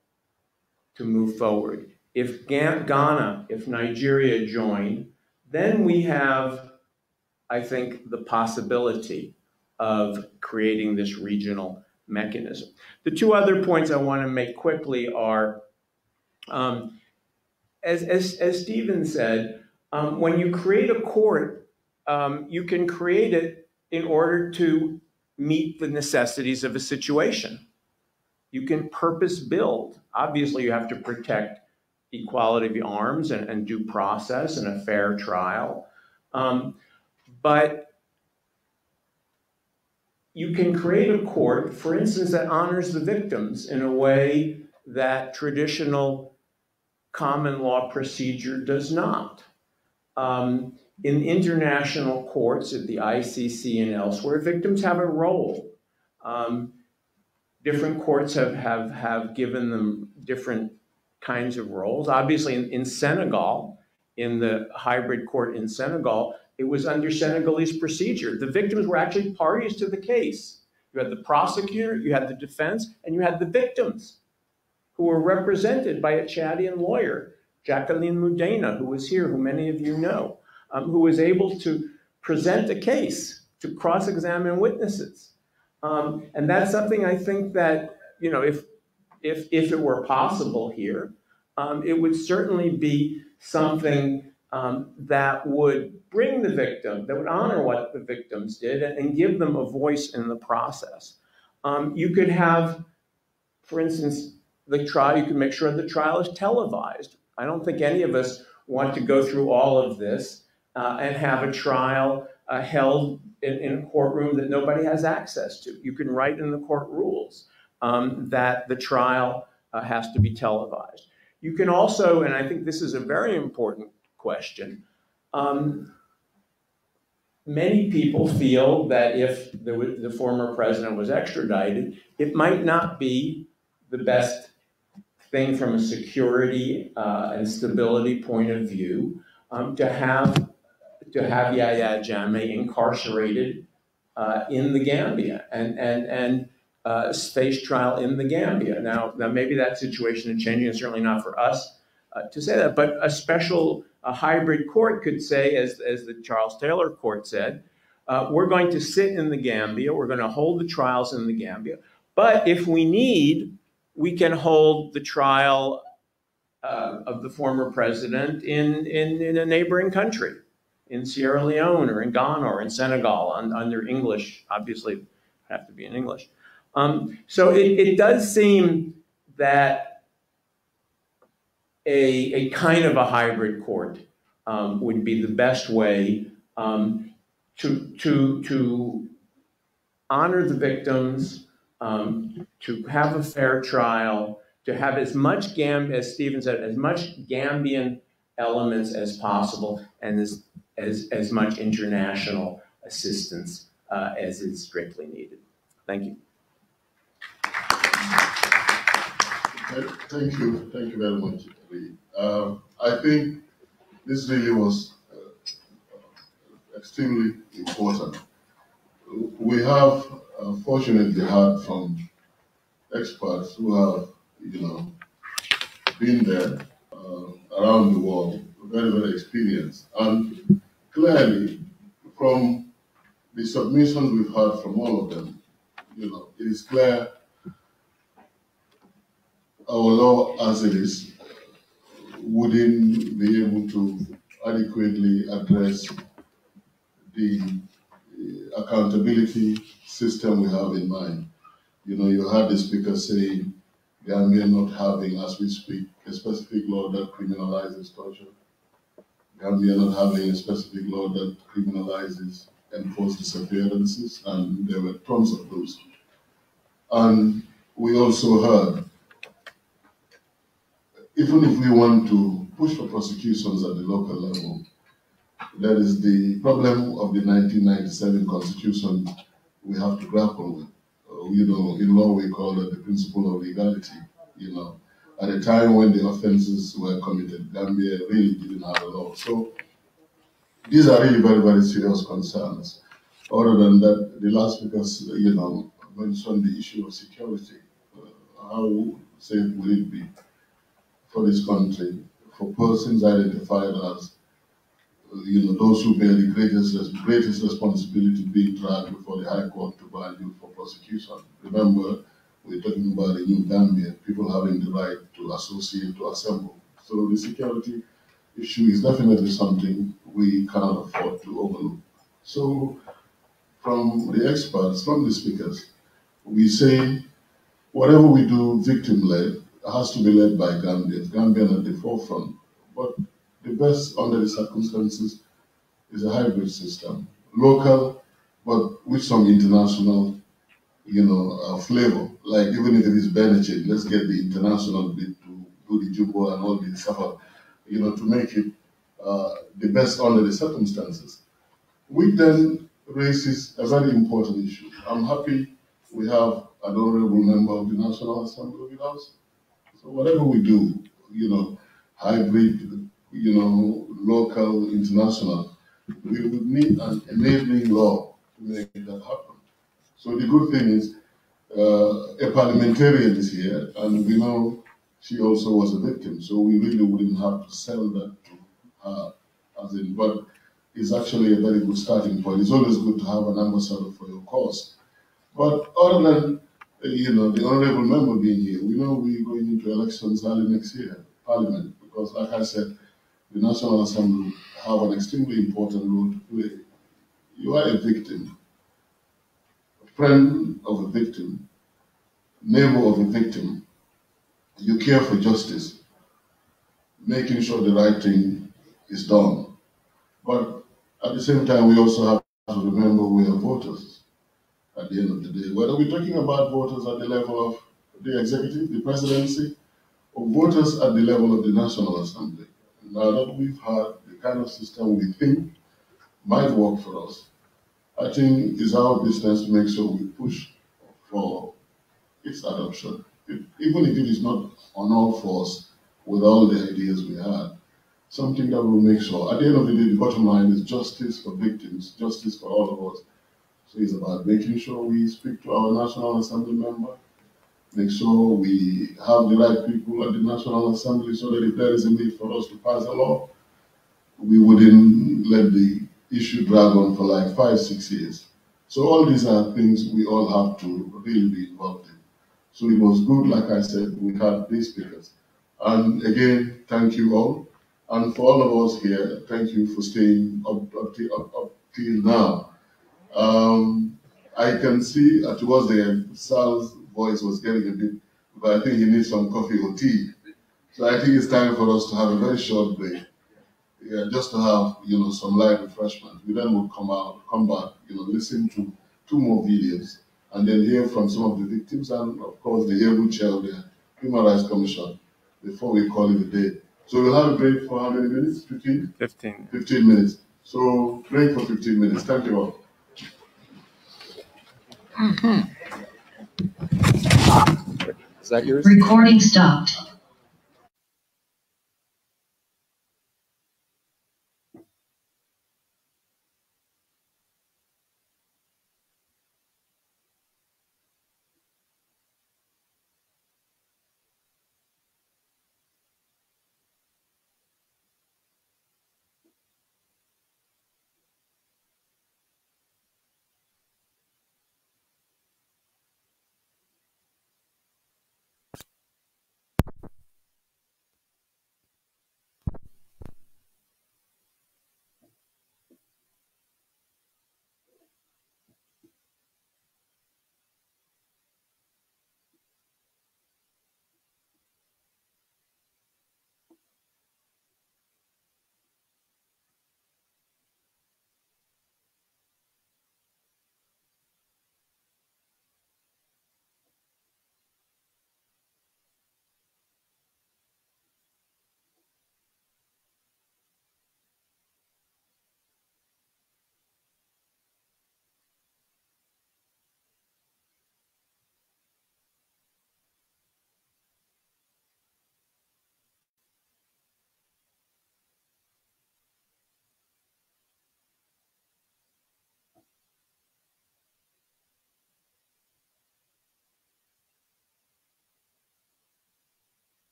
Speaker 10: to move forward, if Ghana, if Nigeria join, then we have, I think, the possibility of creating this regional mechanism. The two other points I want to make quickly are, um, as, as, as Stephen said, um, when you create a court, um, you can create it in order to meet the necessities of a situation. You can purpose build. Obviously, you have to protect equality of arms and, and due process and a fair trial. Um, but you can create a court, for instance, that honors the victims in a way that traditional common law procedure does not. Um, in international courts at the ICC and elsewhere, victims have a role. Um, different courts have, have, have given them different kinds of roles. Obviously, in, in Senegal, in the hybrid court in Senegal, it was under Senegalese procedure. The victims were actually parties to the case. You had the prosecutor, you had the defense, and you had the victims who were represented by a Chadian lawyer, Jacqueline Mudena, who was here, who many of you know um, who was able to present a case, to cross examine witnesses. Um, and that's something I think that, you know, if, if, if it were possible here, um, it would certainly be something um, that would bring the victim, that would honor what the victims did and, and give them a voice in the process. Um, you could have, for instance, the trial, you can make sure the trial is televised. I don't think any of us want to go through all of this uh, and have a trial uh, held in, in, a courtroom that nobody has access to. You can write in the court rules um, that the trial uh, has to be televised. You can also, and I think this is a very important question, um, many people feel that if the, the former president was extradited, it might not be the best thing from a security uh, and stability point of view um, to have to have Yahya Jammeh incarcerated uh, in the Gambia and and and uh, trial in the Gambia. Now, now maybe that situation is changing, It's certainly not for us uh, to say that. But a special, a hybrid court could say, as as the Charles Taylor Court said, uh, we're going to sit in the Gambia. We're going to hold the trials in the Gambia. But if we need, we can hold the trial. Uh, of the former president in, in, in a neighboring country in Sierra Leone or in Ghana or in Senegal under English, obviously have to be in English. Um, so it, it, does seem that a, a kind of a hybrid court um, would be the best way um, to, to, to honor the victims, um, to have a fair trial, to have as much, gam as Stephen said, as much Gambian elements as possible, and as as, as much international assistance uh, as is strictly needed. Thank you. Thank you.
Speaker 3: Thank you very much, Lee. Uh, I think this really was uh, extremely important. We have uh, fortunately heard from experts who have, you know, been there uh, around the world, very, very experienced. And clearly from the submissions we've heard from all of them, you know, it is clear our law as it is wouldn't be able to adequately address the uh, accountability system we have in mind. You know, you heard the speaker say Gambia not having, as we speak, a specific law that criminalizes torture. Gambia not having a specific law that criminalizes enforced disappearances, and there were tons of those. And we also heard, even if we want to push for prosecutions at the local level, that is the problem of the 1997 constitution we have to grapple with. Uh, you know, in law we call it the principle of legality, you know at the time when the offenses were committed, Gambia really didn't have a law. So these are really very, very serious concerns. Other than that, the last speaker, you know, mentioned the issue of security. Uh, how safe would it be for this country, for persons identified as, you know, those who bear the greatest, greatest responsibility being tried before the High Court to value for prosecution? Remember, we're talking about a new Gambia, people having the right to associate, to assemble. So the security issue is definitely something we cannot afford to overlook. So from the experts, from the speakers, we say whatever we do victim-led has to be led by Gambians, Gambian at the forefront. But the best under the circumstances is a hybrid system, local, but with some international, you know, uh, flavor like even if it is benefit, let's get the international bit to do the jumbo and all the stuff, you know, to make it uh, the best under the circumstances. We then raises a very important issue. I'm happy we have an honorable member of the National Assembly with us. So whatever we do, you know, hybrid, you know, local, international, we would need an enabling law to make that happen. So the good thing is uh, a parliamentarian is here, and we know she also was a victim, so we really wouldn't have to sell that to her. As in, but it's actually a very good starting point. It's always good to have an ambassador for your cause. But other than you know the honourable member being here, we know we're going into elections early next year, parliament, because like I said, the National Assembly have an extremely important role to play. You are a victim friend of the victim, neighbor of the victim, you care for justice, making sure the right thing is done. But at the same time, we also have to remember we are voters at the end of the day. Whether we're talking about voters at the level of the executive, the presidency, or voters at the level of the National Assembly. Now that we've had the kind of system we think might work for us, I think it's our business to make sure we push for its adoption. even if it is not on all fours with all the ideas we had, something that will make sure. At the end of the day, the bottom line is justice for victims, justice for all of us. So it's about making sure we speak to our National Assembly member, make sure we have the right people at the National Assembly so that if there is a need for us to pass a law, we wouldn't let the issue dragon for like five, six years. So all these are things we all have to really be involved in. So it was good, like I said, we had these speakers. And again, thank you all. And for all of us here, thank you for staying up, up, till, up, up till now. Um, I can see uh, towards the end, Sal's voice was getting a bit, but I think he needs some coffee or tea. So I think it's time for us to have a very short break yeah, just to have you know some light refreshment. We then would come out, come back, you know, listen to two more videos, and then hear from some of the victims and of course the able chair of the Human Rights Commission before we call it a day. So we'll have a break for how many minutes? 15? 15. 15 minutes. So break for 15 minutes. Thank you all. Mm -hmm. Is that yours?
Speaker 6: Recording stopped.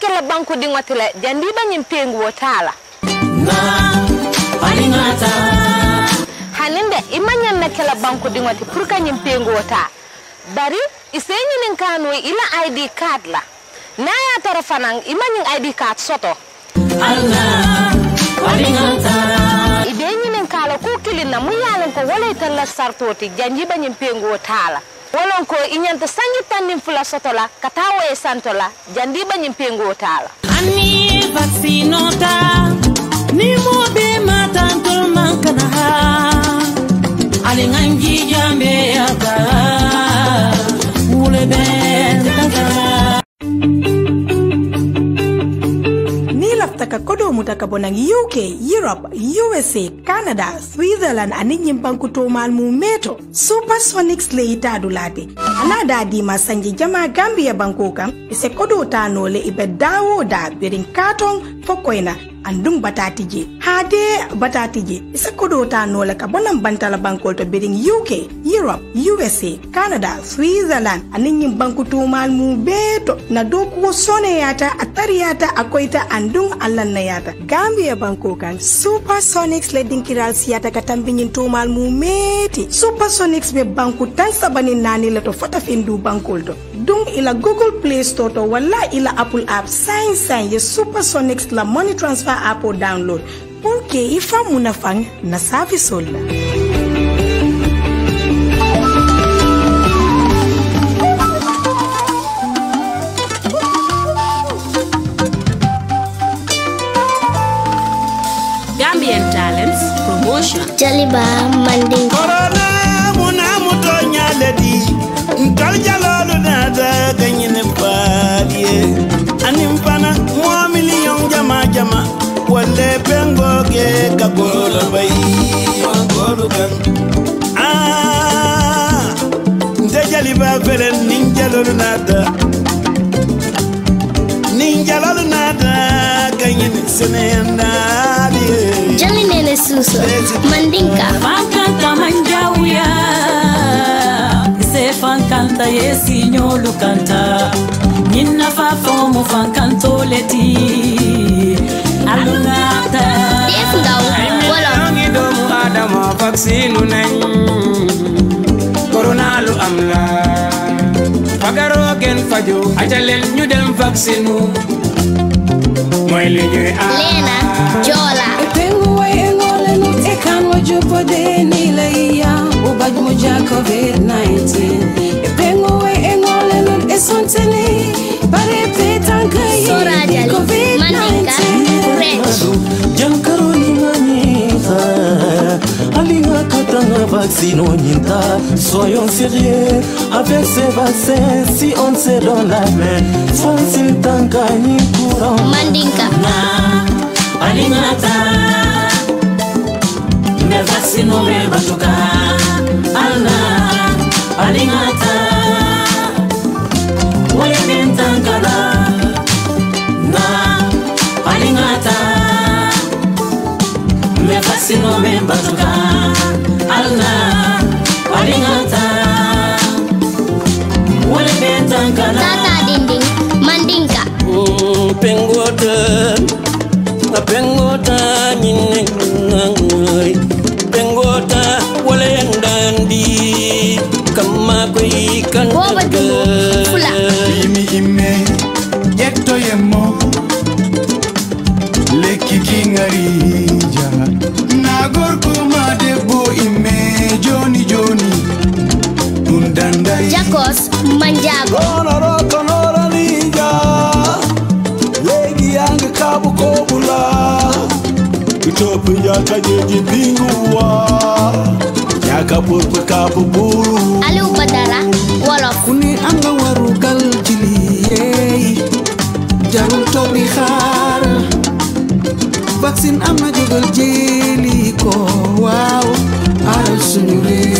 Speaker 1: kela banku dingotile jandiba nyimpengu wotala haninde imanyanna kela banku dingoti pour ka nyimpengu wota bari isenyinin kanu ila id card la naya tara fanan imanyin id card soto Allah ibe nyinin kala ku kilinna mu yalon ko walaitalla sartoti janjiba nyimpengu wotala wolonko ko i ñanta sanji tannin fula soto la ka taa woye santo la jandiba ñin pengo taa la ani vaccino ni matantol man kana ha ali jambe ya ta taka kodomu taka bonang uk europe usa canada switzerland ani nyimbanku tomal mu meto supersonic le ita dulate ana da di masanje jama gambia banko kan ise kodo ta nole ibe dawo da birin katon fokoina andum batati hade batati je kodo ta nola ka bonan bantala bankol to birin uk europe usa canada switzerland anin yin banku mu beto na dokuwo sone yata a akoita andun allah lan na yata gambia banko kan supersonics le dinkiral siyata ka tambinin tumal mu meti supersonics be banku tan sabani nani le to fota findu bankol to dung ila google play store to wala ila apple app sign sign ye supersonics la money transfer app o download pour que ifa munafang na service la Roche Jaliba mandi Corona muna muto nyaledi Nkal jalolu na da ganyine fadiye Animpana mwa miliyon jama jama Wale pengo ke kakolo bayi Wangolu kan Ah Nte jaliba vele ninjalolu na da Ninjalolu na da susu mending Makan taman jauh ya Sefan kanta ye sinyolu kanta Nyinna fa fan kanto leti Alungata Yes ngau Wala Nangi domu adama vaksinu nai Corona lu amla Fagaro gen
Speaker 8: fajo Ajalel ñu dem vaksinu Moy li ñuy Lena
Speaker 1: Jola ju pode ni le vaccine soyons sérieux avec ces vaccins si on se donne la main facile tanka ni courant mandinka na alinga ne vasinome batuka ala alingata woyebentankala na alingata me vasinome batuka ala alingata woyebentankala tata dinding mandinka mm, pengotan na kama kwe kan imi ime yeto yemo leki
Speaker 7: kingarija na gorko ma debbo ime
Speaker 11: joni joni dun dandai
Speaker 1: jakos manjago onoro konoro
Speaker 11: legi yange kabu kobula Utopia kajeji pinguwa Kabur berkabur buru. buburu
Speaker 1: aliw badara wolof kuni ne waru gal jili liyeey jarul toog Vaksin xaar juga am na jógal ko wow aral suñu réew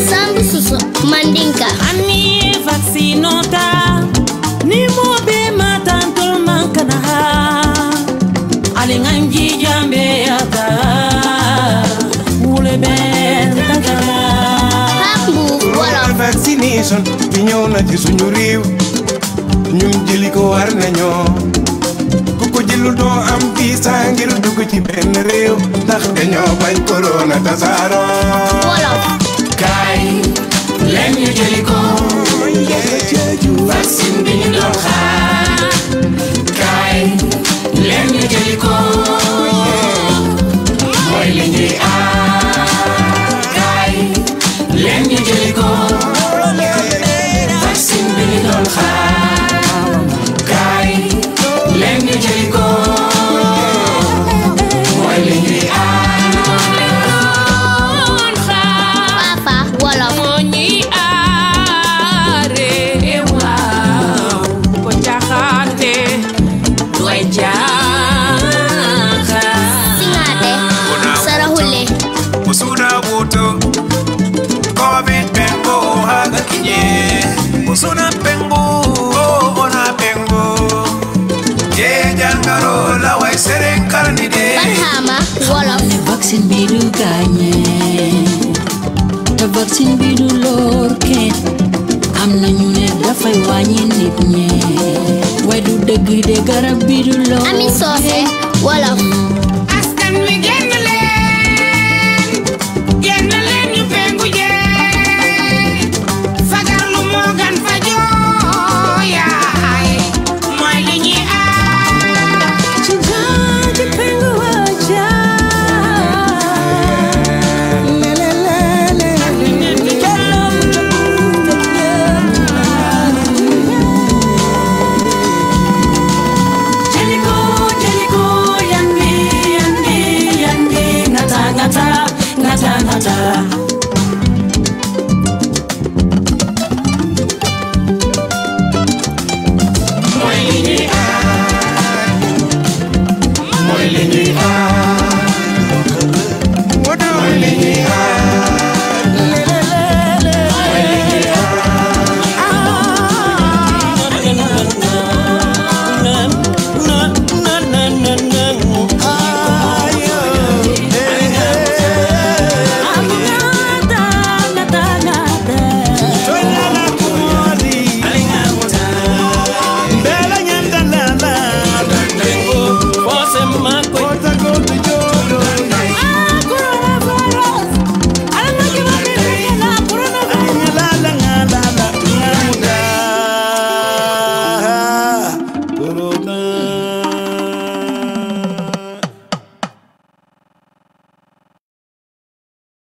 Speaker 1: susu mandinka ani vaksinota, ni mo be matantul mankana ali nganji jambe yata
Speaker 4: Tyson bi ñëw na ci suñu réew ñun ko war nañoo ku ko jëlu am visa ngir dugg ci
Speaker 11: benn réew ndax dañoo bañ corona tasaaro
Speaker 1: kaay leen ñu jëli ko vaccine bi ñu doon xaar Musu na pengu, oh ona pengu Je jàngoro la way sereen karni de Barhama wolof vaccine bi du gaañe vaccine bi du lor am na ñu ne dafay wàññi nit ñi way du dëgg de garab bi du lor Ami Socé wolof